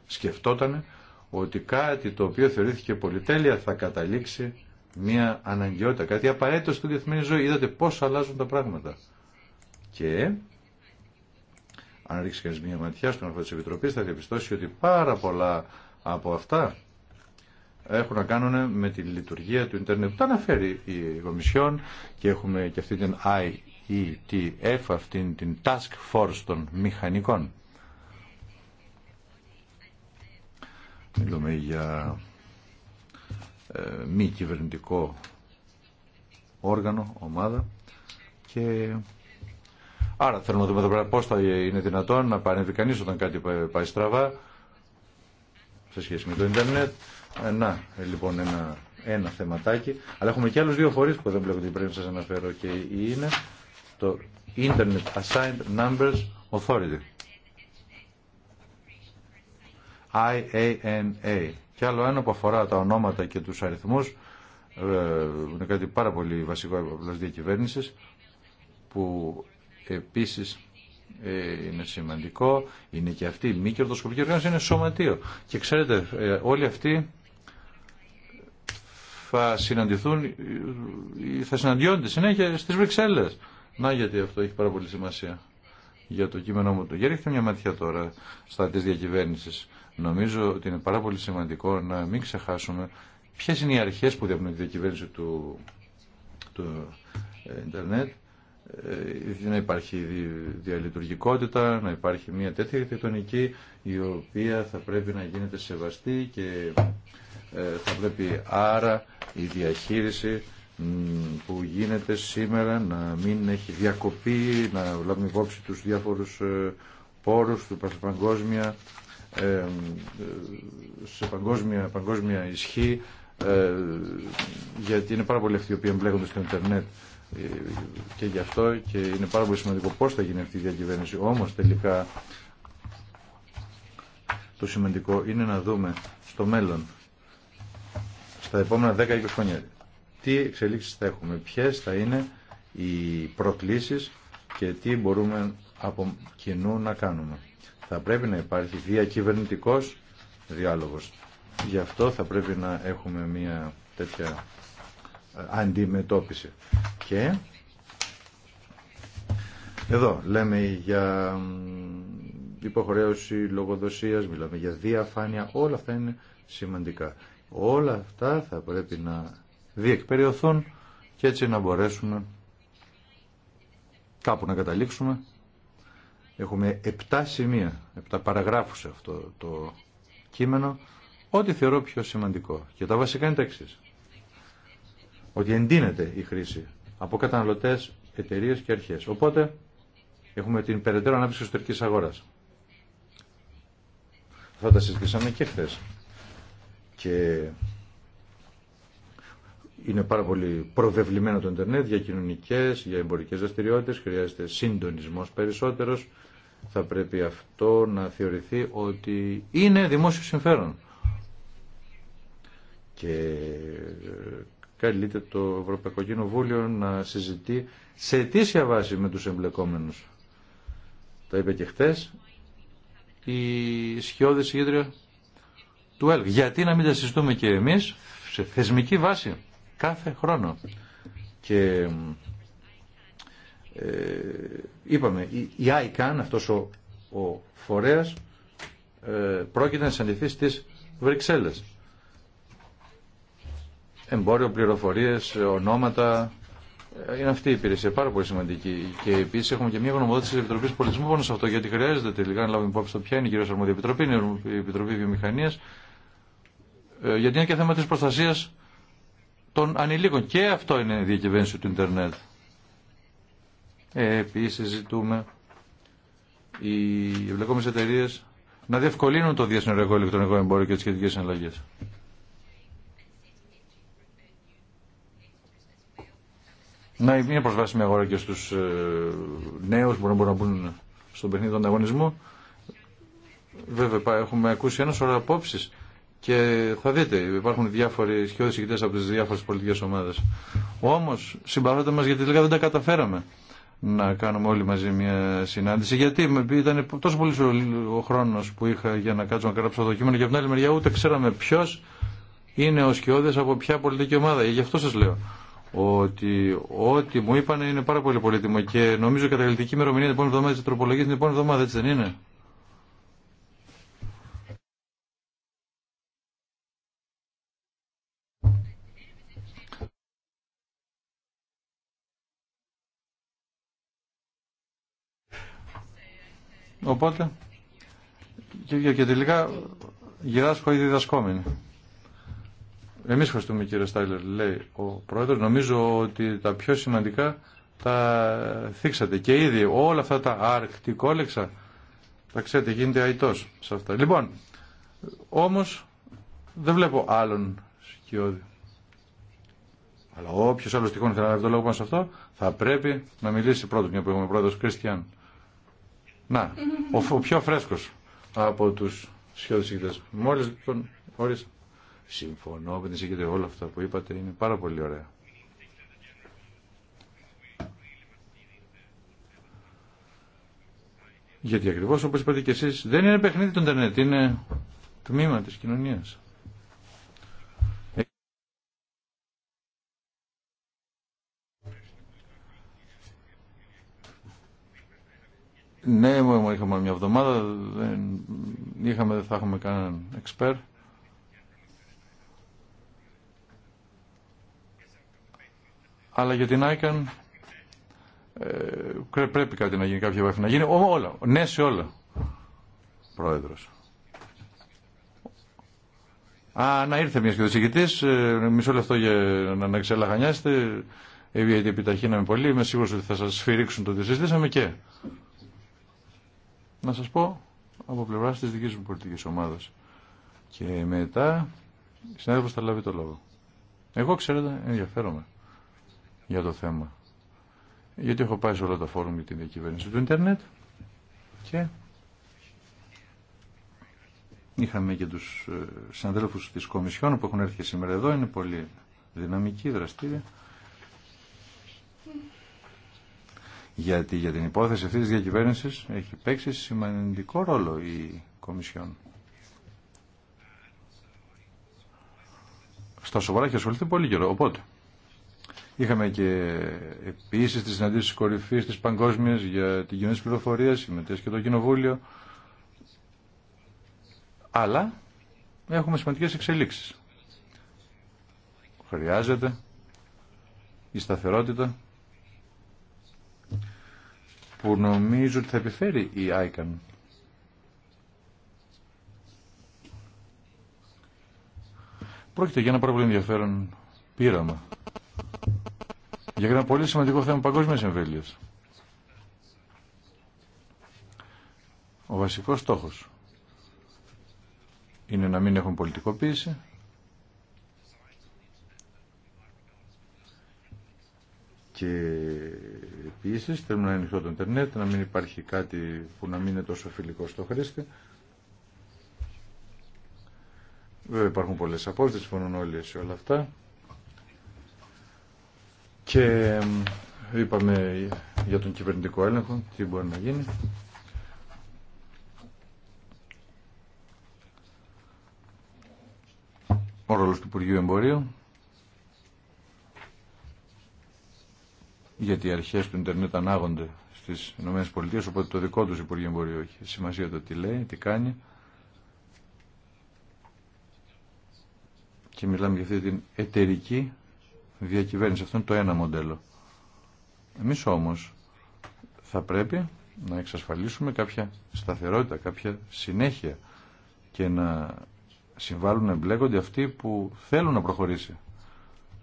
σκεφτόταν ότι κάτι το οποίο θεωρήθηκε πολυτέλεια θα καταλήξει μια αναγκαιότητα, κάτι απαραίτητο στην διεθνή ζωή. Είδατε πώς αλλάζουν τα πράγματα. Και αν ρίξει κανείς μια ματιά στον αρχό της Επιτροπής θα διαπιστώσει ότι πάρα πολλά από αυτά έχουν να κάνουν με τη λειτουργία του ίντερνετ. Τα αναφέρει η Κομισιόν και έχουμε και αυτή την IETF, αυτή την Task Force των Μηχανικών. Μιλούμε για ε, μη κυβερνητικό όργανο, ομάδα και άρα θέλουμε να δούμε εδώ πέρα πώς θα είναι δυνατόν να πανεύει κανείς όταν κάτι πάει στραβά σε σχέση με το ίντερνετ. Ε, να, ε, λοιπόν, ένα, ένα θεματάκι. Αλλά έχουμε και άλλους δύο φορείς που δεν βλέπω ότι πρέπει να σας αναφέρω και είναι το Internet Assigned Numbers Authority. IANA. Και άλλο ένα που αφορά τα ονόματα και τους αριθμούς, ε, είναι κάτι πάρα πολύ βασικό από διακυβέρνηση που επίσης ε, είναι σημαντικό, είναι και αυτή η μη κερδοσκοπική οργάνωση, είναι σωματείο. Και ξέρετε, ε, όλοι αυτοί θα συναντηθούν, θα συναντιόνται συνέχεια στις Βρυξέλλες. Να γιατί αυτό έχει πάρα πολύ σημασία για το κείμενό μου. Για ρίχτε μια ματιά τώρα στα της διακυβέρνησης. Νομίζω ότι είναι πάρα πολύ σημαντικό να μην ξεχάσουμε ποιε είναι οι αρχέ που διαπνούν τη διακυβέρνηση του, του Ιντερνετ. Ε, ε, να υπάρχει διαλειτουργικότητα, να υπάρχει μια τέτοια αρχιτεκτονική η οποία θα πρέπει να γίνεται σεβαστή και ε, θα πρέπει άρα η διαχείριση που γίνεται σήμερα να μην έχει διακοπή, να λάβουμε υπόψη τους διάφορους πόρους του παγκόσμια σε παγκόσμια, παγκόσμια ισχύ ε, γιατί είναι πάρα πολλοί αυτοί οι οποίοι εμπλέκονται στο Ιντερνετ ε, και γι' αυτό και είναι πάρα πολύ σημαντικό πώς θα γίνει αυτή η διακυβέρνηση. Όμως τελικά το σημαντικό είναι να δούμε στο μέλλον, στα επόμενα 10-20 χρόνια, τι εξελίξεις θα έχουμε, ποιες θα είναι οι προκλήσεις και τι μπορούμε από κοινού να κάνουμε θα πρέπει να υπάρχει διακυβερνητικός διάλογος. Γι' αυτό θα πρέπει να έχουμε μια τέτοια ε, αντιμετώπιση. Και εδώ λέμε για υποχρέωση λογοδοσίας, μιλάμε για διαφάνεια, όλα αυτά είναι σημαντικά. Όλα αυτά θα πρέπει να διεκπεριωθούν και έτσι να μπορέσουμε κάπου να καταλήξουμε Έχουμε επτά σημεία, επτά παραγράφους σε αυτό το κείμενο, ό,τι θεωρώ πιο σημαντικό. Και τα βασικά είναι τα εξής. Ότι εντείνεται η χρήση από καταναλωτές, εταιρείε και αρχές. Οπότε έχουμε την περαιτέρω ανάπτυξη εσωτερικής αγοράς. Θα τα συζητήσαμε και χθε. Και είναι πάρα πολύ προβεβλημένο το Ιντερνετ για κοινωνικές, για εμπορικές δραστηριότητε, χρειάζεται συντονισμό περισσότερος. Θα πρέπει αυτό να θεωρηθεί ότι είναι δημόσιο συμφέρον. Και ε, καλείται το Ευρωπαϊκό Κοινοβούλιο να συζητεί σε αιτήσια βάση με τους εμπλεκόμενους. Τα είπε και χτες η σχιώδη Ιδρύα του ΕΛΚ. Γιατί να μην τα συζητούμε και εμείς σε θεσμική βάση κάθε χρόνο. Και ε, είπαμε, η ICAN, αυτός ο, ο φορέας, ε, πρόκειται να συναντηθεί στις Βρυξέλλες. Εμπόριο, πληροφορίες, ονόματα, ε, είναι αυτή η υπηρεσία πάρα πολύ σημαντική. Και επίση έχουμε και μια γνωμοδότηση τη Επιτροπή Πολιτισμού πάνω σε αυτό, γιατί χρειάζεται τελικά να λάβουμε υπόψη το ποια είναι η κυρία αρμόδια επιτροπή, η Επιτροπή Βιομηχανία, γιατί είναι και θέμα τη προστασία των ανηλίκων. Και αυτό είναι η διακυβέρνηση του Ιντερνετ. Ε, επίσης ζητούμε οι εμπλεκόμενες εταιρείε να διευκολύνουν το διασυνοριακό ηλεκτρονικό εμπόριο και τι σχετικές συναλλαγές. Να είναι προσβάσιμη αγορά και στους ε, νέους που μπορούν να μπουν στον παιχνίδι του ανταγωνισμού. Βέβαια, έχουμε ακούσει ένα σωρό απόψεις και θα δείτε, υπάρχουν διάφοροι σκιώδει ηγητέ από τι διάφορε πολιτικέ ομάδε. Όμω, συμπαθάτε μα γιατί τελικά δεν τα καταφέραμε να κάνουμε όλοι μαζί μια συνάντηση. Γιατί ήταν τόσο πολύ ο χρόνο που είχα για να κάτσω να γράψω το κείμενο και από την άλλη μεριά ούτε ξέραμε ποιο είναι ο σκιώδε από ποια πολιτική ομάδα. Γι' αυτό σα λέω ότι ό,τι μου είπαν είναι πάρα πολύ πολύτιμο και νομίζω η καταληκτική ημερομηνία την επόμενη εβδομάδα τη τροπολογία την επόμενη εβδομάδα, έτσι δεν είναι. Οπότε και, τελικά γυράσκω ήδη διδασκόμενοι. Εμείς ευχαριστούμε κύριε Στάιλερ, λέει ο Πρόεδρος. Νομίζω ότι τα πιο σημαντικά τα θίξατε και ήδη όλα αυτά τα αρκτικόλεξα τα ξέρετε γίνεται αητός σε αυτά. Λοιπόν, όμως δεν βλέπω άλλον σκιώδη. Αλλά όποιος άλλο τυχόν θέλει να λάβει το λόγο αυτό, θα πρέπει να μιλήσει πρώτο, μια που είμαι πρόεδρο Κριστιαν. Να, ο, πιο φρέσκος από τους σιώδης συγκριτές. Μόλις τον Συμφωνώ με την όλα αυτά που είπατε, είναι πάρα πολύ ωραία. Γιατί ακριβώς όπως είπατε και εσείς δεν είναι παιχνίδι το Ιντερνετ, είναι τμήμα της κοινωνίας. Ναι, μόνο είχαμε μια εβδομάδα, δεν, είχαμε, δεν θα έχουμε κανέναν εξπέρ. Αλλά για την ICAN ε, πρέπει κάτι να γίνει, κάποια επαφή να γίνει. όλα, ναι σε όλα, πρόεδρος. Α, να ήρθε μια ο ε, μισό λεπτό για να, να ξελαχανιάσετε, ε, επιταχύναμε πολύ, είμαι σίγουρος ότι θα σας σφυρίξουν το ότι συζητήσαμε και να σας πω από πλευρά της δικής μου πολιτικής ομάδας. Και μετά η συνάδελφος θα λάβει το λόγο. Εγώ ξέρετε ενδιαφέρομαι για το θέμα. Γιατί έχω πάει σε όλα τα φόρουμ για την διακυβέρνηση του ίντερνετ και είχαμε και τους ε, συναδέλφους της Κομισιόν που έχουν έρθει σήμερα εδώ, είναι πολύ δυναμική δραστήρια γιατί για την υπόθεση αυτή τη διακυβέρνηση έχει παίξει σημαντικό ρόλο η Κομισιόν. Στα σοβαρά έχει ασχοληθεί πολύ καιρό, οπότε. Είχαμε και επίσης τις συναντήσει κορυφή, τη παγκόσμια για την κοινωνική πληροφορία, συμμετέχει και το Κοινοβούλιο. Αλλά έχουμε σημαντικές εξελίξεις. Χρειάζεται η σταθερότητα που νομίζω ότι θα επιφέρει η ICAN. Πρόκειται για ένα πάρα πολύ ενδιαφέρον πείραμα. Για ένα πολύ σημαντικό θέμα παγκόσμιας εμβέλεια. Ο βασικός στόχος είναι να μην έχουν πολιτικοποίηση, και ειδοποιήσει. Θέλουμε να είναι ανοιχτό το Ιντερνετ, να μην υπάρχει κάτι που να μην είναι τόσο φιλικό στο χρήστη. Βέβαια υπάρχουν πολλέ απόψει, συμφωνούν όλοι σε όλα αυτά. Και είπαμε για τον κυβερνητικό έλεγχο τι μπορεί να γίνει. Ο ρόλος του Υπουργείου Εμπορίου γιατί οι αρχέ του Ιντερνετ ανάγονται στις ΗΠΑ, οπότε το δικό του Υπουργείο μπορεί, έχει σημασία το τι λέει, τι κάνει. Και μιλάμε για αυτή την εταιρική διακυβέρνηση. Αυτό είναι το ένα μοντέλο. Εμεί όμω θα πρέπει να εξασφαλίσουμε κάποια σταθερότητα, κάποια συνέχεια και να συμβάλλουν να εμπλέκονται αυτοί που θέλουν να προχωρήσει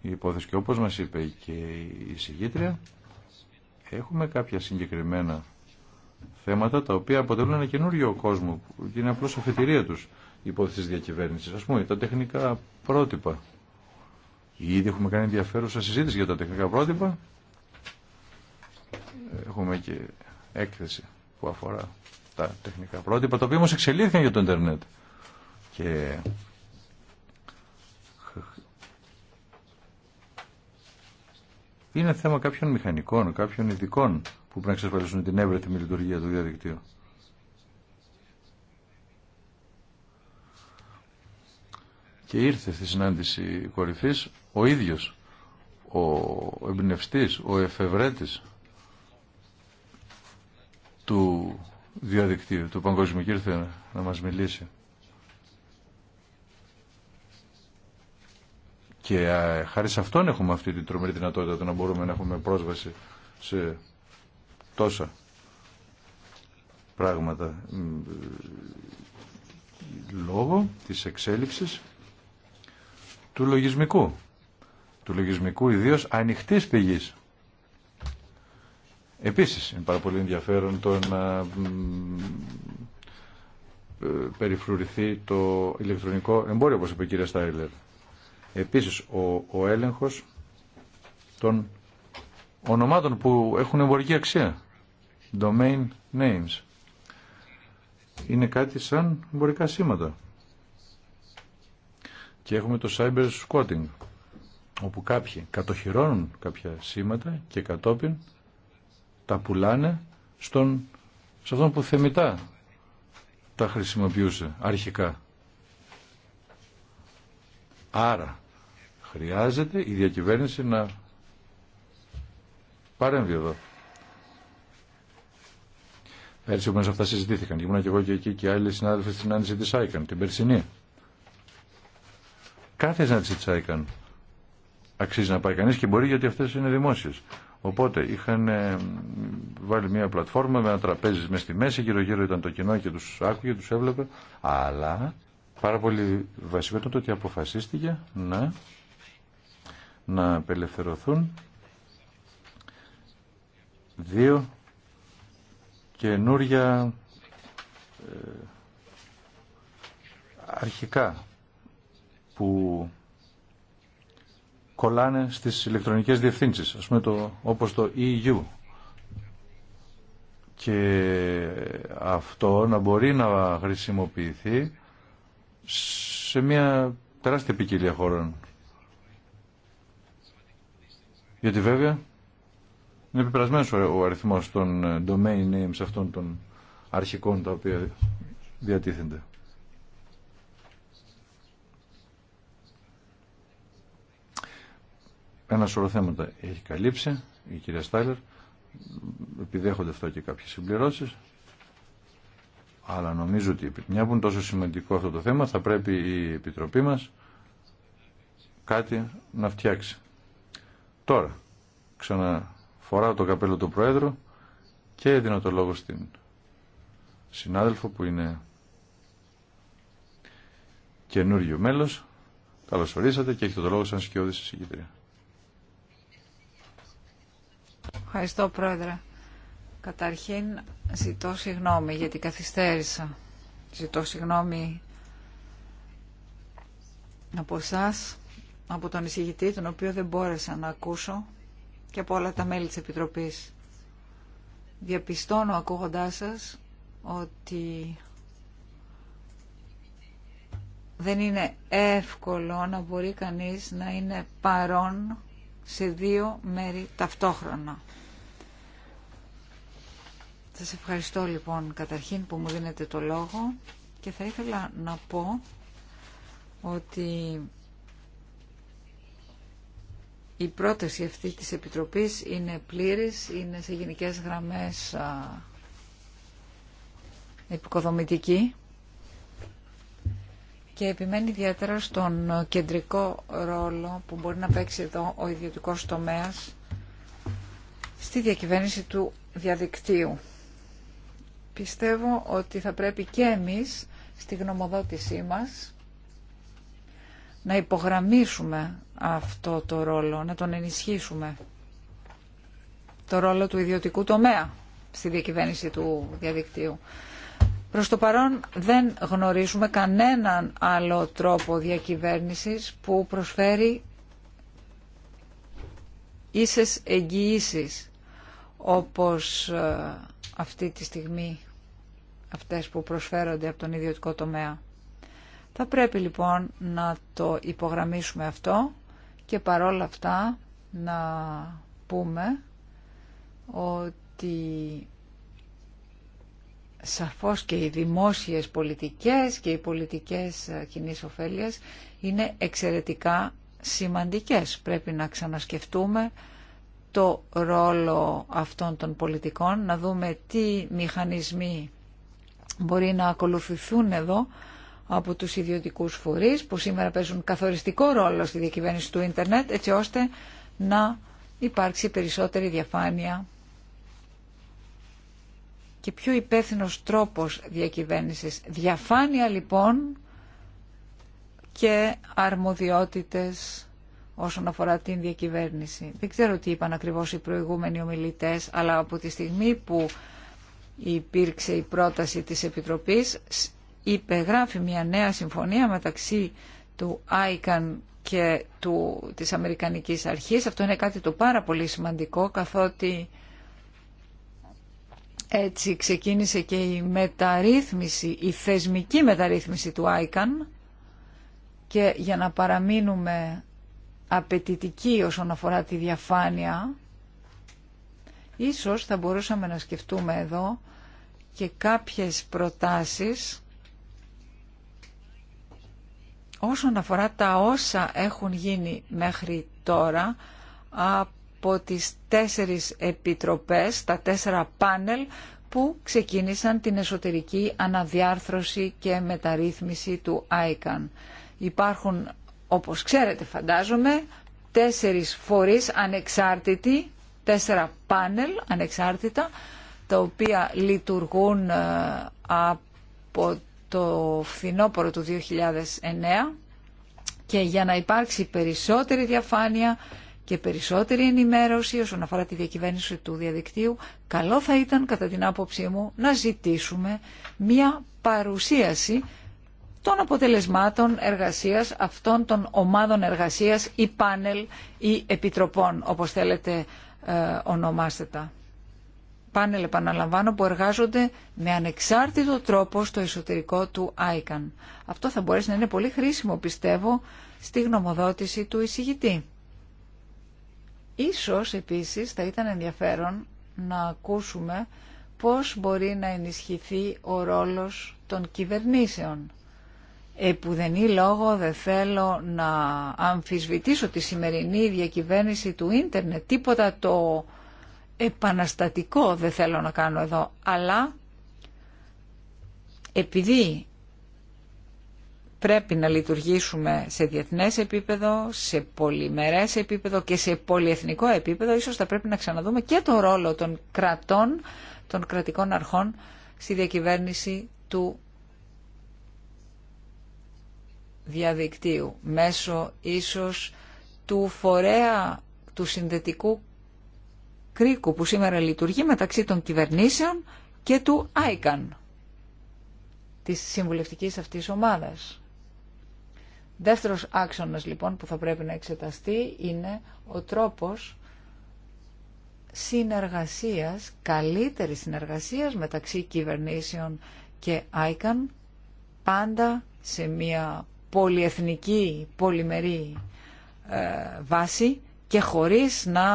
η υπόθεση και όπως μας είπε και η συγκήτρια έχουμε κάποια συγκεκριμένα θέματα τα οποία αποτελούν ένα καινούριο κόσμο και είναι απλώς αφετηρία τους η υπόθεση της διακυβέρνησης. Ας πούμε τα τεχνικά πρότυπα. Ήδη έχουμε κάνει ενδιαφέρουσα συζήτηση για τα τεχνικά πρότυπα. Έχουμε και έκθεση που αφορά τα τεχνικά πρότυπα, τα οποία όμως εξελίχθηκαν για το Ιντερνετ. Και είναι θέμα κάποιων μηχανικών, κάποιων ειδικών που πρέπει να εξασφαλίσουν την εύρετη λειτουργία του διαδικτύου. Και ήρθε στη συνάντηση κορυφής ο ίδιος, ο εμπνευστής, ο εφευρέτης του διαδικτύου, του παγκόσμιου ήρθε να μας μιλήσει. Και ε, χάρη σε αυτόν έχουμε αυτή την τρομερή δυνατότητα το να μπορούμε να έχουμε πρόσβαση σε τόσα πράγματα λόγω της εξέλιξης του λογισμικού του λογισμικού ιδίως ανοιχτής πηγής επίσης είναι πάρα πολύ ενδιαφέρον το να ε, περιφρουρηθεί το ηλεκτρονικό εμπόριο όπως είπε η κυρία Στάιλερ Επίσης, ο, ο έλεγχος των ονομάτων που έχουν εμπορική αξία. Domain names. Είναι κάτι σαν εμπορικά σήματα. Και έχουμε το cyber squatting, όπου κάποιοι κατοχυρώνουν κάποια σήματα και κατόπιν τα πουλάνε στον, σε αυτόν που θεμητά τα χρησιμοποιούσε αρχικά. Άρα, Χρειάζεται η διακυβέρνηση να παρέμβει εδώ. Πέρσι όμως αυτά συζητήθηκαν. Ήμουν και εγώ και εκεί και άλλοι συνάδελφοι στην άντληση της ΆΙΚΑΝ, την περσινή. Κάθε συνάντηση της ΆΙΚΑΝ αξίζει να πάει κανείς και μπορεί γιατί αυτές είναι δημόσιες. Οπότε είχαν ε, βάλει μια πλατφόρμα με ένα τραπέζι με στη μέση, γύρω γύρω ήταν το κοινό και τους άκουγε, τους έβλεπε. Αλλά πάρα πολύ βασικό ήταν το ότι αποφασίστηκε να να απελευθερωθούν δύο καινούρια ε, αρχικά που κολλάνε στις ηλεκτρονικές διευθύνσεις, ας πούμε το, όπως το EU. Και αυτό να μπορεί να χρησιμοποιηθεί σε μια τεράστια ποικιλία χώρων γιατί βέβαια είναι επιπερασμένος ο αριθμός των ε, domain names αυτών των αρχικών τα οποία διατίθενται. Ένα σωρό θέματα έχει καλύψει η κυρία Στάιλερ. Επιδέχονται αυτό και κάποιες συμπληρώσεις. Αλλά νομίζω ότι μια που είναι τόσο σημαντικό αυτό το θέμα θα πρέπει η Επιτροπή μας κάτι να φτιάξει. Τώρα, ξαναφοράω το καπέλο του Προέδρου και δίνω το λόγο στην συνάδελφο που είναι καινούριο μέλος. Καλώς ορίσατε και έχετε το λόγο σαν σκιώδη συγκεκριμένα. Ευχαριστώ Πρόεδρε. Καταρχήν ζητώ συγγνώμη γιατί καθυστέρησα. Ζητώ συγγνώμη από εσάς από τον εισηγητή, τον οποίο δεν μπόρεσα να ακούσω, και από όλα τα μέλη της Επιτροπής. Διαπιστώνω ακούγοντάς σας ότι δεν είναι εύκολο να μπορεί κανείς να είναι παρόν σε δύο μέρη ταυτόχρονα. Σας ευχαριστώ λοιπόν καταρχήν που μου δίνετε το λόγο και θα ήθελα να πω ότι η πρόταση αυτή της Επιτροπής είναι πλήρης, είναι σε γενικές γραμμές επικοδομητική και επιμένει ιδιαίτερα στον κεντρικό ρόλο που μπορεί να παίξει εδώ ο ιδιωτικός τομέας στη διακυβέρνηση του διαδικτύου. Πιστεύω ότι θα πρέπει και εμείς στη γνωμοδότησή μας να υπογραμμίσουμε αυτό το ρόλο, να τον ενισχύσουμε. Το ρόλο του ιδιωτικού τομέα στη διακυβέρνηση του διαδικτύου. Προς το παρόν δεν γνωρίζουμε κανέναν άλλο τρόπο διακυβέρνησης που προσφέρει ίσες εγγυήσει όπως ε, αυτή τη στιγμή αυτές που προσφέρονται από τον ιδιωτικό τομέα. Θα πρέπει λοιπόν να το υπογραμμίσουμε αυτό και παρόλα αυτά να πούμε ότι σαφώς και οι δημόσιες πολιτικές και οι πολιτικές κοινής ωφέλειας είναι εξαιρετικά σημαντικές. Πρέπει να ξανασκεφτούμε το ρόλο αυτών των πολιτικών, να δούμε τι μηχανισμοί μπορεί να ακολουθηθούν εδώ από τους ιδιωτικούς φορείς που σήμερα παίζουν καθοριστικό ρόλο στη διακυβέρνηση του ίντερνετ έτσι ώστε να υπάρξει περισσότερη διαφάνεια και πιο υπεύθυνο τρόπος διακυβέρνησης. Διαφάνεια λοιπόν και αρμοδιότητες όσον αφορά την διακυβέρνηση. Δεν ξέρω τι είπαν ακριβώς οι προηγούμενοι ομιλητές, αλλά από τη στιγμή που υπήρξε η πρόταση της Επιτροπής, υπεγράφει μια νέα συμφωνία μεταξύ του ICAN και του, της Αμερικανικής Αρχής. Αυτό είναι κάτι το πάρα πολύ σημαντικό καθότι έτσι ξεκίνησε και η μεταρρύθμιση, η θεσμική μεταρρύθμιση του ICAN και για να παραμείνουμε απαιτητικοί όσον αφορά τη διαφάνεια ίσως θα μπορούσαμε να σκεφτούμε εδώ και κάποιες προτάσεις Όσον αφορά τα όσα έχουν γίνει μέχρι τώρα από τις τέσσερις επιτροπές, τα τέσσερα πάνελ που ξεκίνησαν την εσωτερική αναδιάρθρωση και μεταρρύθμιση του ICAN. Υπάρχουν, όπως ξέρετε φαντάζομαι, τέσσερις φορείς ανεξάρτητοι, τέσσερα πάνελ ανεξάρτητα, τα οποία λειτουργούν ε, από το φθινόπωρο του 2009 και για να υπάρξει περισσότερη διαφάνεια και περισσότερη ενημέρωση όσον αφορά τη διακυβέρνηση του διαδικτύου, καλό θα ήταν κατά την άποψή μου να ζητήσουμε μια παρουσίαση των αποτελεσμάτων εργασίας αυτών των ομάδων εργασίας ή πάνελ ή επιτροπών, όπως θέλετε ε, ονομάστε τα πάνελ, επαναλαμβάνω, που εργάζονται με ανεξάρτητο τρόπο στο εσωτερικό του ICAN. Αυτό θα μπορέσει να είναι πολύ χρήσιμο, πιστεύω, στη γνωμοδότηση του εισηγητή. Ίσως, επίσης, θα ήταν ενδιαφέρον να ακούσουμε πώς μπορεί να ενισχυθεί ο ρόλος των κυβερνήσεων. Επουδενή λόγο δεν θέλω να αμφισβητήσω τη σημερινή διακυβέρνηση του ίντερνετ. Τίποτα το επαναστατικό δεν θέλω να κάνω εδώ, αλλά επειδή πρέπει να λειτουργήσουμε σε διεθνές επίπεδο, σε πολυμερές επίπεδο και σε πολυεθνικό επίπεδο, ίσως θα πρέπει να ξαναδούμε και το ρόλο των κρατών, των κρατικών αρχών στη διακυβέρνηση του διαδικτύου μέσω ίσως του φορέα του συνδετικού κρίκου που σήμερα λειτουργεί μεταξύ των κυβερνήσεων και του ΆΙΚΑΝ, της συμβουλευτικής αυτής ομάδας. Δεύτερος άξονας λοιπόν που θα πρέπει να εξεταστεί είναι ο τρόπος συνεργασίας, καλύτερης συνεργασίας μεταξύ κυβερνήσεων και ICAN πάντα σε μια πολυεθνική, πολυμερή ε, βάση και χωρίς να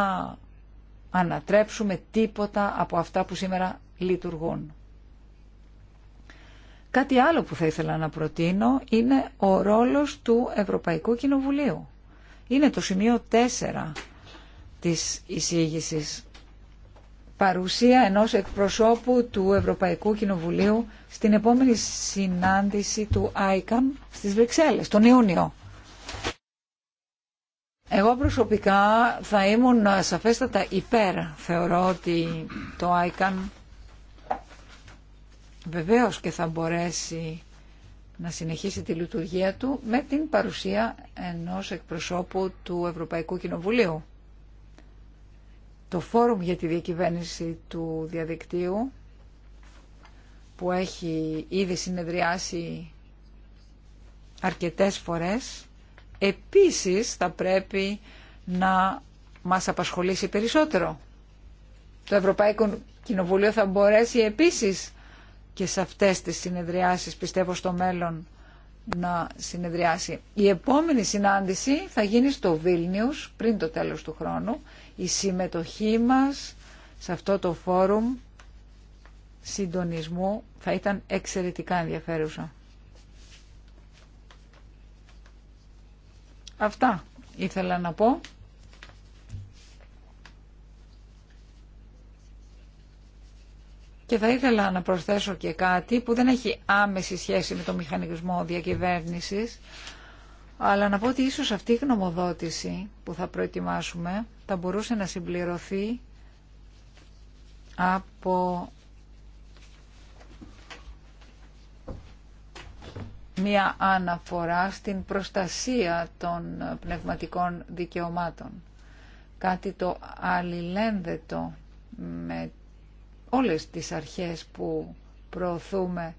ανατρέψουμε τίποτα από αυτά που σήμερα λειτουργούν. Κάτι άλλο που θα ήθελα να προτείνω είναι ο ρόλος του Ευρωπαϊκού Κοινοβουλίου. Είναι το σημείο 4 της εισήγησης. Παρουσία ενός εκπροσώπου του Ευρωπαϊκού Κοινοβουλίου στην επόμενη συνάντηση του ICAN στις Βρυξέλλες, τον Ιούνιο. Εγώ προσωπικά θα ήμουν σαφέστατα υπέρ. Θεωρώ ότι το ICAN βεβαίως και θα μπορέσει να συνεχίσει τη λειτουργία του με την παρουσία ενός εκπροσώπου του Ευρωπαϊκού Κοινοβουλίου. Το Φόρουμ για τη Διακυβέρνηση του Διαδικτύου που έχει ήδη συνεδριάσει αρκετές φορές επίσης θα πρέπει να μας απασχολήσει περισσότερο. Το Ευρωπαϊκό Κοινοβούλιο θα μπορέσει επίσης και σε αυτές τις συνεδριάσεις πιστεύω στο μέλλον να συνεδριάσει. Η επόμενη συνάντηση θα γίνει στο Βίλνιους πριν το τέλος του χρόνου. Η συμμετοχή μας σε αυτό το φόρουμ συντονισμού θα ήταν εξαιρετικά ενδιαφέρουσα. Αυτά ήθελα να πω. Και θα ήθελα να προσθέσω και κάτι που δεν έχει άμεση σχέση με το μηχανισμό διακυβέρνησης, αλλά να πω ότι ίσως αυτή η γνωμοδότηση που θα προετοιμάσουμε θα μπορούσε να συμπληρωθεί από μία αναφορά στην προστασία των πνευματικών δικαιωμάτων. Κάτι το αλληλένδετο με όλες τις αρχές που προωθούμε.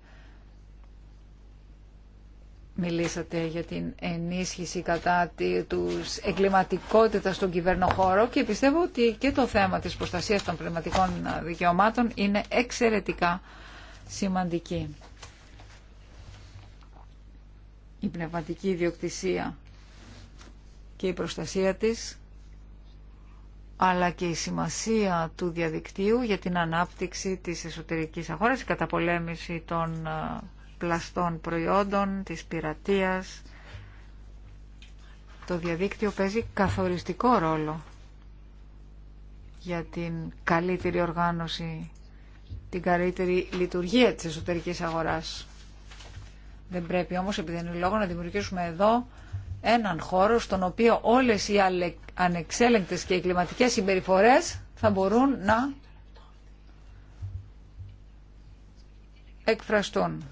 Μιλήσατε για την ενίσχυση κατά τους εγκληματικότητα στον κυβερνοχώρο και πιστεύω ότι και το θέμα της προστασίας των πνευματικών δικαιωμάτων είναι εξαιρετικά σημαντική η πνευματική ιδιοκτησία και η προστασία της, αλλά και η σημασία του διαδικτύου για την ανάπτυξη της εσωτερικής αγοράς, η καταπολέμηση των ε, πλαστών προϊόντων, της πειρατείας. Το διαδίκτυο παίζει καθοριστικό ρόλο για την καλύτερη οργάνωση, την καλύτερη λειτουργία της εσωτερικής αγοράς. Δεν πρέπει όμως επειδή είναι λόγο να δημιουργήσουμε εδώ έναν χώρο στον οποίο όλες οι ανεξέλεγκτες και οι κλιματικές συμπεριφορές θα μπορούν να εκφραστούν.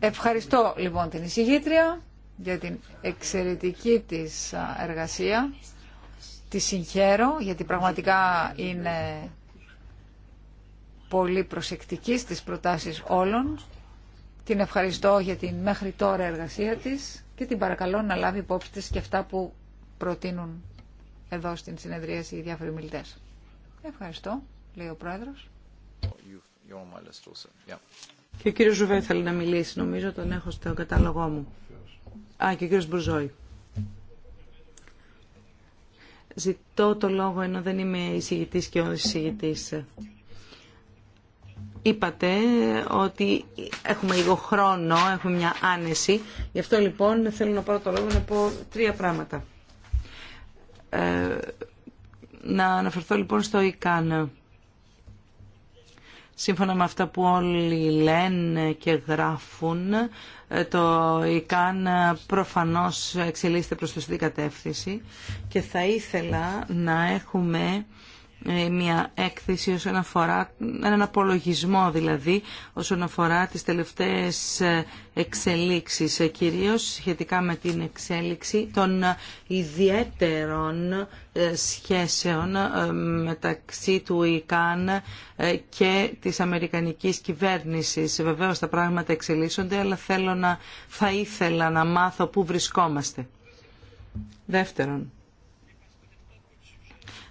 Ευχαριστώ λοιπόν την εισηγήτρια για την εξαιρετική της εργασία. Τη συγχαίρω γιατί πραγματικά είναι πολύ προσεκτική στις προτάσεις όλων. Την ευχαριστώ για την μέχρι τώρα εργασία της και την παρακαλώ να λάβει υπόψη της και αυτά που προτείνουν εδώ στην συνεδρίαση οι διάφοροι μιλητέ. Ευχαριστώ, λέει ο Πρόεδρος. Και ο κύριος Ζουβέ θέλει να μιλήσει, νομίζω τον έχω στο κατάλογό μου. Α, και ο κύριος Μπουζόη. Ζητώ το λόγο ενώ δεν είμαι εισηγητής και ο εισηγητής είπατε ότι έχουμε λίγο χρόνο, έχουμε μια άνεση. Γι' αυτό λοιπόν θέλω να πάρω το λόγο να πω τρία πράγματα. Ε, να αναφερθώ λοιπόν στο ΙΚΑΝ. Σύμφωνα με αυτά που όλοι λένε και γράφουν, ε, το ΙΚΑΝ προφανώς εξελίσσεται προς τη κατεύθυνση και θα ήθελα να έχουμε ε, μια έκθεση όσον αφορά, έναν απολογισμό δηλαδή, όσον αφορά τις τελευταίες ε, εξελίξεις, ε, κυρίως σχετικά με την εξέλιξη των ιδιαίτερων σχέσεων μεταξύ του ΙΚΑΝ και της Αμερικανικής κυβέρνησης. Βεβαίως τα πράγματα εξελίσσονται, αλλά θέλω να, θα ήθελα να μάθω πού βρισκόμαστε. Δεύτερον,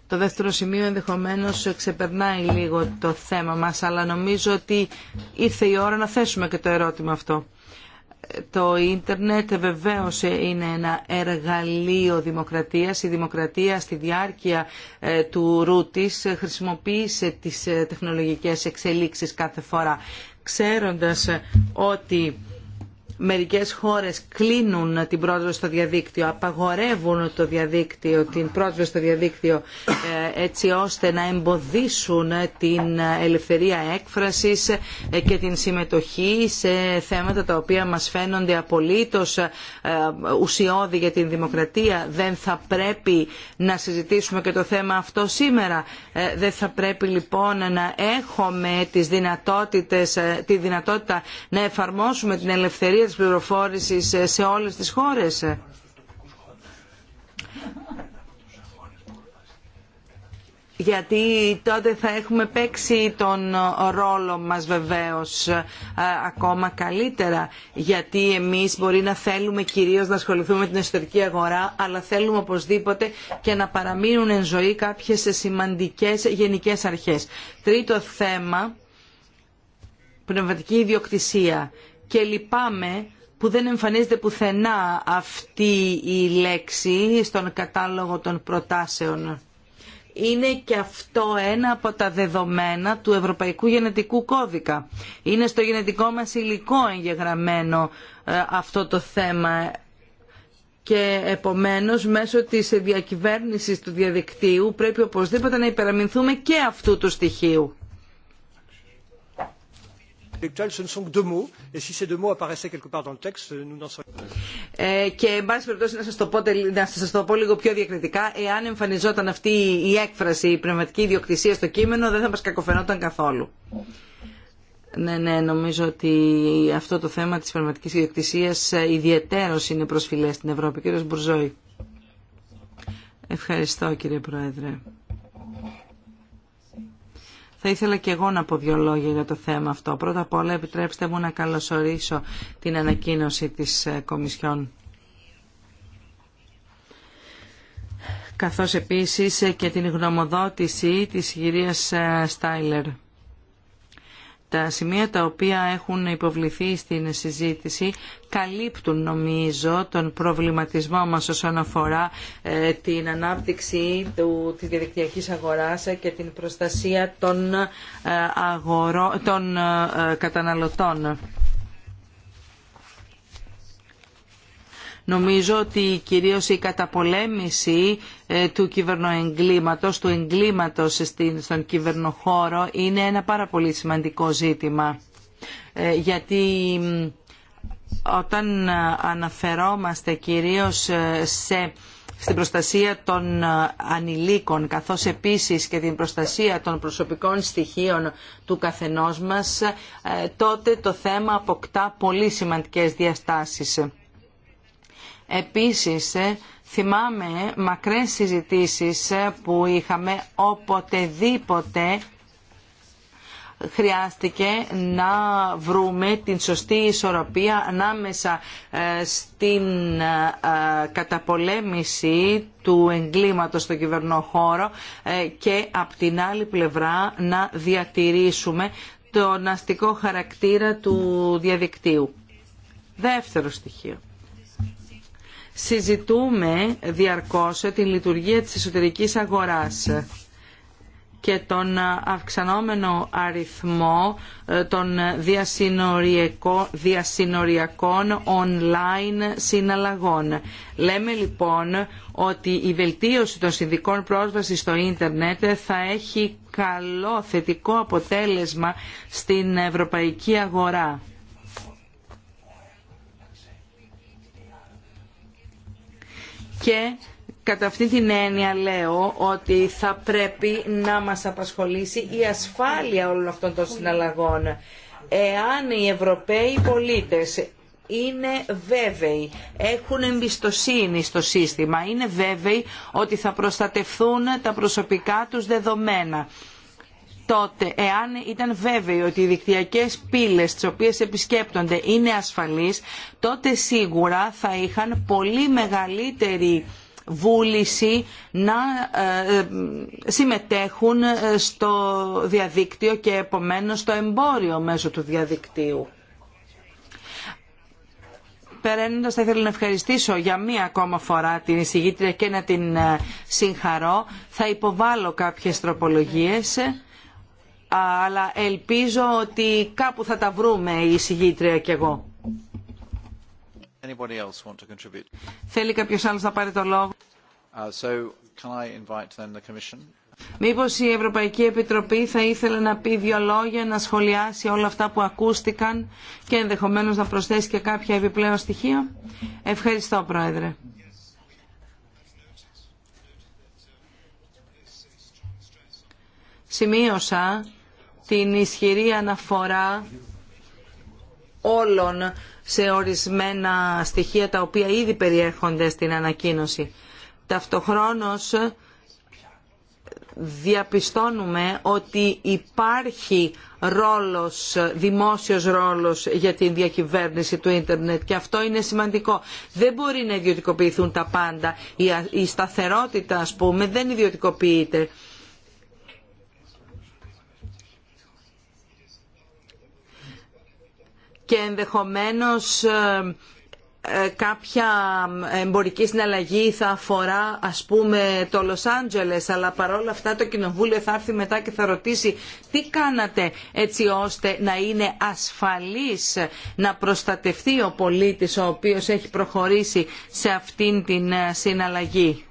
το δεύτερο σημείο ενδεχομένως ξεπερνάει λίγο το θέμα μας, αλλά νομίζω ότι ήρθε η ώρα να θέσουμε και το ερώτημα αυτό. Το ίντερνετ βεβαίως είναι ένα εργαλείο δημοκρατίας. Η δημοκρατία στη διάρκεια ε, του ρου χρησιμοποίησε τις ε, τεχνολογικές εξελίξεις κάθε φορά, ξέροντας ότι Μερικές χώρες κλείνουν την πρόσβαση στο διαδίκτυο, απαγορεύουν το διαδίκτυο, την πρόσβαση στο διαδίκτυο ε, έτσι ώστε να εμποδίσουν την ελευθερία έκφρασης ε, και την συμμετοχή σε θέματα τα οποία μας φαίνονται απολύτως ε, ουσιώδη για την δημοκρατία. Δεν θα πρέπει να συζητήσουμε και το θέμα αυτό σήμερα. Δεν θα πρέπει λοιπόν να έχουμε τις δυνατότητες, τη δυνατότητα να εφαρμόσουμε την ελευθερία της πληροφόρησης σε όλες τις χώρες. γιατί τότε θα έχουμε παίξει τον ρόλο μας βεβαίως ε, ακόμα καλύτερα γιατί εμείς μπορεί να θέλουμε κυρίως να ασχοληθούμε με την εσωτερική αγορά αλλά θέλουμε οπωσδήποτε και να παραμείνουν εν ζωή κάποιες σημαντικές γενικές αρχές. Τρίτο θέμα, πνευματική ιδιοκτησία και λυπάμαι που δεν εμφανίζεται πουθενά αυτή η λέξη στον κατάλογο των προτάσεων. Είναι και αυτό ένα από τα δεδομένα του Ευρωπαϊκού Γενετικού Κώδικα. Είναι στο γενετικό μας υλικό εγγεγραμμένο ε, αυτό το θέμα και επομένως μέσω της διακυβέρνησης του διαδικτύου πρέπει οπωσδήποτε να υπεραμεινθούμε και αυτού του στοιχείου και εν πάση περιπτώσει να σας, το πω, λίγο πιο διακριτικά, εάν εμφανιζόταν αυτή η έκφραση, η πνευματική ιδιοκτησία στο κείμενο, δεν θα μας κακοφαινόταν καθόλου. Ναι, ναι, νομίζω ότι αυτό το θέμα της πνευματικής ιδιοκτησίας ε, ιδιαίτερος είναι προσφυλές στην Ευρώπη. Κύριε Μπουρζόη. Ευχαριστώ κύριε Πρόεδρε. Θα ήθελα και εγώ να πω δύο λόγια για το θέμα αυτό. Πρώτα απ' όλα επιτρέψτε μου να καλωσορίσω την ανακοίνωση της ε, Κομισιόν. Καθώς επίσης ε, και την γνωμοδότηση της κυρίας ε, Στάιλερ τα σημεία τα οποία έχουν υποβληθεί στην συζήτηση καλύπτουν νομίζω τον προβληματισμό μας όσον αφορά ε, την ανάπτυξη του, της διαδικτυακής αγοράς και την προστασία των, ε, αγορό, των ε, καταναλωτών. Νομίζω ότι κυρίως η καταπολέμηση ε, του κυβερνοεγκλήματος, του εγκλήματος στον κυβερνοχώρο είναι ένα πάρα πολύ σημαντικό ζήτημα. Ε, γιατί όταν ε, αναφερόμαστε κυρίως σε στην προστασία των ανηλίκων καθώς επίσης και την προστασία των προσωπικών στοιχείων του καθενός μας τότε το θέμα αποκτά πολύ σημαντικές διαστάσεις. Επίσης, ε, θυμάμαι μακρές συζητήσεις ε, που είχαμε οποτεδήποτε χρειάστηκε να βρούμε την σωστή ισορροπία ανάμεσα ε, στην καταπολέμηση του εγκλήματος στον χώρο και από την άλλη πλευρά να διατηρήσουμε τον αστικό χαρακτήρα του διαδικτύου. Δεύτερο στοιχείο συζητούμε διαρκώς την λειτουργία της εσωτερικής αγοράς και τον αυξανόμενο αριθμό ε, των διασυνοριακών online συναλλαγών. Λέμε λοιπόν ότι η βελτίωση των συνδικών πρόσβασης στο ίντερνετ θα έχει καλό θετικό αποτέλεσμα στην ευρωπαϊκή αγορά. και κατά αυτή την έννοια λέω ότι θα πρέπει να μας απασχολήσει η ασφάλεια όλων αυτών των συναλλαγών. Εάν οι Ευρωπαίοι πολίτες είναι βέβαιοι, έχουν εμπιστοσύνη στο σύστημα, είναι βέβαιοι ότι θα προστατευθούν τα προσωπικά τους δεδομένα τότε εάν ήταν βέβαιο ότι οι δικτυακές πύλες τις οποίες επισκέπτονται είναι ασφαλείς, τότε σίγουρα θα είχαν πολύ μεγαλύτερη βούληση να ε, ε, συμμετέχουν ε, στο διαδίκτυο και επομένως στο εμπόριο μέσω του διαδικτύου. Περαίνοντας θα ήθελα να ευχαριστήσω για μία ακόμα φορά την εισηγήτρια και να την συγχαρώ. Θα υποβάλω κάποιες τροπολογίες αλλά ελπίζω ότι κάπου θα τα βρούμε η συγγήτρια κι εγώ. Θέλει κάποιος άλλος να πάρει το λόγο. Uh, Μήπως η Ευρωπαϊκή Επιτροπή θα ήθελε να πει δύο λόγια, να σχολιάσει όλα αυτά που ακούστηκαν και ενδεχομένως να προσθέσει και κάποια επιπλέον στοιχεία. Ευχαριστώ Πρόεδρε. Σημείωσα την ισχυρή αναφορά όλων σε ορισμένα στοιχεία τα οποία ήδη περιέχονται στην ανακοίνωση. Ταυτοχρόνως διαπιστώνουμε ότι υπάρχει ρόλος, δημόσιος ρόλος για την διακυβέρνηση του ίντερνετ και αυτό είναι σημαντικό. Δεν μπορεί να ιδιωτικοποιηθούν τα πάντα. Η σταθερότητα, ας πούμε, δεν ιδιωτικοποιείται και ενδεχομένως ε, ε, κάποια εμπορική συναλλαγή θα αφορά ας πούμε το Λος Άντζελες αλλά παρόλα αυτά το κοινοβούλιο θα έρθει μετά και θα ρωτήσει τι κάνατε έτσι ώστε να είναι ασφαλής να προστατευτεί ο πολίτης ο οποίος έχει προχωρήσει σε αυτήν την ε, συναλλαγή.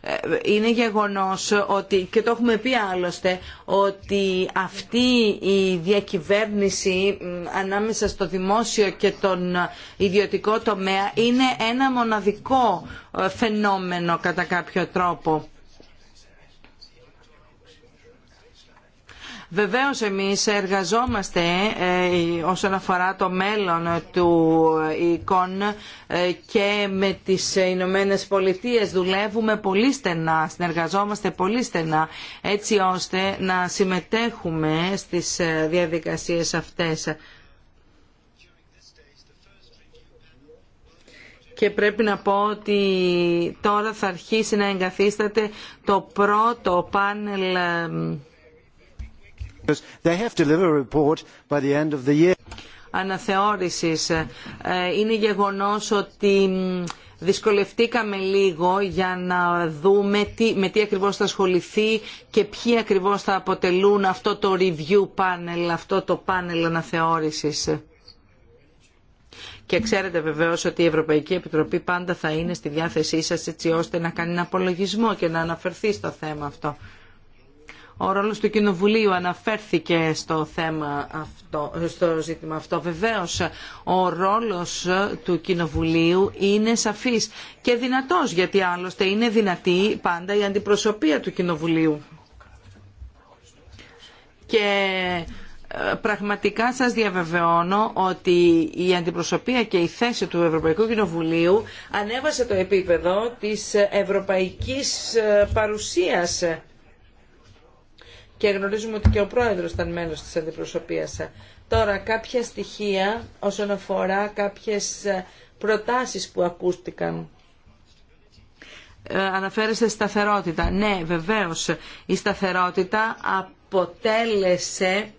Ε, είναι γεγονός ότι, και το έχουμε πει άλλωστε, ότι αυτή η διακυβέρνηση ανάμεσα στο δημόσιο και τον ιδιωτικό τομέα είναι ένα μοναδικό ε, φαινόμενο κατά κάποιο τρόπο Βεβαίως εμείς εργαζόμαστε ε, όσον αφορά το μέλλον του εικόν ε, και με τις Ηνωμένε Πολιτείε δουλεύουμε πολύ στενά, συνεργαζόμαστε πολύ στενά έτσι ώστε να συμμετέχουμε στις ε, διαδικασίες αυτές. και πρέπει να πω ότι τώρα θα αρχίσει να εγκαθίσταται το πρώτο πάνελ They Αναθεώρησης. Είναι γεγονός ότι δυσκολευτήκαμε λίγο για να δούμε τι, με τι ακριβώς θα ασχοληθεί και ποιοι ακριβώς θα αποτελούν αυτό το review panel, αυτό το panel αναθεώρησης. Και ξέρετε βεβαίω ότι η Ευρωπαϊκή Επιτροπή πάντα θα είναι στη διάθεσή σας έτσι ώστε να κάνει ένα απολογισμό και να αναφερθεί στο θέμα αυτό. Ο ρόλο του Κοινοβουλίου αναφέρθηκε στο θέμα αυτό, στο ζήτημα αυτό. Βεβαίως, ο ρόλος του Κοινοβουλίου είναι σαφής και δυνατός, γιατί άλλωστε είναι δυνατή πάντα η αντιπροσωπεία του Κοινοβουλίου. Και ε, πραγματικά σας διαβεβαιώνω ότι η αντιπροσωπεία και η θέση του Ευρωπαϊκού Κοινοβουλίου ανέβασε το επίπεδο της ευρωπαϊκής ε, παρουσίας και γνωρίζουμε ότι και ο πρόεδρος ήταν μέλος της αντιπροσωπείας. Τώρα κάποια στοιχεία όσον αφορά κάποιες ε, προτάσεις που ακούστηκαν. Ε, αναφέρεστε σταθερότητα. Ναι, βεβαίως. Η σταθερότητα αποτέλεσε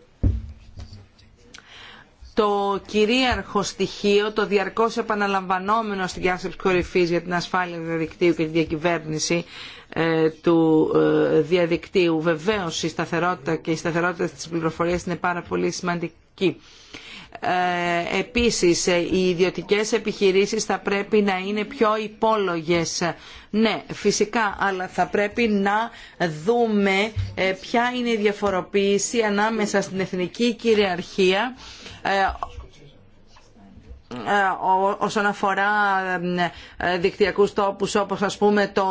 το κυρίαρχο στοιχείο, το διαρκώς επαναλαμβανόμενο στην διάσκεψη κορυφής για την ασφάλεια διαδικτύου και τη διακυβέρνηση, ε, του ε, διαδικτύου. Βεβαίως η σταθερότητα και η σταθερότητα της πληροφορίας είναι πάρα πολύ σημαντική. Ε, επίσης, οι ιδιωτικές επιχειρήσεις θα πρέπει να είναι πιο υπόλογες. Ναι, φυσικά, αλλά θα πρέπει να δούμε ποια είναι η διαφοροποίηση ανάμεσα στην εθνική κυριαρχία ε, όσον αφορά ε, δικτυακούς τόπους όπως ας πούμε το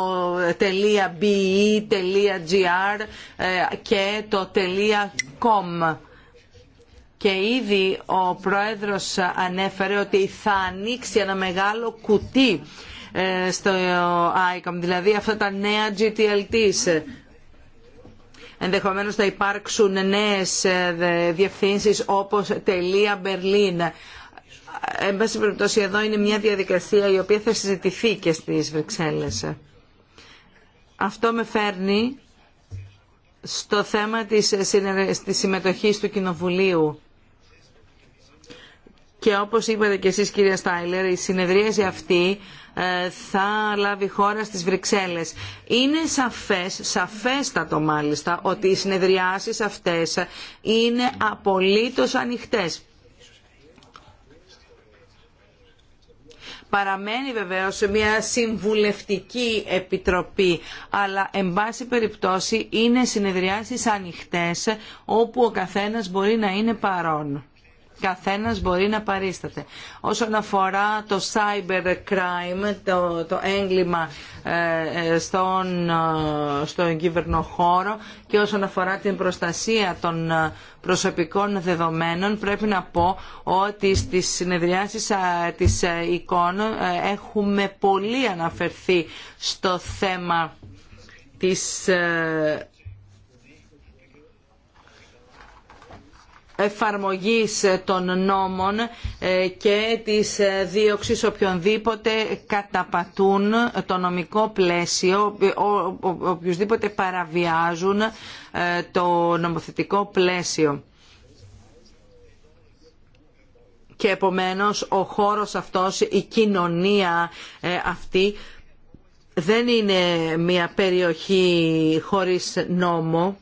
.be, .gr ε, και το .com. Και ήδη ο Πρόεδρος ανέφερε ότι θα ανοίξει ένα μεγάλο κουτί στο ICOM, δηλαδή αυτά τα νέα GTLTs. Ενδεχομένως θα υπάρξουν νέες διευθύνσεις όπως τελεία Berlin. Εν πάση περιπτώσει εδώ είναι μια διαδικασία η οποία θα συζητηθεί και στις Βρυξέλλες. Αυτό με φέρνει στο θέμα της, της συμμετοχής του Κοινοβουλίου. Και όπως είπατε και εσείς κυρία Στάιλερ, η συνεδρίαση αυτή ε, θα λάβει χώρα στις Βρυξέλλες. Είναι σαφές, σαφέστατο μάλιστα, ότι οι συνεδριάσεις αυτές είναι απολύτως ανοιχτές. Παραμένει βεβαίως μια συμβουλευτική επιτροπή, αλλά εν πάση περιπτώσει είναι συνεδριάσεις ανοιχτές όπου ο καθένας μπορεί να είναι παρόν καθένας μπορεί να παρίσταται. Όσον αφορά το cyber το, το έγκλημα ε, ε, στον, ε, στον χώρο και όσον αφορά την προστασία των προσωπικών δεδομένων πρέπει να πω ότι στις συνεδριάσεις της εικόνα έχουμε πολύ αναφερθεί στο θέμα της εφαρμογής ε, των νόμων ε, και της ε, δίωξης οποιονδήποτε καταπατούν το νομικό πλαίσιο, οποιουσδήποτε παραβιάζουν το νομοθετικό πλαίσιο. Και επομένως ο χώρος αυτός, η κοινωνία αυτή δεν είναι μια περιοχή χωρίς νόμο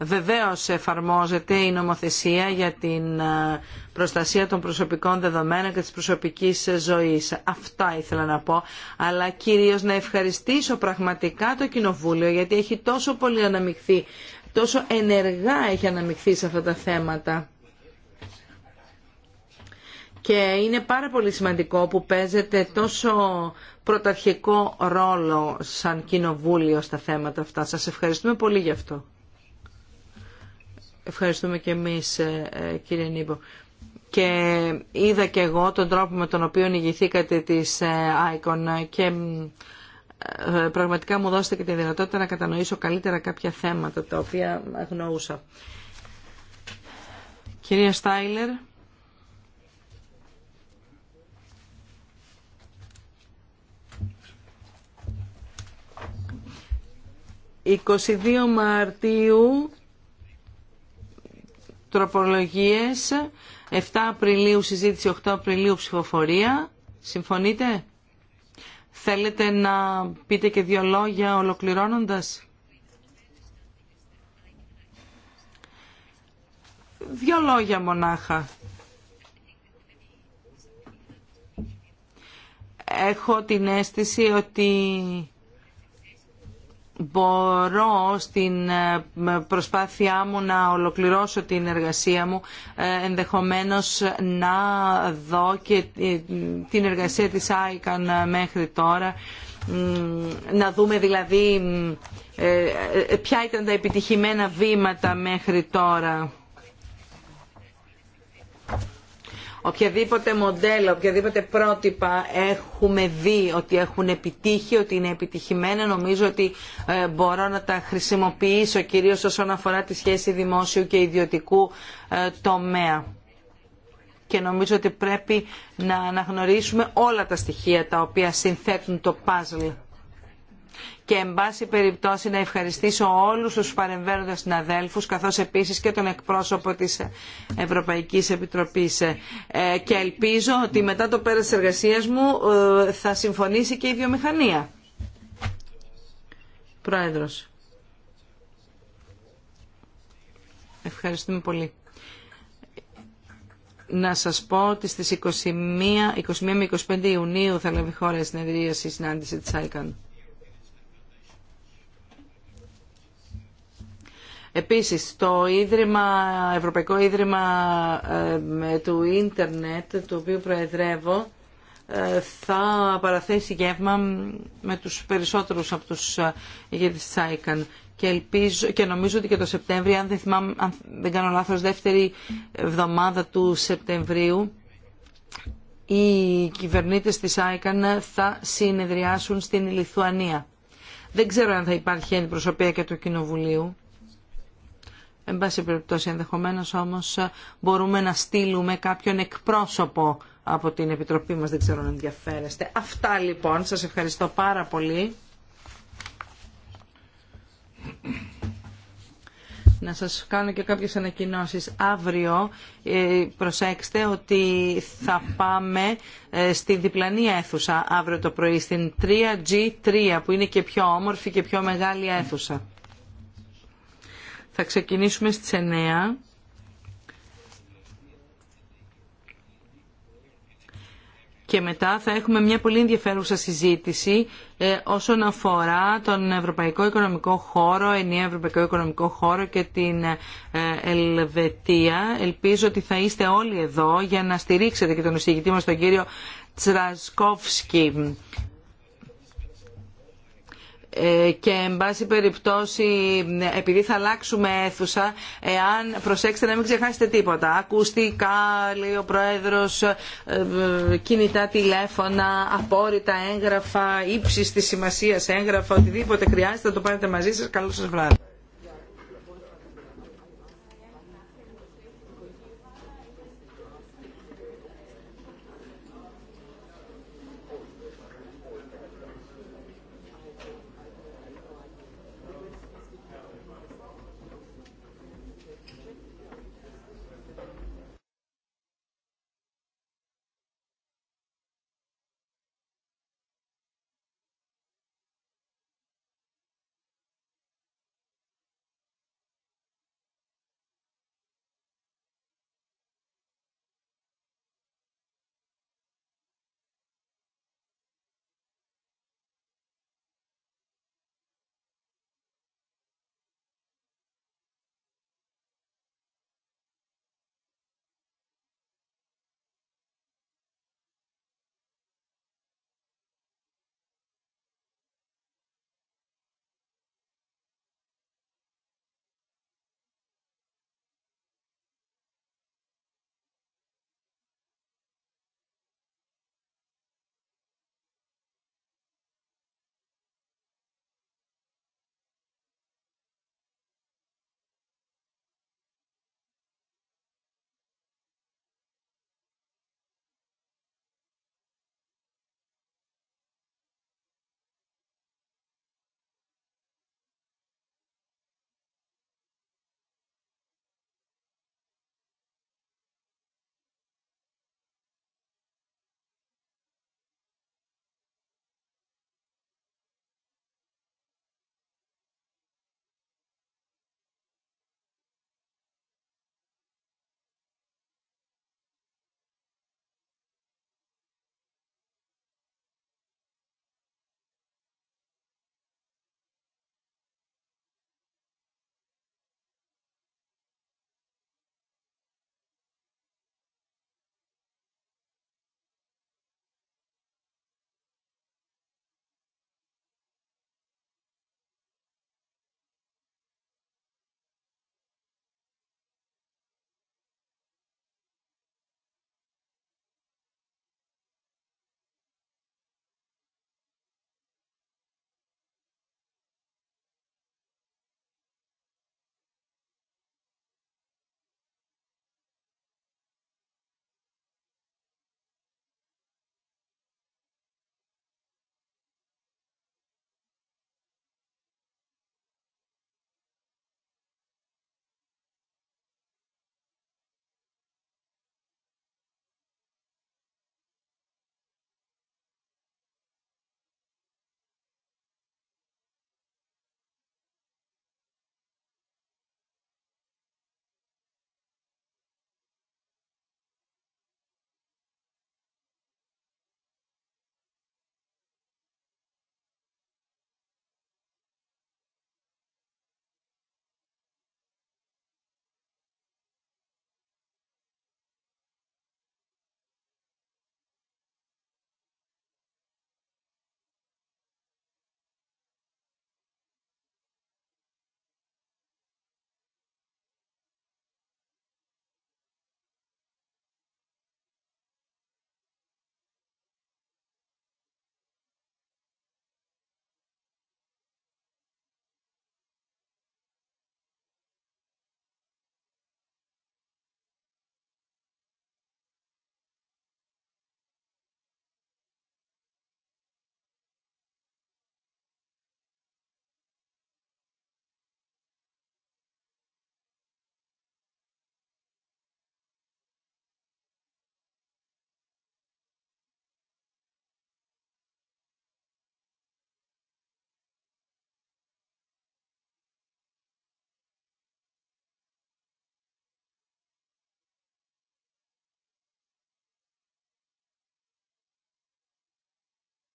Βεβαίως εφαρμόζεται η νομοθεσία για την ε, προστασία των προσωπικών δεδομένων και της προσωπικής ζωής. Αυτά ήθελα να πω. Αλλά κυρίως να ευχαριστήσω πραγματικά το Κοινοβούλιο γιατί έχει τόσο πολύ αναμειχθεί, τόσο ενεργά έχει αναμειχθεί σε αυτά τα θέματα. Και είναι πάρα πολύ σημαντικό που παίζεται τόσο πρωταρχικό ρόλο σαν κοινοβούλιο στα θέματα αυτά. Σας ευχαριστούμε πολύ γι' αυτό. Ευχαριστούμε και εμείς ε, ε, κύριε Νίμπο. Και είδα και εγώ τον τρόπο με τον οποίο ηγηθήκατε της ε, ICON και πραγματικά μου δώσετε και τη δυνατότητα να κατανοήσω καλύτερα κάποια θέματα τα οποία αγνοούσα. Κυρία Στάιλερ. «22 Μαρτίου τροπολογίες 7 Απριλίου συζήτηση, 8 Απριλίου ψηφοφορία. Συμφωνείτε? Θέλετε να πείτε και δύο λόγια ολοκληρώνοντας. Δύο λόγια μονάχα. Έχω την αίσθηση ότι μπορώ στην ε, προσπάθειά μου να ολοκληρώσω την εργασία μου ε, ενδεχομένως να δω και ε, την εργασία της ICAN μέχρι τώρα να δούμε δηλαδή ποια ήταν τα επιτυχημένα βήματα μέχρι τώρα. οποιαδήποτε μοντέλο, οποιαδήποτε πρότυπα έχουμε δει ότι έχουν επιτύχει, ότι είναι επιτυχημένα, νομίζω ότι ε, μπορώ να τα χρησιμοποιήσω κυρίως όσον αφορά τη σχέση δημόσιου και ιδιωτικού ε, τομέα. Και νομίζω ότι πρέπει να αναγνωρίσουμε όλα τα στοιχεία τα οποία συνθέτουν το puzzle και εν πάση περιπτώσει να ευχαριστήσω όλους τους παρεμβαίνοντας συναδέλφους καθώς επίσης και τον εκπρόσωπο της Ευρωπαϊκής Επιτροπής ε, και ελπίζω ότι μετά το πέρας της εργασίας μου ε, θα συμφωνήσει και η βιομηχανία. Πρόεδρος. Ευχαριστούμε πολύ. Να σας πω ότι στις 21, 21 με 25 Ιουνίου θα λάβει χώρα η συνεδρίαση η συνάντηση της ICANN. Επίσης, το Ίδρυμα, Ευρωπαϊκό Ίδρυμα ε, του Ίντερνετ, το οποίο προεδρεύω, ε, θα παραθέσει γεύμα με τους περισσότερους από τους ε, ηγέτες της ICAN. Και, ελπίζω, και νομίζω ότι και το Σεπτέμβριο, αν δεν, αν δεν κάνω λάθος, δεύτερη εβδομάδα του Σεπτεμβρίου, οι κυβερνήτες της ICAN θα συνεδριάσουν στην Λιθουανία. Δεν ξέρω αν θα υπάρχει αντιπροσωπεία και του Κοινοβουλίου Εν πάση περιπτώσει, ενδεχομένω όμως ε, μπορούμε να στείλουμε κάποιον εκπρόσωπο από την Επιτροπή μας, δεν ξέρω αν ενδιαφέρεστε. Αυτά λοιπόν, σας ευχαριστώ πάρα πολύ. Να σας κάνω και κάποιες ανακοινώσεις. Αύριο ε, προσέξτε ότι θα πάμε ε, στη διπλανή αίθουσα αύριο το πρωί, στην 3G3 που είναι και πιο όμορφη και πιο μεγάλη αίθουσα. Θα ξεκινήσουμε στις 9. Και μετά θα έχουμε μια πολύ ενδιαφέρουσα συζήτηση ε, όσον αφορά τον Ευρωπαϊκό Οικονομικό Χώρο, ενιαίο Ευρωπαϊκό Οικονομικό Χώρο και την ε, Ελβετία. Ελπίζω ότι θα είστε όλοι εδώ για να στηρίξετε και τον εισηγητή μας τον κύριο Τσρασκόφσκι ε, και εν πάση περιπτώσει επειδή θα αλλάξουμε αίθουσα εάν προσέξτε να μην ξεχάσετε τίποτα ακουστικά λέει ο πρόεδρος ε, κινητά τηλέφωνα απόρριτα έγγραφα ύψης της σημασίας έγγραφα οτιδήποτε χρειάζεται το πάρετε μαζί σας καλό σας βράδυ